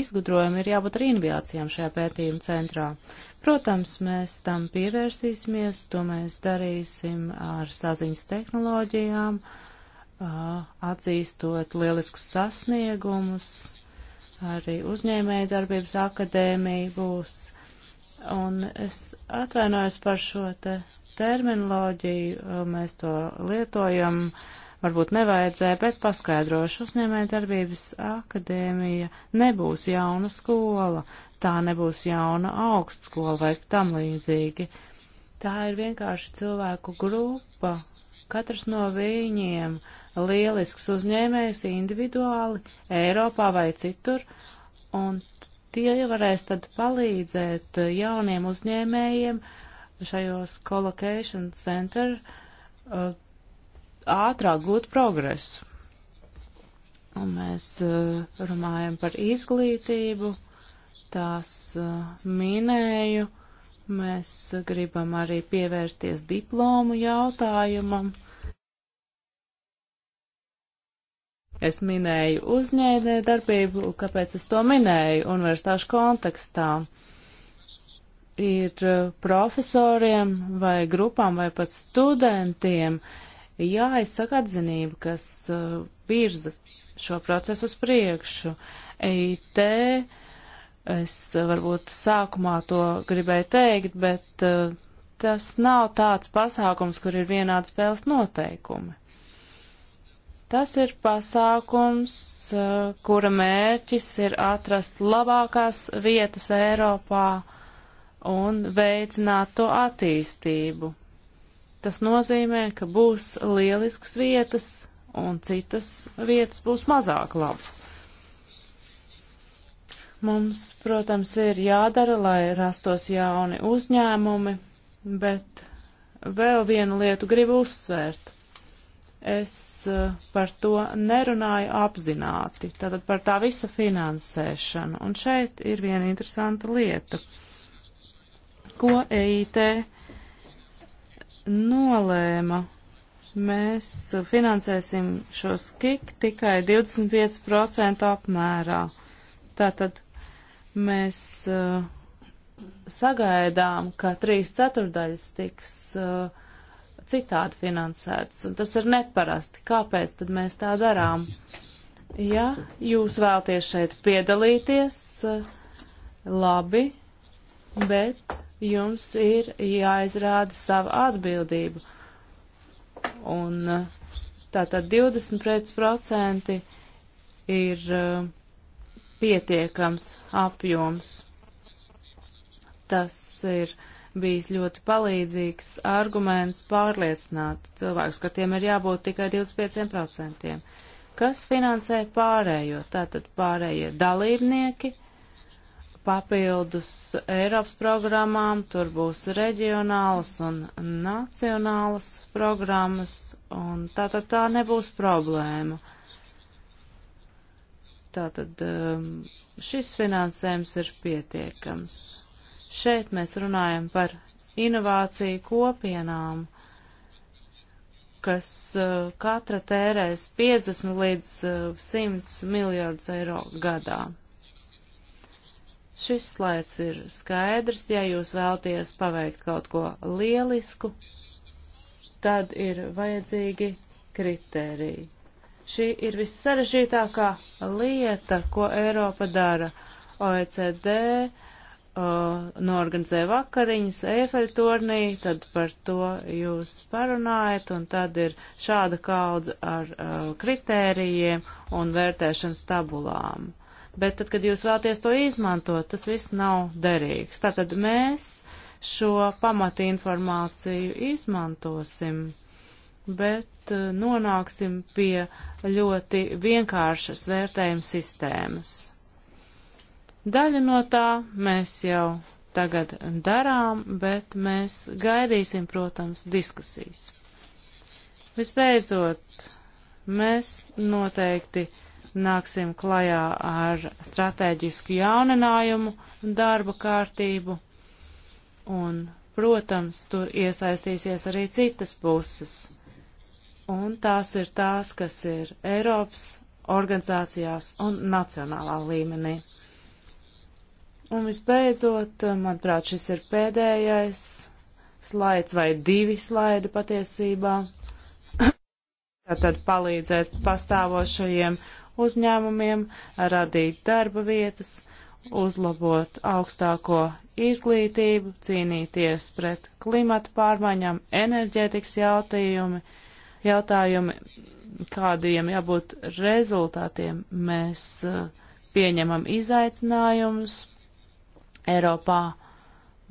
izgudrojumi, ir jābūt arī inovācijām šajā pētījuma centrā. Protams, mēs tam pievērsīsimies, to mēs darīsim ar saziņas tehnoloģijām. Uh, atzīstot lieliskus sasniegumus, arī uzņēmēja darbības akadēmija būs. Un es atvainojos par šo te terminoloģiju, mēs to lietojam, varbūt nevajadzēja, bet paskaidrošu uzņēmēja darbības akadēmija nebūs jauna skola, tā nebūs jauna augstskola vai tam līdzīgi. Tā ir vienkārši cilvēku grupa, katrs no viņiem uh, lielisks uzņēmējs individuāli Eiropā vai citur, un tie varēs tad palīdzēt jauniem uzņēmējiem šajos collocation center uh, ātrāk gūt progresu. Un mēs uh, runājam par izglītību, tās uh, minēju, mēs gribam arī pievērsties diplomu jautājumam. Uh, Es minēju uzņēmē darbību, kāpēc es to minēju universitāšu kontekstā. Ir eh, profesoriem vai grupām vai pat studentiem jāizsaka atzinība, kas eh, virza šo procesu uz priekšu. EIT, es eh, varbūt sākumā to gribēju teikt, bet tas nav tāds pasākums, kur ir vienāds spēles noteikumi. Tas ir pasākums, eh, kura mērķis ir atrast labākās vietas Eiropā un veicināt to attīstību. Tas nozīmē, ka būs lielisks vietas un citas vietas būs mazāk labas. Mums, protams, ir jādara, lai rastos jauni uzņēmumi, bet vēl vienu lietu gribu uzsvērt es eh, par to nerunāju apzināti, tātad par tā visa finansēšanu. Un šeit ir viena interesanta lieta, ko EIT nolēma. Mēs finansēsim šo skik tikai 25% apmērā. Tātad mēs eh, sagaidām, ka trīs ceturdaļas tiks uh, citādi finansētas, un tas ir neparasti. Kāpēc tad mēs tā darām? Ja jūs vēlties šeit piedalīties, eh, labi, bet jums ir jāizrāda sava atbildība. Un eh, tātad 20% ir eh, pietiekams apjoms. Tas ir bijis ļoti palīdzīgs arguments pārliecināt cilvēkus, ka tiem ir jābūt tikai 25%. Kas finansē pārējo? Tātad pārējie dalībnieki papildus Eiropas programmām, tur būs reģionālas un nacionālas programmas, un tātad tā nebūs problēma. Tātad um, šis finansējums ir pietiekams. Šeit mēs runājam par inovāciju kopienām, kas uh, katra tērēs 50 līdz uh, eh, 100 miljardus eiro gadā. Šis slaids ir skaidrs, ja jūs vēlties paveikt kaut ko lielisku, tad ir vajadzīgi kritēriji. Šī ir vissarežģītākā lieta, ko Eiropa dara. OECD, uh, norganizē vakariņas Eifeļa tornī, tad par to jūs parunājat, un tad ir šāda kaudze ar uh, kritērijiem un vērtēšanas tabulām. Bet tad, kad jūs vēlaties to izmantot, tas viss nav derīgs. Tātad mēs šo pamati informāciju izmantosim, bet uh, nonāksim pie ļoti vienkāršas vērtējuma sistēmas. Daļa no tā mēs jau tagad darām, bet mēs gaidīsim, protams, diskusijas. Visbeidzot, mēs noteikti nāksim klajā ar strateģisku jauninājumu darba kārtību un, protams, tur iesaistīsies arī citas puses. Un tās ir tās, kas ir Eiropas organizācijās un nacionālā līmenī. Un visbeidzot, eh, manuprāt, šis ir pēdējais slaids vai divi slaidi patiesībā. Tātad palīdzēt pastāvošajiem uzņēmumiem, radīt darba vietas, uzlabot augstāko izglītību, cīnīties pret klimata pārmaiņām, enerģētikas jautājumi, jautājumi, kādiem jābūt rezultātiem mēs eh, pieņemam izaicinājumus, Eiropā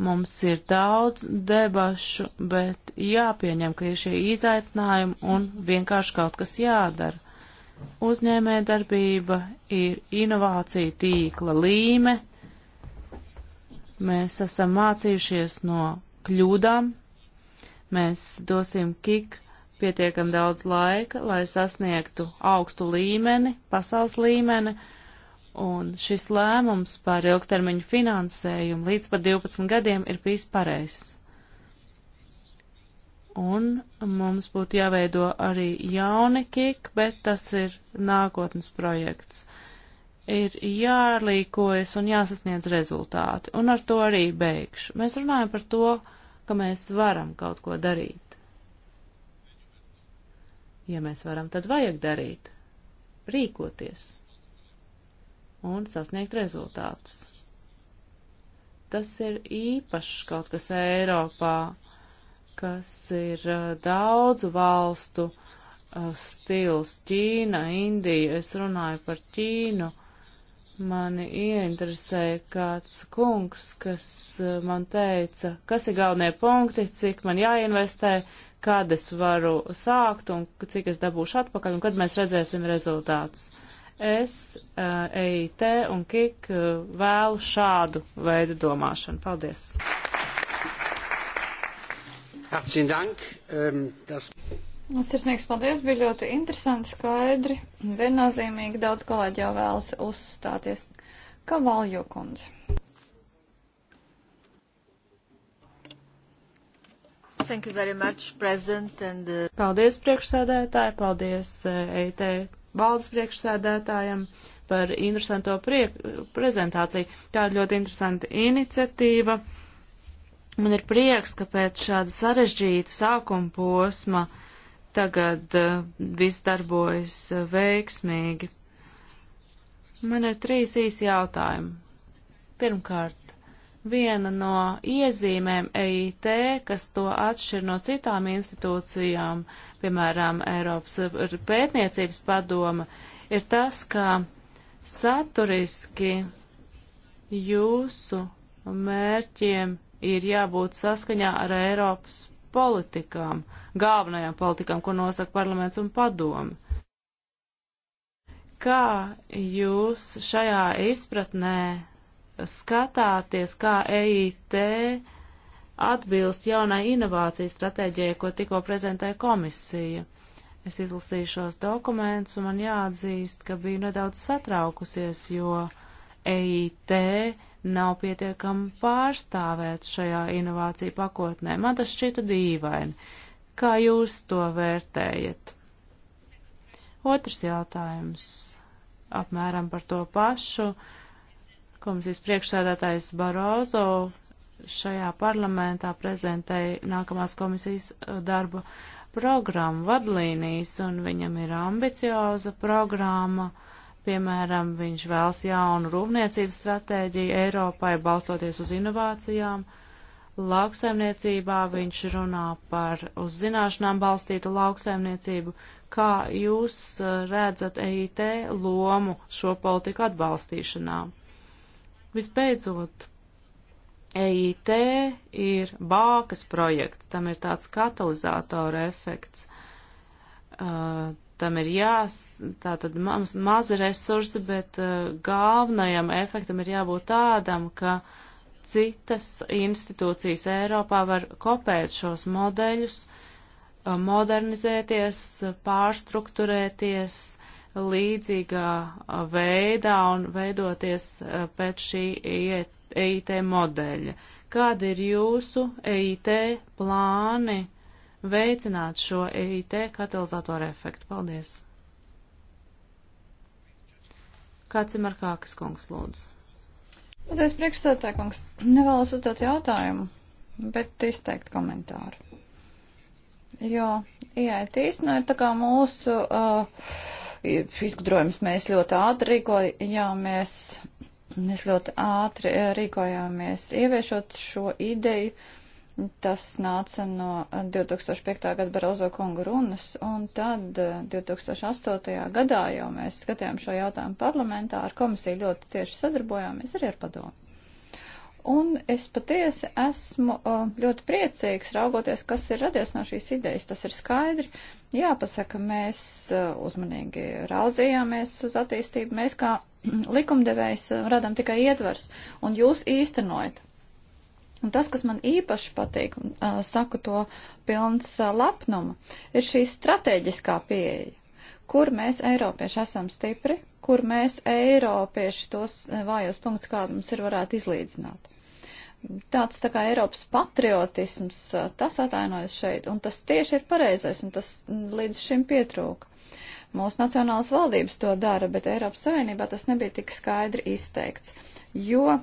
mums ir daudz debašu, bet jāpieņem, ka ir šie izaicinājumi un vienkārši kaut kas jādara. Uzņēmē darbība ir inovācija tīkla līme. Mēs esam mācījušies no kļūdām. Mēs dosim kik pietiekam daudz laika, lai sasniegtu augstu līmeni, pasaules līmeni Un šis lēmums par ilgtermiņu finansējumu līdz pat 12 gadiem ir bijis pareizs. Un mums būtu jāveido arī jauni kik, bet tas ir nākotnes projekts. Ir jārīkojas un jāsasniedz rezultāti. Un ar to arī beigšu. Mēs runājam par to, ka mēs varam kaut ko darīt. Ja mēs varam, tad vajag darīt. Rīkoties un sasniegt rezultātus. Tas ir īpašs kaut kas Eiropā, kas ir uh, daudzu valstu uh, stils - Ķīna, Indija. Es runāju par Ķīnu. Mani ieinteresēja kāds kungs, kas uh, man teica, kas ir galvenie punkti, cik man jāinvestē, kad es varu sākt un cik es dabūšu atpakaļ un kad mēs redzēsim rezultātus. Es, EIT un KIK vēlu šādu veidu domāšanu. Paldies! Herzlichen Dank. Ähm, das Sirsnīgs paldies, bija ļoti interesanti, skaidri un viennozīmīgi. Daudz kolēģi jau vēlas uzstāties. Kā Valjo kundze? Thank you very much, President. And, uh... Paldies, priekšsēdētāji, paldies EIT valdes priekšsēdētājam par interesanto priek prezentāciju. Tā ir ļoti interesanta iniciatīva. Man ir prieks, ka pēc šāda sarežģīta sākuma posma tagad uh, viss darbojas uh, veiksmīgi. Man ir trīs īsi jautājumi. Pirmkārt, Viena no iezīmēm EIT, kas to atšķir no citām institūcijām, piemēram, Eiropas pētniecības padoma, ir tas, ka saturiski jūsu mērķiem ir jābūt saskaņā ar Eiropas politikām, galvenajām politikām, ko nosaka parlaments un padomi. Kā jūs šajā izpratnē skatāties, kā EIT atbilst jaunai inovācijas stratēģijai, ko tikko prezentēja komisija. Es izlasīju šos dokumentus, un man jāatzīst, ka biju nedaudz satraukusies, jo EIT nav pietiekami pārstāvēt šajā inovāciju pakotnē. Man tas šķita dīvaini. Kā jūs to vērtējat? Otrs jautājums apmēram par to pašu. Uh, Komisijas priekšsēdētājs Barozo šajā parlamentā prezentēja nākamās komisijas uh, darba programmu vadlīnijas, un viņam ir ambicioza programma. Piemēram, viņš vēlas jaunu rūpniecības stratēģiju Eiropai, balstoties uz inovācijām. Lauksaimniecībā viņš runā par uz zināšanām balstītu lauksaimniecību. Kā jūs uh, redzat EIT lomu šo politiku atbalstīšanā? Vispēcot, EIT ir bākas projekts, tam ir tāds katalizātora efekts. Uh, tam ir jās, tā tad maz, mazi resursi, bet uh, galvenajam efektam ir jābūt tādam, ka citas institūcijas Eiropā var kopēt šos modeļus, uh, modernizēties, pārstruktūrēties, līdzīgā veidā un veidoties eh, pēc šī EIT e modeļa. Kādi ir jūsu EIT plāni veicināt šo EIT katalizatoru efektu? Paldies! Kāds ir Markākas kungs lūdzu? Paldies, priekšstādā kungs. Nevēlas uzdot jautājumu, bet izteikt komentāru. Jo, jā, e tīsnē ir tā kā mūsu uh, izgudrojumus mēs ļoti ātri rīkojāmies, mēs ļoti ātri eh, rīkojāmies ieviešot šo ideju. Tas nāca no 2005. Eh, gada Barozo kunga runas, un tad 2008. Eh, gadā jau mēs skatījām šo jautājumu parlamentā, ar komisiju ļoti cieši sadarbojāmies arī ar padomu. Un es patiesi esmu ļoti priecīgs raugoties, kas ir radies no šīs idejas. Tas ir skaidri. Jāpasaka, mēs uzmanīgi raudzījāmies uz attīstību. Mēs kā likumdevējs radām tikai ietvers, un jūs īstenojat. Un tas, kas man īpaši patīk, un uh, saku to pilns uh, lepnuma, ir šī strateģiskā pieeja, kur mēs Eiropieši esam stipri, kur mēs Eiropieši tos vājos punktus, kādu mums ir, varētu izlīdzināt tāds tā kā Eiropas patriotisms, tas atainojas šeit, un tas tieši ir pareizais, un tas līdz šim pietrūka. Mūsu nacionālas valdības to dara, bet Eiropas Savienībā tas nebija tik skaidri izteikts, jo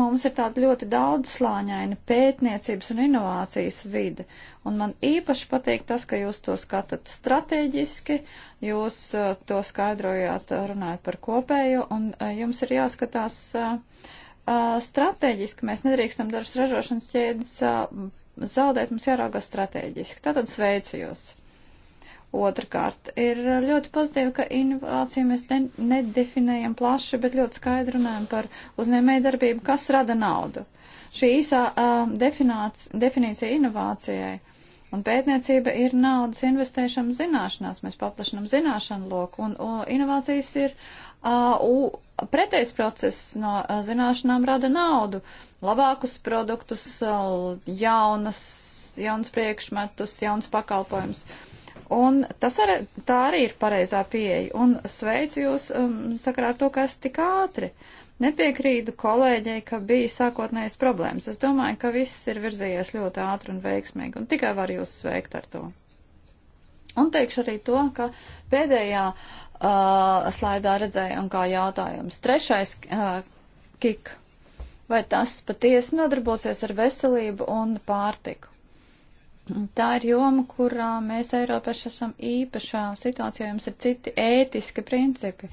mums ir tāda ļoti daudzslāņaina pētniecības un inovācijas vide, un man īpaši patīk tas, ka jūs to skatāt strateģiski, jūs to skaidrojāt, runājot par kopējo, un jums ir jāskatās uh, uh, strateģiski. Mēs nedrīkstam dažas ražošanas ķēdes uh, zaudēt, mums jāraugās strateģiski. Tātad sveicu jūs. Otrakārt, ir ļoti pozitīvi, ka inovāciju mēs ne, nedefinējam plaši, bet ļoti skaidri runājam par uzņēmēju darbību, kas rada naudu. Šī īsā uh, defināc, definīcija inovācijai Un pētniecība ir naudas investēšana zināšanās. Mēs paplašinām zināšanu loku, un o, inovācijas ir Uh, pretējs process no zināšanām rada naudu, labākus produktus, jaunas, jaunas priekšmetus, jaunas pakalpojumus. Un tas arī, tā arī ir pareizā pieeja. Un sveicu jūs um, sakarā ar to, ka esat tik ātri. Nepiekrītu kolēģei, ka bija sākotnējas problēmas. Es domāju, ka viss ir virzījies ļoti ātri un veiksmīgi, un tikai var jūs sveikt ar to. Un teikšu arī to, ka pēdējā uh, uh, slaidā redzējām kā jautājums. Trešais uh, kik. Vai tas patiesi nodarbosies ar veselību un pārtiku? Tā ir joma, kurā mēs Eiropieši esam īpašā situācijā, jums ir citi ētiski principi.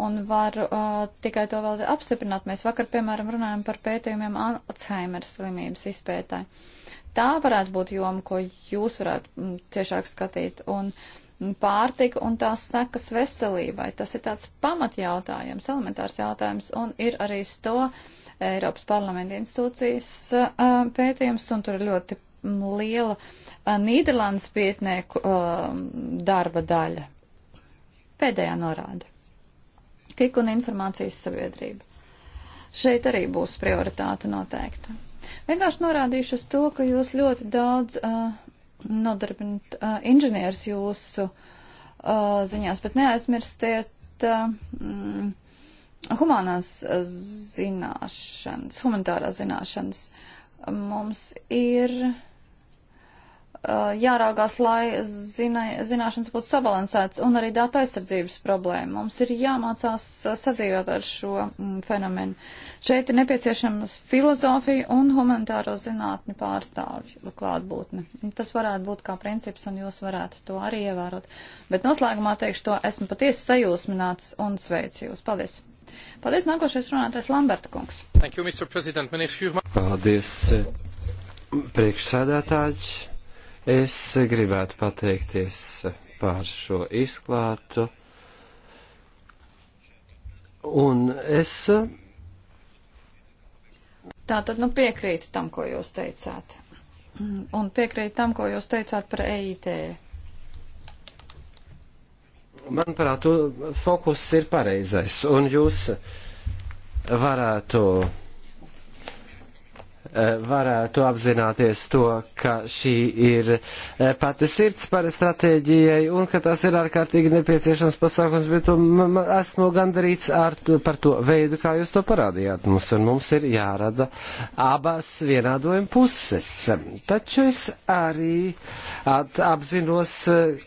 Un varu uh, tikai to vēl apstiprināt. Mēs vakar, piemēram, runājam par pētījumiem Alzheimer slimības izpētē. Tā varētu būt joma, ko jūs varētu mm, ciešāk skatīt. Un uh, pārtika un tās sekas veselībai. Tas ir tāds pamatjautājums, elementārs jautājums, un ir arī to Eiropas parlamenta institūcijas pētījums, un tur ir ļoti liela Nīderlandes pietnieku darba daļa. Pēdējā norāde. Kik un informācijas sabiedrība. Šeit arī būs prioritāte noteikta. Vienkārši norādīšu uz to, ka jūs ļoti daudz uh, nodarbināt uh, inženierus jūsu uh, ziņās, bet neaizmirstiet uh, mm, humanās zināšanas, humanitārās zināšanas. Mums ir Uh, jārāgās, lai zina, zināšanas būtu sabalansētas, un arī datu aizsardzības problēma. Mums ir jāmācās uh, sadzīvot ar šo mm, fenomenu. Šeit ir nepieciešams filozofija un humanitāro zinātņu pārstāvju klātbūtne. Tas varētu būt kā princips, un jūs varētu to arī ievērot. Bet noslēgumā teikšu to, esmu patiesi sajūsmināts un sveicu jūs. Paldies! Paldies, nākošais runātais Lamberta kungs. Thank you, Mr. President. Paldies, eh, priekšsēdētājs Es gribētu pateikties par šo izklātu. Un es. Tā tad nu piekrītu tam, ko jūs teicāt. Un piekrītu tam, ko jūs teicāt par EIT. Manuprāt, fokus ir pareizais. Un jūs varētu Eh, varētu apzināties to, ka šī ir eh, pati sirds para stratēģijai un ka tas ir ārkārtīgi nepieciešams pasākums, bet esmu gandarīts ar, par to veidu, kā jūs to parādījāt mums, un mums ir jāredza abas vienādojuma puses. Taču es arī at, apzinos, eh,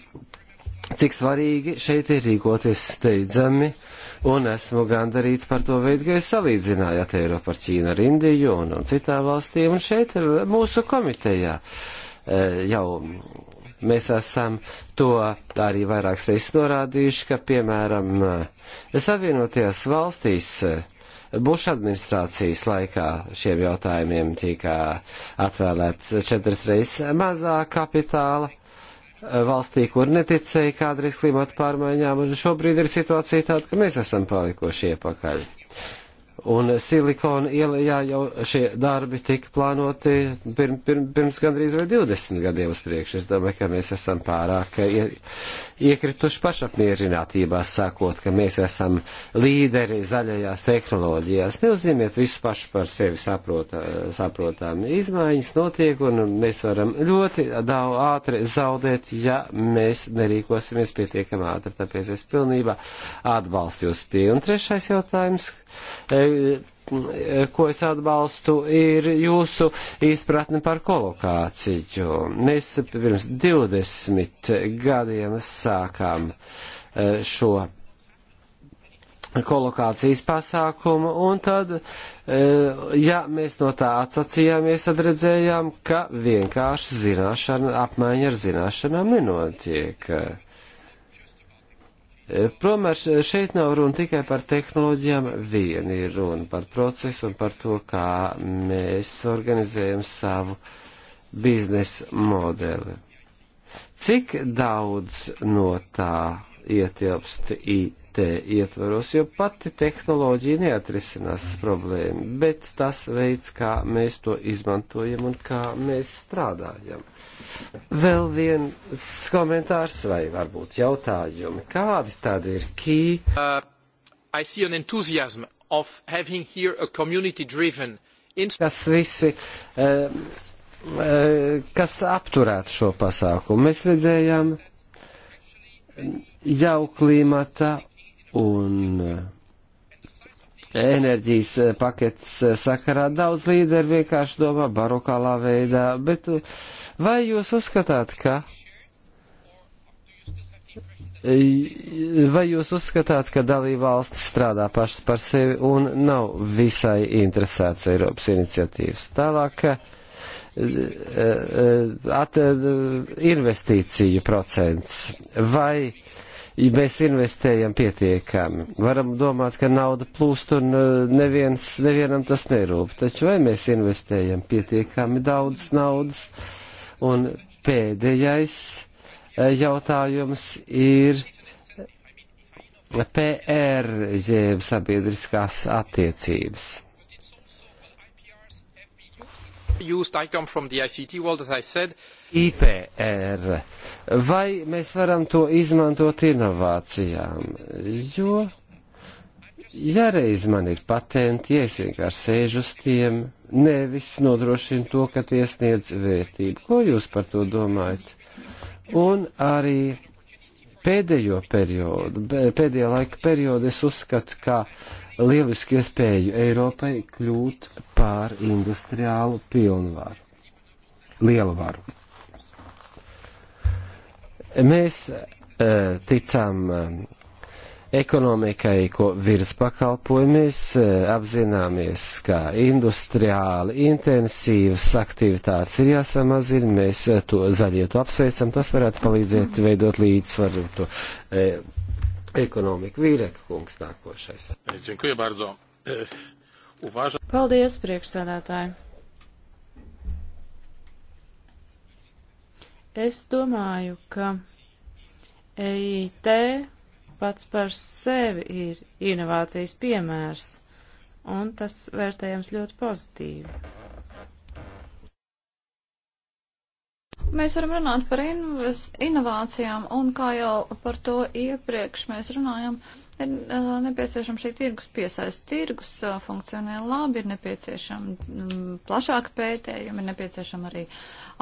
cik svarīgi šeit ir rīkoties steidzami. Uh, un esmu gandarīts par to veidu, ka jūs salīdzinājāt Eiropu ar Ķīnu, ar Indiju un, un citām valstīm, un šeit eh, mūsu komitejā eh, jau mēs esam to arī vairākas reizes norādījuši, ka, piemēram, eh, Savienotajās valstīs Buša administrācijas laikā šiem jautājumiem tika atvēlēts četras reizes mazāk kapitāla valstī, kur neticēja kādreiz klimata pārmaiņām, un šobrīd ir situācija tāda, ka mēs esam palikuši iepakaļ. Un silikona ielā jau šie darbi tika plānoti pirm, pirm, pirms gandrīz vai 20 gadiem uz priekšu. Es domāju, ka mēs esam pārāk eh, iekrituši pašapmierinātībā, sakot, ka mēs esam līderi zaļajās tehnoloģijās. Neuzņemiet visu pašu par sevi saprotā, saprotām. Izmaiņas notiek un mēs varam ļoti daudz ātri zaudēt, ja mēs nerīkosimies pietiekam ātri. Tāpēc es pilnībā atbalstu jūs pie. Un trešais jautājums. E, Eh, ko es atbalstu, ir jūsu izpratne par kolokāciju. Mēs pirms 20 gadiem sākām eh, šo kolokācijas pasākumu, un tad, eh, ja mēs no tā atsacījāmies, tad redzējām, ka vienkārši zināšana, apmaiņa ar zināšanām nenotiek. Uh, Promēr šeit nav runa tikai par tehnoloģijām, vien ir runa par procesu un par to, kā mēs organizējam savu biznesa modeli. Cik daudz no tā ietilpst IT ietvaros, jo pati tehnoloģija neatrisinās problēmu, bet tas veids, kā mēs to izmantojam un kā mēs strādājam. Uh, Vēl viens komentārs vai varbūt jautājumi. Kādi tad ir key? Uh, I see an enthusiasm of having here a community driven. Tas visi. Uh, uh, kas apturētu šo pasākumu. Mēs redzējām jau klimata un enerģijas eh, paketes eh, sakarā. Daudz līderi vienkārši domā barokālā veidā, bet eh, vai jūs uzskatāt, ka. Vai jūs uzskatāt, ka dalībvalstis strādā pašas par sevi un nav visai interesēts Eiropas iniciatīvas? Tālāk, at, investīciju procents. Vai mēs investējam pietiekami. Varam domāt, ka nauda plūst un eh, neviens, nevienam tas nerūp. Taču vai mēs investējam pietiekami daudz naudas? Un pēdējais eh, jautājums ir eh, PR, jeb sabiedriskās attiecības. Used, I come from the ICT world, as I said. ITR. Vai mēs varam to izmantot inovācijām? Jo, ja reiz man ir patenti, ja es vienkārši sēžu uz tiem, nevis nodrošinu to, ka tie sniedz vērtību. Ko jūs par to domājat? Un arī pēdējo periodu, pēdējā laika periodu es uzskatu, ka lielisku iespēju Eiropai kļūt par industriālu pilnvaru, lielu varu. Mēs e, ticam eh, ekonomikai, ko virs pakalpojamies, eh, apzināmies, ka industriāli intensīvas aktivitātes ir jāsamazina, mēs to zaļie to apsveicam, tas varētu palīdzēt veidot līdzsvaru to e, ekonomika. Vīreka kungs nākošais. E, Paldies, priekšsēdētāji. Es domāju, ka EIT pats par sevi ir inovācijas piemērs, un tas vērtējams ļoti pozitīvi. Mēs varam runāt par inovācijām, un kā jau par to iepriekš mēs runājam, ir uh, nepieciešama šī tirgus piesaist. Tirgus uh, funkcionē labi, ir nepieciešama um, plašāka pētējuma, ir nepieciešama arī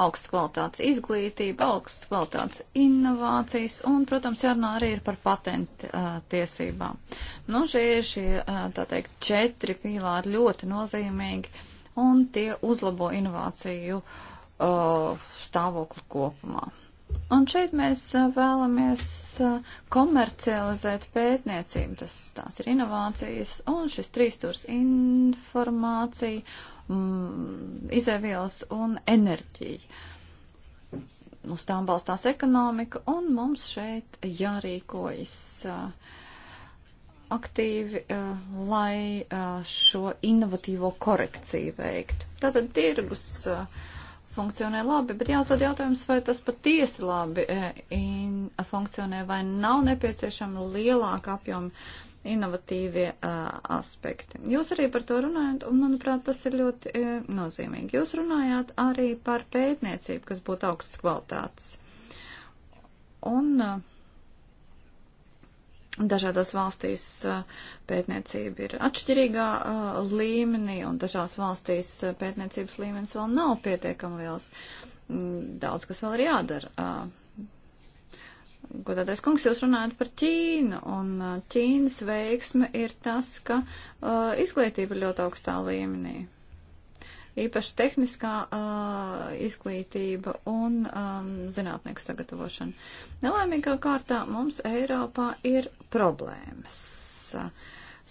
augsts kvalitātes izglītība, augsts kvalitātes inovācijas, un, protams, jārunā arī ir par patentu uh, tiesībām. Nu, šie ir šie, uh, tā teikt, četri pīlāri ļoti nozīmīgi, un tie uzlabo inovāciju. Uh, Uh, stāvokli kopumā. Un šeit mēs uh, vēlamies uh, komercializēt pētniecību, tas tās ir inovācijas, un šis trīstūrs informācija, mm, izēvielas un enerģija. Uz tām balstās ekonomika, un mums šeit jārīkojas aktīvi, lai šo inovatīvo korekciju veiktu. Tātad tirgus. Uh, funkcionē labi, bet jāuzdod jautājums, vai tas patiesi labi e, in, funkcionē, vai nav nepieciešama lielāka apjoma inovatīvie uh, aspekti. Jūs arī par to runājat, un, manuprāt, tas ir ļoti uh, nozīmīgi. Jūs runājāt arī par pētniecību, kas būtu augstas kvalitātes. Un uh, Dažādās valstīs uh, pētniecība ir atšķirīgā uh, līmenī, un dažās valstīs uh, pētniecības līmenis vēl nav pietiekami liels. Mm, daudz kas vēl ir jādara. Godātais kungs, jūs runājat par Ķīnu, un Ķīnas veiksme ir tas, ka izglītība ir ļoti augstā līmenī īpaši tehniskā uh, izglītība un um, zinātnieku sagatavošana. Nelēmīgā kārtā mums Eiropā ir problēmas uh,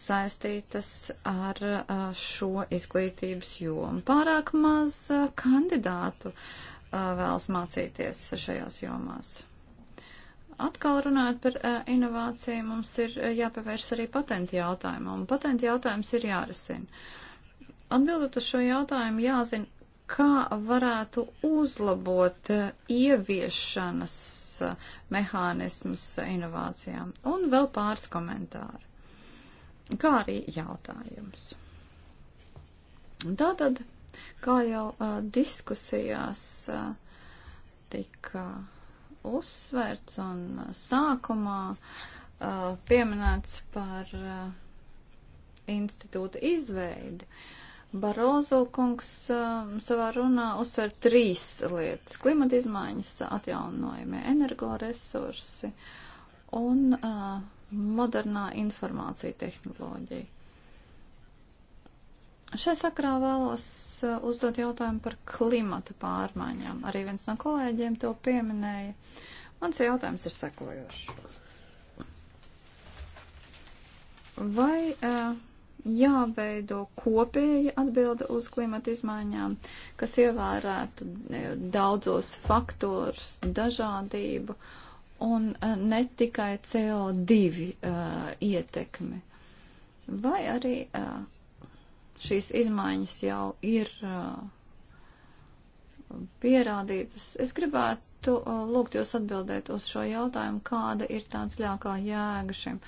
saistītas ar uh, šo izglītības jomu. Pārāk maz uh, kandidātu uh, vēlas mācīties šajās jomās atkal runājot par uh, inovāciju, mums ir uh, jāpievērš arī patentu jautājumam, un patentu jautājums ir jārisina. Atbildot uz šo jautājumu, jāzina, kā varētu uzlabot eh, ieviešanas eh, mehānismus inovācijām. Un vēl pāris komentāri, kā arī jautājums. Tātad, kā jau uh, diskusijās uh, tika uzsvērts un uh, sākumā uh, pieminēts par uh, institūta izveidi, uh, Barozo kungs um, savā runā uzsver trīs lietas - klimata izmaiņas, atjaunojumie energoresursi un uh, modernā informācija tehnoloģija. Šai sakrā vēlos uh, uzdot jautājumu par klimata pārmaiņām. Arī viens no kolēģiem to pieminēja. Mans jautājums ir sekojošs. Vai uh, jāveido kopēja atbilde uz klimata izmaiņām, kas ievērētu e, daudzos faktors, dažādību un e, ne tikai CO2 uh, e, ietekmi. Vai arī uh, šīs izmaiņas jau ir uh, pierādītas? Es gribētu uh, lūgt jūs atbildēt uz šo jautājumu, kāda ir tāds ļākā jēga šim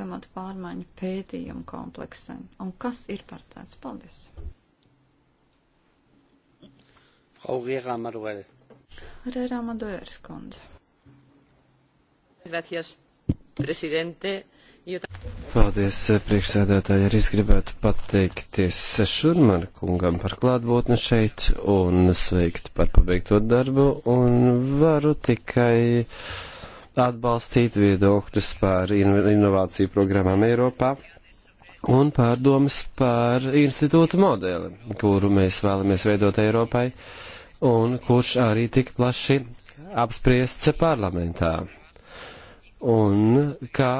klimatu pārmaiņu pētījumu kompleksam. Un kas ir paredzēts? Paldies! Frau Rera Maduel. Rera Maduel, skundze. Gracias, presidente. Paldies, priekšsēdētāji. Arī es gribētu pateikties Šurmana kungam par klātbūtni šeit un sveikt par pabeigto darbu. Un varu tikai uh, atbalstīt viedokļus par inovāciju programmām Eiropā un pārdomas par institūtu modeli, kuru mēs vēlamies veidot Eiropai un kurš arī tik plaši apspriests parlamentā. Un kā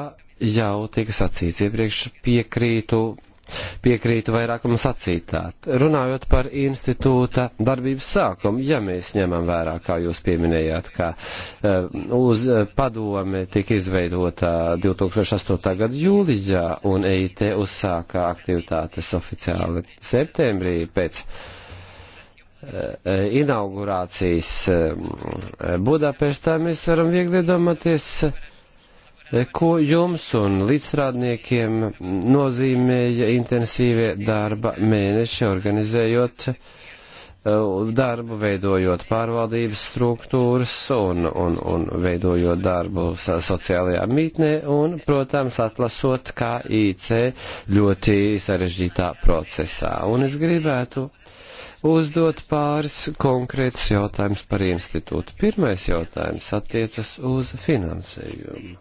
jau tika sacīts iepriekš, piekrītu piekrītu vairākam sacītāt. Runājot par institūta darbības sākumu, ja mēs ņemam vērā, kā jūs pieminējāt, ka eh, uz eh, padome tika izveidota 2008. gada jūlijā un EIT uzsākā aktivitātes oficiāli septembrī pēc eh, inaugurācijas Budapeštā mēs varam viegli iedomāties E, ko jums un līdzstrādniekiem nozīmēja intensīvie darba mēneši, organizējot e, darbu, veidojot pārvaldības struktūras un, un, un veidojot darbu sociālajā mītnē un, protams, atlasot KIC ļoti sarežģītā procesā. Un es gribētu uzdot pāris konkrētus jautājumus par institūtu. Pirmais jautājums attiecas uz finansējumu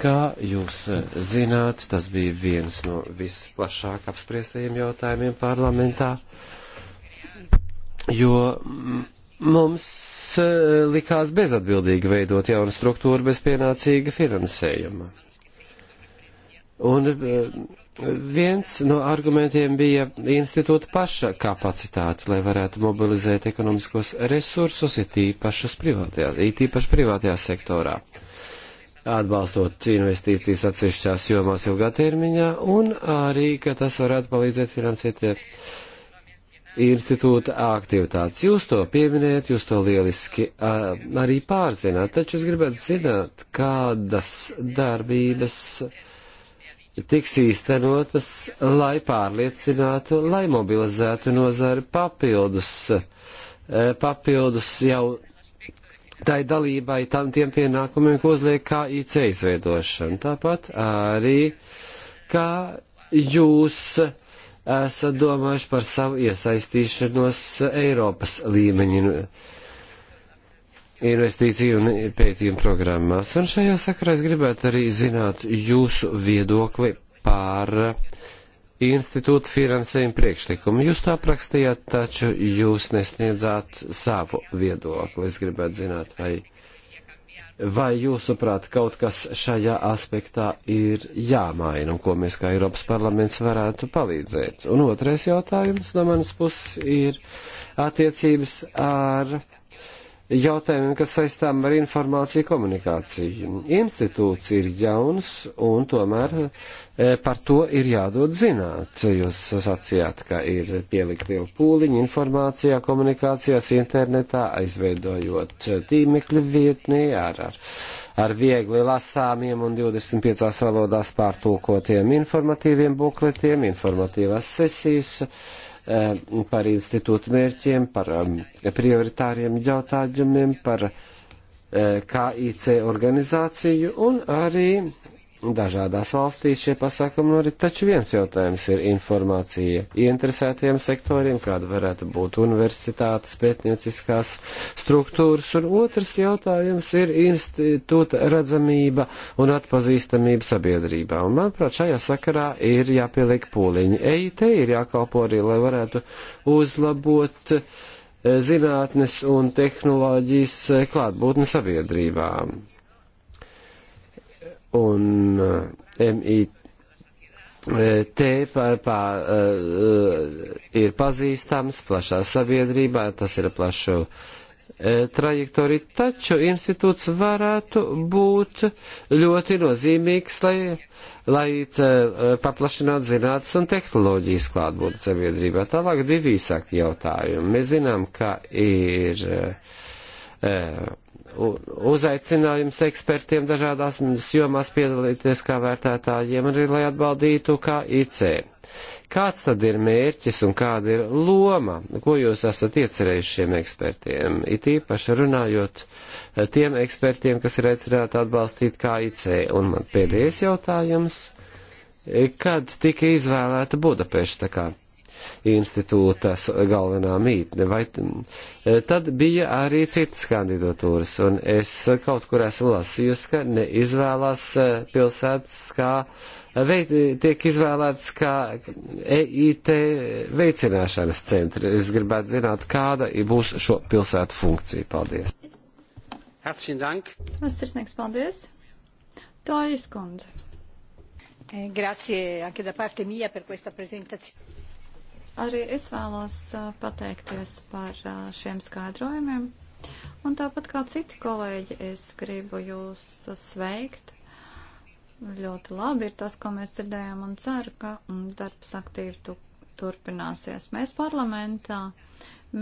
Kā jūs eh, zināt, tas bija viens no visplašāk apspriestajiem jautājumiem parlamentā, jo mums eh, likās bezatbildīgi veidot jaunu struktūru bez pienācīga finansējuma. Un eh, viens no argumentiem bija institūta paša kapacitāte, lai varētu mobilizēt ekonomiskos resursus, it īpaši privātajā, it īpaši privātajā sektorā. Uh, atbalstot investīcijas atsevišķās jomās ilgatermiņā, un arī, ka tas varētu palīdzēt finansēt institūta aktivitātes. Jūs to pieminējat, jūs to lieliski arī pārzināt, taču es gribētu zināt, kādas darbības tiks īstenotas, lai pārliecinātu, lai mobilizētu nozari papildus, e, papildus jau tai dalībai tam tiem pienākumiem, ko uzliek kā IC izveidošana. Tāpat arī, kā jūs esat domājuši par savu iesaistīšanos Eiropas līmeņi investīciju un pētījumu programmās. Un šajā sakarā es gribētu arī zināt jūsu viedokli par uh, institūta finansējuma priekšlikumu. Jūs to aprakstījāt, taču jūs nesniedzāt savu viedokli. Es gribētu zināt, vai, vai jūsuprāt kaut kas šajā aspektā ir jāmaina un ko mēs kā Eiropas parlaments varētu palīdzēt. Un otrais jautājums no manas puses ir attiecības ar jautājumiem, kas saistām ar informāciju komunikāciju. Institūts ir jauns, un tomēr e, par to ir jādod zināt. Jūs sacījāt, ka ir pielikt lielu pūliņu informācijā, komunikācijās, internetā, aizveidojot tīmekļa vietnī ar, ar, ar viegli lasāmiem un 25 valodās pārtulkotiem informatīviem bukletiem, informatīvās sesijas Eh, par institūtu mērķiem, par um, prioritāriem jautājumiem, par eh, KIC organizāciju un arī Dažādās valstīs šie pasākumi norit, taču viens jautājums ir informācija ieinteresētiem sektoriem, kāda varētu būt universitātes, pētnieciskās struktūras, un otrs jautājums ir institūta redzamība un atpazīstamība sabiedrībā. Un, manuprāt, šajā sakarā ir jāpieliek pūliņi. EIT ir jākalpo arī, lai varētu uzlabot eh, zinātnes un tehnoloģijas eh, klātbūtni sabiedrībām un eh, MIT te par, par, eh, ir pazīstams plašā sabiedrībā, tas ir plašu eh, trajektoriju, taču institūts varētu būt ļoti nozīmīgs, lai, lai paplašinātu zinātnes un tehnoloģijas klātbūtni sabiedrībā. Tālāk divi sāki jautājumi. Mēs zinām, ka ir. Uh, uzaicinājums ekspertiem dažādās jomās piedalīties kā vērtētājiem arī, lai atbaldītu kā IC. Kāds tad ir mērķis un kāda ir loma, ko jūs esat iecerējuši šiem ekspertiem? It īpaši runājot eh, tiem ekspertiem, kas ir aicināti atbalstīt kā IC. Un man pēdējais jautājums. Kad tika izvēlēta Budapešta kā institūtas galvenā mītne. Vai, e, tad bija arī citas kandidatūras, un es kaut kur esmu lasījusi, ka neizvēlās e, pilsētas kā e, veid, tiek izvēlēts kā EIT veicināšanas centri. Es gribētu zināt, kāda būs šo pilsētu funkcija. Paldies! Herzlichen Dank! Sirsnieks, paldies! Tā ir skundze. Eh, grazie anche da parte mia per questa presentazione. Arī es vēlos pateikties par šiem skaidrojumiem. Un tāpat kā citi kolēģi, es gribu jūs sveikt. Ļoti labi ir tas, ko mēs dzirdējām un ceru, ka mm, darbs aktīvi tu, turpināsies. Mēs parlamentā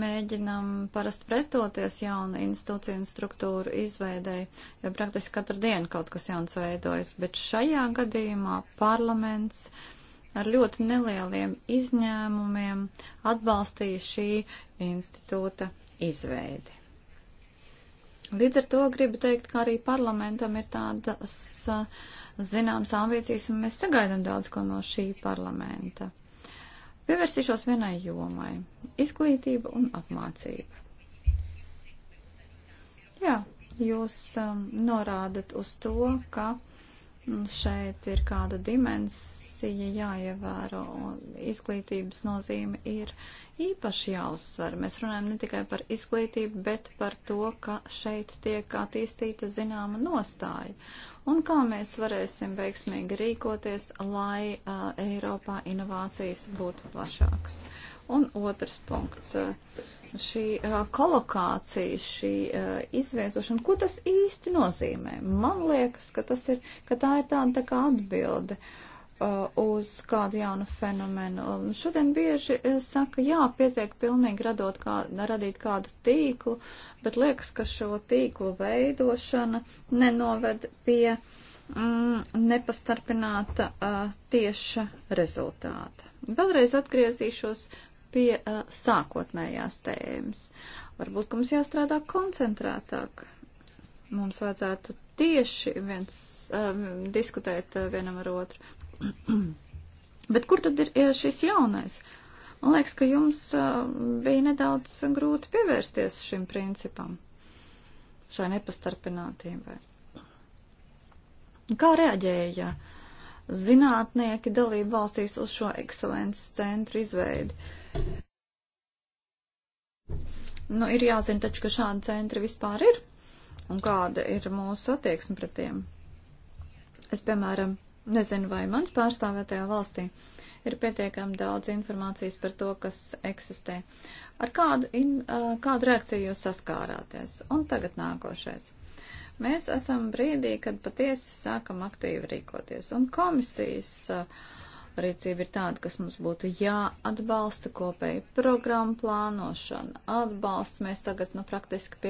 mēģinam parasti pretoties jaunu institūciju un struktūru izveidēji, jo praktiski katru dienu kaut kas jauns veidojas, bet šajā gadījumā parlaments ar ļoti nelieliem izņēmumiem atbalstīja šī institūta izveidi. Līdz ar to gribu teikt, ka arī parlamentam ir tādas zināmas ambīcijas, un mēs sagaidām daudz ko no šī parlamenta. Pievērsīšos vienai jomai - izglītība un apmācība. Jā, jūs um, norādat uz to, ka Šeit ir kāda dimensija jāievēro, un izglītības nozīme ir īpaši jāuzsver. Mēs runājam ne tikai par izglītību, bet par to, ka šeit tiek attīstīta zināma nostāja. Un kā mēs varēsim veiksmīgi rīkoties, lai uh, Eiropā inovācijas būtu plašākas. Un otrs punkts. Uh, šī uh, kolokācija, šī uh, izvietošana, ko tas īsti nozīmē? Man liekas, ka, tas ir, ka tā ir tāda tā kā atbilde uh, uz kādu jaunu fenomenu. Um, šodien bieži uh, saka, jā, pietiek pilnīgi radot kā, radīt kādu tīklu, bet liekas, ka šo tīklu veidošana nenoved pie mm, nepastarpināta uh, tieša rezultāta. Vēlreiz atgriezīšos pie uh, sākotnējās tēmas. Varbūt mums jāstrādā koncentrētāk. Mums vajadzētu tieši viens uh, diskutēt uh, vienam ar otru. Bet kur tad ir ja šis jaunais? Man liekas, ka jums uh, bija nedaudz grūti pievērsties šim principam, šai nepastarpinātībai. Kā reaģēja uh, zinātnieki dalību valstīs uz šo ekscelences centru izveidi. Nu, ir jāzina taču, ka šādi centri vispār ir un kāda ir mūsu attieksme pret tiem. Es, piemēram, nezinu, vai mans pārstāvētajā valstī ir pietiekami daudz informācijas par to, kas eksistē. Ar kādu, in, kādu reakciju jūs saskārāties? Un tagad nākošais. Mēs esam brīdī, kad patiesi sākam aktīvi rīkoties. Un komisijas uh, rīcība ir tāda, kas mums būtu jāatbalsta kopēji programmu plānošana, atbalsts. Mēs tagad nu, praktiski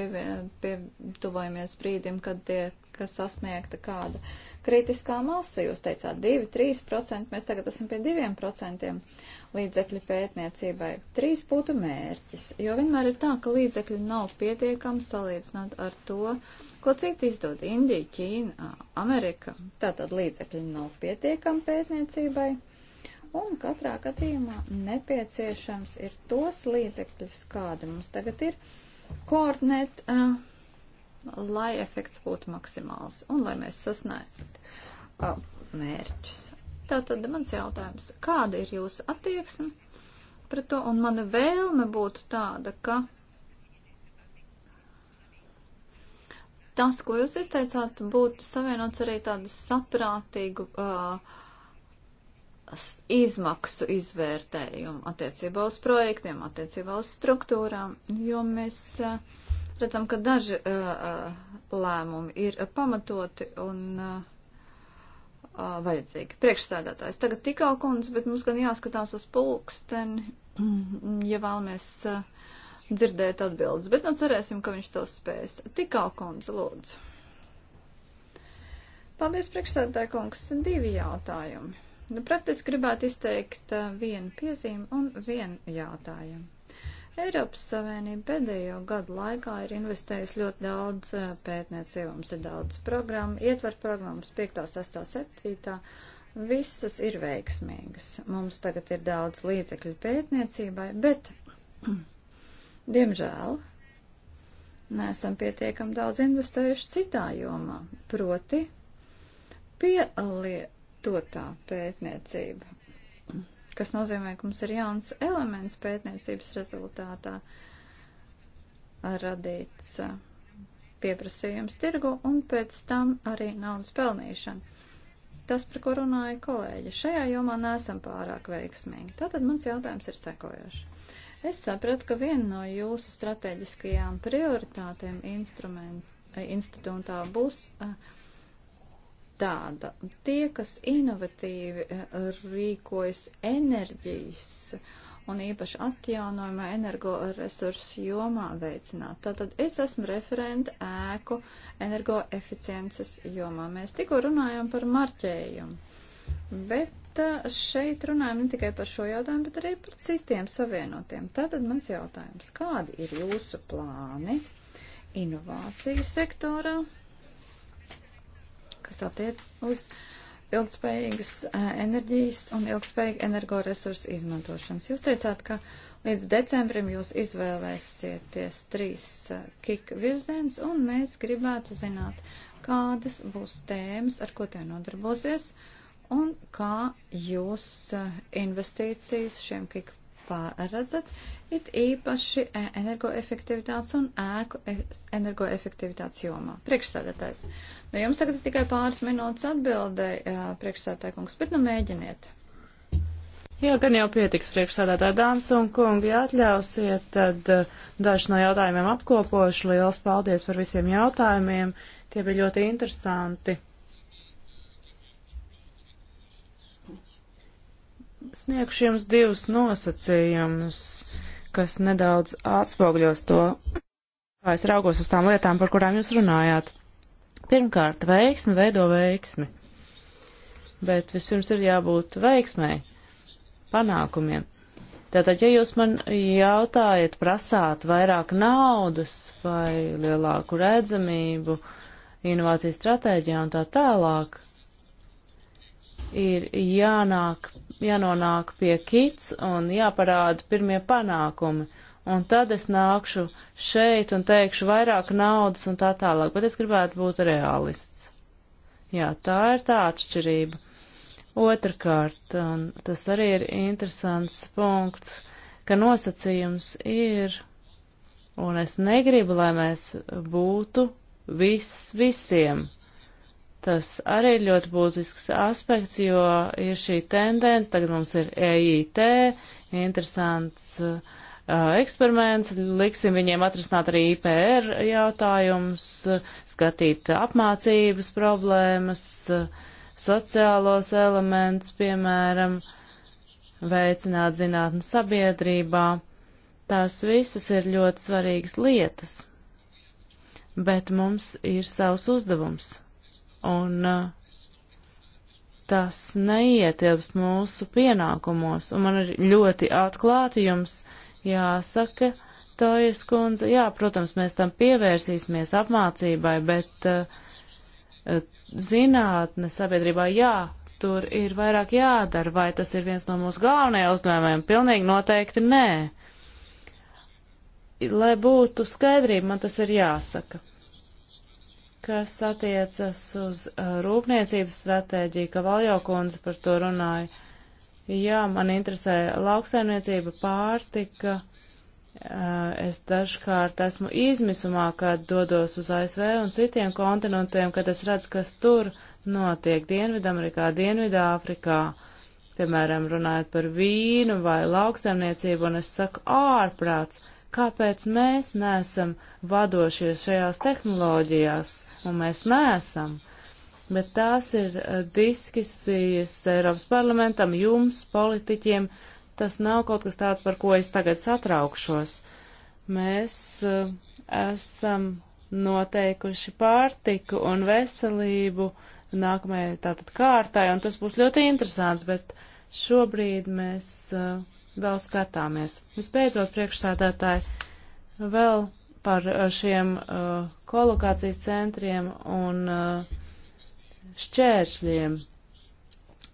pietuvojamies pie, brīdim, kad tiek sasniegta kāda kritiskā masa. Jūs teicāt 2-3%, mēs tagad esam pie 2% līdzekļi pētniecībai. Trīs būtu mērķis, jo vienmēr ir tā, ka līdzekļi nav pietiekami salīdzinot ar to, ko citi izdod Indija, Ķīna, Amerika. Tātad līdzekļi nav pietiekami pētniecībai. Un katrā gadījumā nepieciešams ir tos līdzekļus, kādi mums tagad ir, koordinēt, uh, lai efekts būtu maksimāls un lai mēs sasniegtu uh, mērķus. Tātad mans jautājums, kāda ir jūsu attieksme pret to, un mana vēlme būtu tāda, ka tas, ko jūs izteicāt, būtu savienots arī tādu saprātīgu uh, izmaksu izvērtējumu attiecībā uz projektiem, attiecībā uz struktūrām, jo mēs uh, redzam, ka daži uh, uh lēmumi ir pamatoti un uh, uh, vajadzīgi. Priekšsēdētājs tagad tikā kundze, bet mums gan jāskatās uz pulksteni, ja vēlamies uh, dzirdēt atbildes. Bet nu cerēsim, ka viņš to spēs. Tikā kundze, lūdzu. Paldies, priekšsēdētāja kungs. Divi jautājumi. Nu, praktiski gribētu izteikt uh, vienu piezīmi un vienu jautājumu. Eiropas Savienība pēdējo gadu laikā ir investējusi ļoti daudz eh, pētniecību, mums ir daudz programmu, ietver programmas 5, 6, 7. Visas ir veiksmīgas. Mums tagad ir daudz līdzekļu pētniecībai, bet, diemžēl, neesam pietiekam daudz investējuši citā jomā, proti pielietotā pētniecība kas nozīmē, ka mums ir jauns elements pētniecības rezultātā radīts uh, pieprasījums tirgu un pēc tam arī naudas pelnīšana. Tas, par ko runāja kolēģi, šajā jomā nesam pārāk veiksmīgi. Tātad mans jautājums ir sekojošs. Es sapratu, ka viena no jūsu strateģiskajām prioritātēm instrumentā eh, būs uh, tāda. Tie, kas inovatīvi eh, rīkojas enerģijas un īpaši atjaunojumā energoresursu jomā veicināt. Tātad es esmu referenta ēku energoeficiences jomā. Mēs tikko runājam par marķējumu, bet eh, šeit runājam ne tikai par šo jautājumu, bet arī par citiem savienotiem. Tātad mans jautājums, kādi ir jūsu plāni inovāciju sektorā? kas attiec uz ilgspējīgas eh, enerģijas un ilgspējīgu energoresursu izmantošanas. Jūs teicāt, ka līdz decembrim jūs izvēlēsieties trīs eh, kika virziens, un mēs gribētu zināt, kādas būs tēmas, ar ko tie nodarbosies, un kā jūs eh, investīcijas šiem kika pārredzat, it īpaši e, energoefektivitātes un ēku e, energoefektivitātes jomā. Priekšsēdētājs. Nu, jums tagad tikai pāris minūtes atbildēja e, priekšsēdētāja kungs, bet nu mēģiniet. Jā, gan jau pietiks priekšsēdētāja dāmas un kungi, ja atļausiet, tad daži no jautājumiem apkopošu. Lielas paldies par visiem jautājumiem. Tie bija ļoti interesanti. Sniegšu jums divus nosacījumus, kas nedaudz atspogļos to, kā es raugos uz tām lietām, par kurām jūs runājāt. Pirmkārt, veiksmi veido veiksmi, bet vispirms ir jābūt veiksmai, panākumiem. Tātad, ja jūs man jautājat, prasāt vairāk naudas vai lielāku redzamību, inovāciju stratēģijā un tā tālāk, ir jānāk, jānonāk pie kits un jāparāda pirmie panākumi. Un tad es nākšu šeit un teikšu vairāk naudas un tā tālāk, bet es gribētu būt realists. Jā, tā ir tā atšķirība. Otrakārt, un tas arī ir interesants punkts, ka nosacījums ir, un es negribu, lai mēs būtu viss visiem, Tas arī ir ļoti būtisks aspekts, jo ir šī tendence, tagad mums ir EIT, interesants uh, eksperiments, liksim viņiem atrisināt arī IPR jautājumus, skatīt apmācības problēmas, sociālos elementus, piemēram, veicināt zinātni sabiedrībā. Tās visas ir ļoti svarīgas lietas, bet mums ir savs uzdevums un uh, tas neietilpst mūsu pienākumos. Un man ir ļoti atklāti jums jāsaka, Tojas kundze, jā, protams, mēs tam pievērsīsimies apmācībai, bet uh, zinātne sabiedrībā, jā, tur ir vairāk jādara, vai tas ir viens no mūsu galvenajiem uzdevumiem? Pilnīgi noteikti nē. Lai būtu skaidrība, man tas ir jāsaka kas attiecas uz uh, rūpniecības stratēģiju, ka Valjokundze par to runāja. Jā, man interesē lauksaimniecība, pārtika. Uh, es dažkārt esmu izmisumā, kad dodos uz ASV un citiem kontinentiem, kad es redzu, kas tur notiek Dienvidamerikā, Dienvidāfrikā. Piemēram, runājot par vīnu vai lauksaimniecību, un es saku ārprāts kāpēc mēs neesam vadošies šajās tehnoloģijās, un mēs neesam. Bet tās ir eh, diskusijas Eiropas parlamentam, jums, politiķiem. Tas nav kaut kas tāds, par ko es tagad satraukšos. Mēs uh, esam noteikuši pārtiku un veselību nākamajai tātad kārtai, un tas būs ļoti interesants, bet šobrīd mēs uh, vēl skatāmies. Vispēcot, priekšsādātāji, vēl par eh, šiem uh, kolokācijas centriem un uh, šķēršļiem.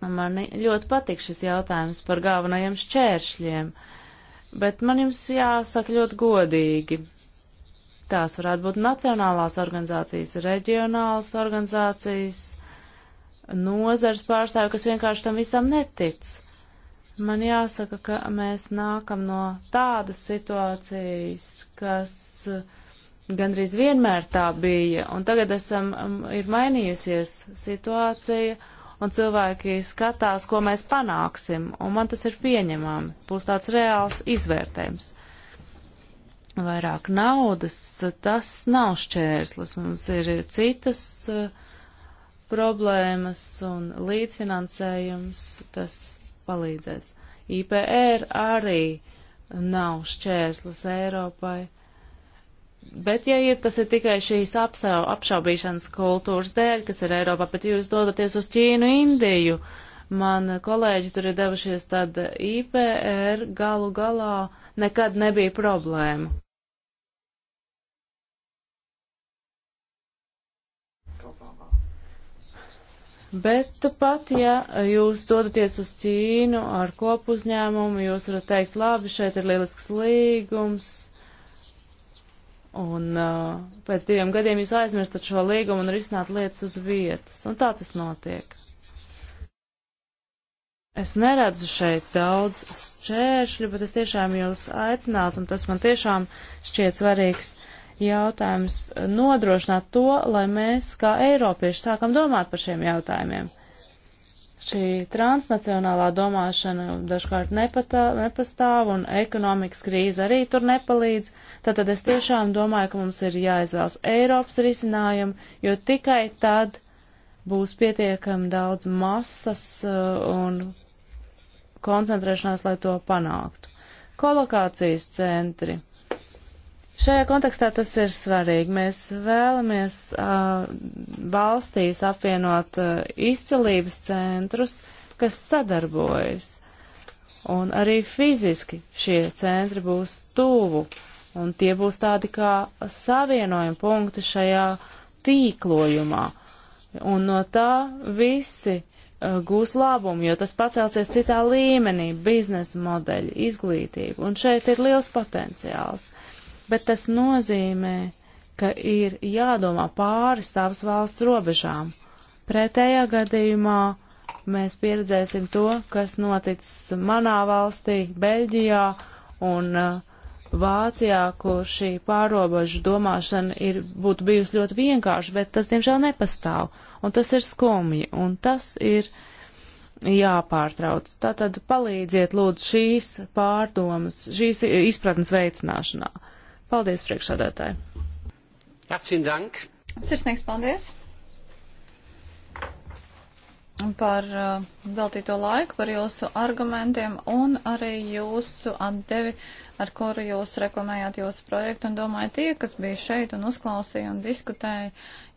Man ļoti patīk šis jautājums par galvenajiem šķēršļiem, bet man jums jāsaka ļoti godīgi. Tās varētu būt nacionālās organizācijas, reģionālas organizācijas, nozars pārstāvi, kas vienkārši tam visam netic. Man jāsaka, ka mēs nākam no tādas situācijas, kas gandrīz vienmēr tā bija, un tagad esam, um, ir mainījusies situācija, un cilvēki skatās, ko mēs panāksim, un man tas ir pieņemami. Būs tāds reāls izvērtējums vairāk naudas, tas nav šķērslis. Mums ir citas uh, problēmas un līdzfinansējums, tas palīdzēs. IPR arī nav šķērslis Eiropai. Bet, ja ir, tas ir tikai šīs apsau, apšaubīšanas kultūras dēļ, kas ir Eiropā, bet jūs dodaties uz Ķīnu, Indiju, man kolēģi tur ir devušies, tad IPR galu galā nekad nebija problēma. Bet pat, ja jūs dodaties uz Ķīnu ar kopu uzņēmumu, jūs varat teikt, labi, šeit ir lielisks līgums, un uh, pēc diviem gadiem jūs aizmirstat šo līgumu un risināt lietas uz vietas. Un tā tas notiek. Es neredzu šeit daudz šķēršļu, bet es tiešām jūs aicinātu, un tas man tiešām šķiet svarīgs. Uh, jautājums eh, nodrošināt to, lai mēs kā Eiropieši sākam domāt par šiem jautājumiem. Šī transnacionālā domāšana dažkārt nepatā, nepastāv un ekonomikas krīze arī tur nepalīdz. Tātad es tiešām domāju, ka mums ir jāizvēlas Eiropas risinājumu, jo tikai tad būs pietiekami daudz masas eh, un koncentrēšanās, lai to panāktu. Kolokācijas centri. Šajā kontekstā tas ir svarīgi. Mēs vēlamies uh, valstīs apvienot uh, izcelības centrus, kas sadarbojas. Un arī fiziski šie centri būs tuvu, un tie būs tādi kā savienojuma punkti šajā tīklojumā. Un no tā visi uh, gūs labumu, jo tas pacelsies citā līmenī - biznesa modeļi, izglītība. Un šeit ir liels potenciāls bet tas nozīmē, ka ir jādomā pāri savas valsts robežām. Pretējā gadījumā mēs pieredzēsim to, kas noticis manā valstī, Beļģijā un uh, Vācijā, kur šī pārobežu domāšana ir, būtu bijusi ļoti vienkārša, bet tas, diemžēl, nepastāv. Un tas ir skumji, un tas ir jāpārtrauc. Tātad palīdziet lūdzu šīs pārdomas, šīs izpratnes veicināšanā. Paldies, priekšsādātāji! Herzlichen Dank! Sirsnīgs paldies! Par uh, veltīto laiku, par jūsu argumentiem un arī jūsu atdevi, ar kuru jūs reklamējāt jūsu projektu. Un domāju, tie, kas bija šeit un uzklausīja un diskutēja,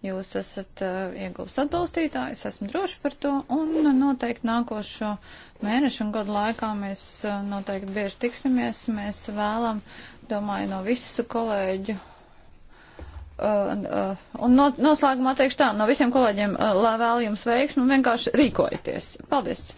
jūs esat uh, ieguvis atbalstītājs, es esmu droši par to. Un noteikti nākošo mēnešu un gadu laikā mēs uh, noteikti bieži tiksimies. Mēs vēlam domāju, no visu kolēģu. Uh, uh, un no, noslēgumā teikšu tā, no visiem kolēģiem uh, vēlu jums veiksmu un vienkārši rīkojieties. Paldies!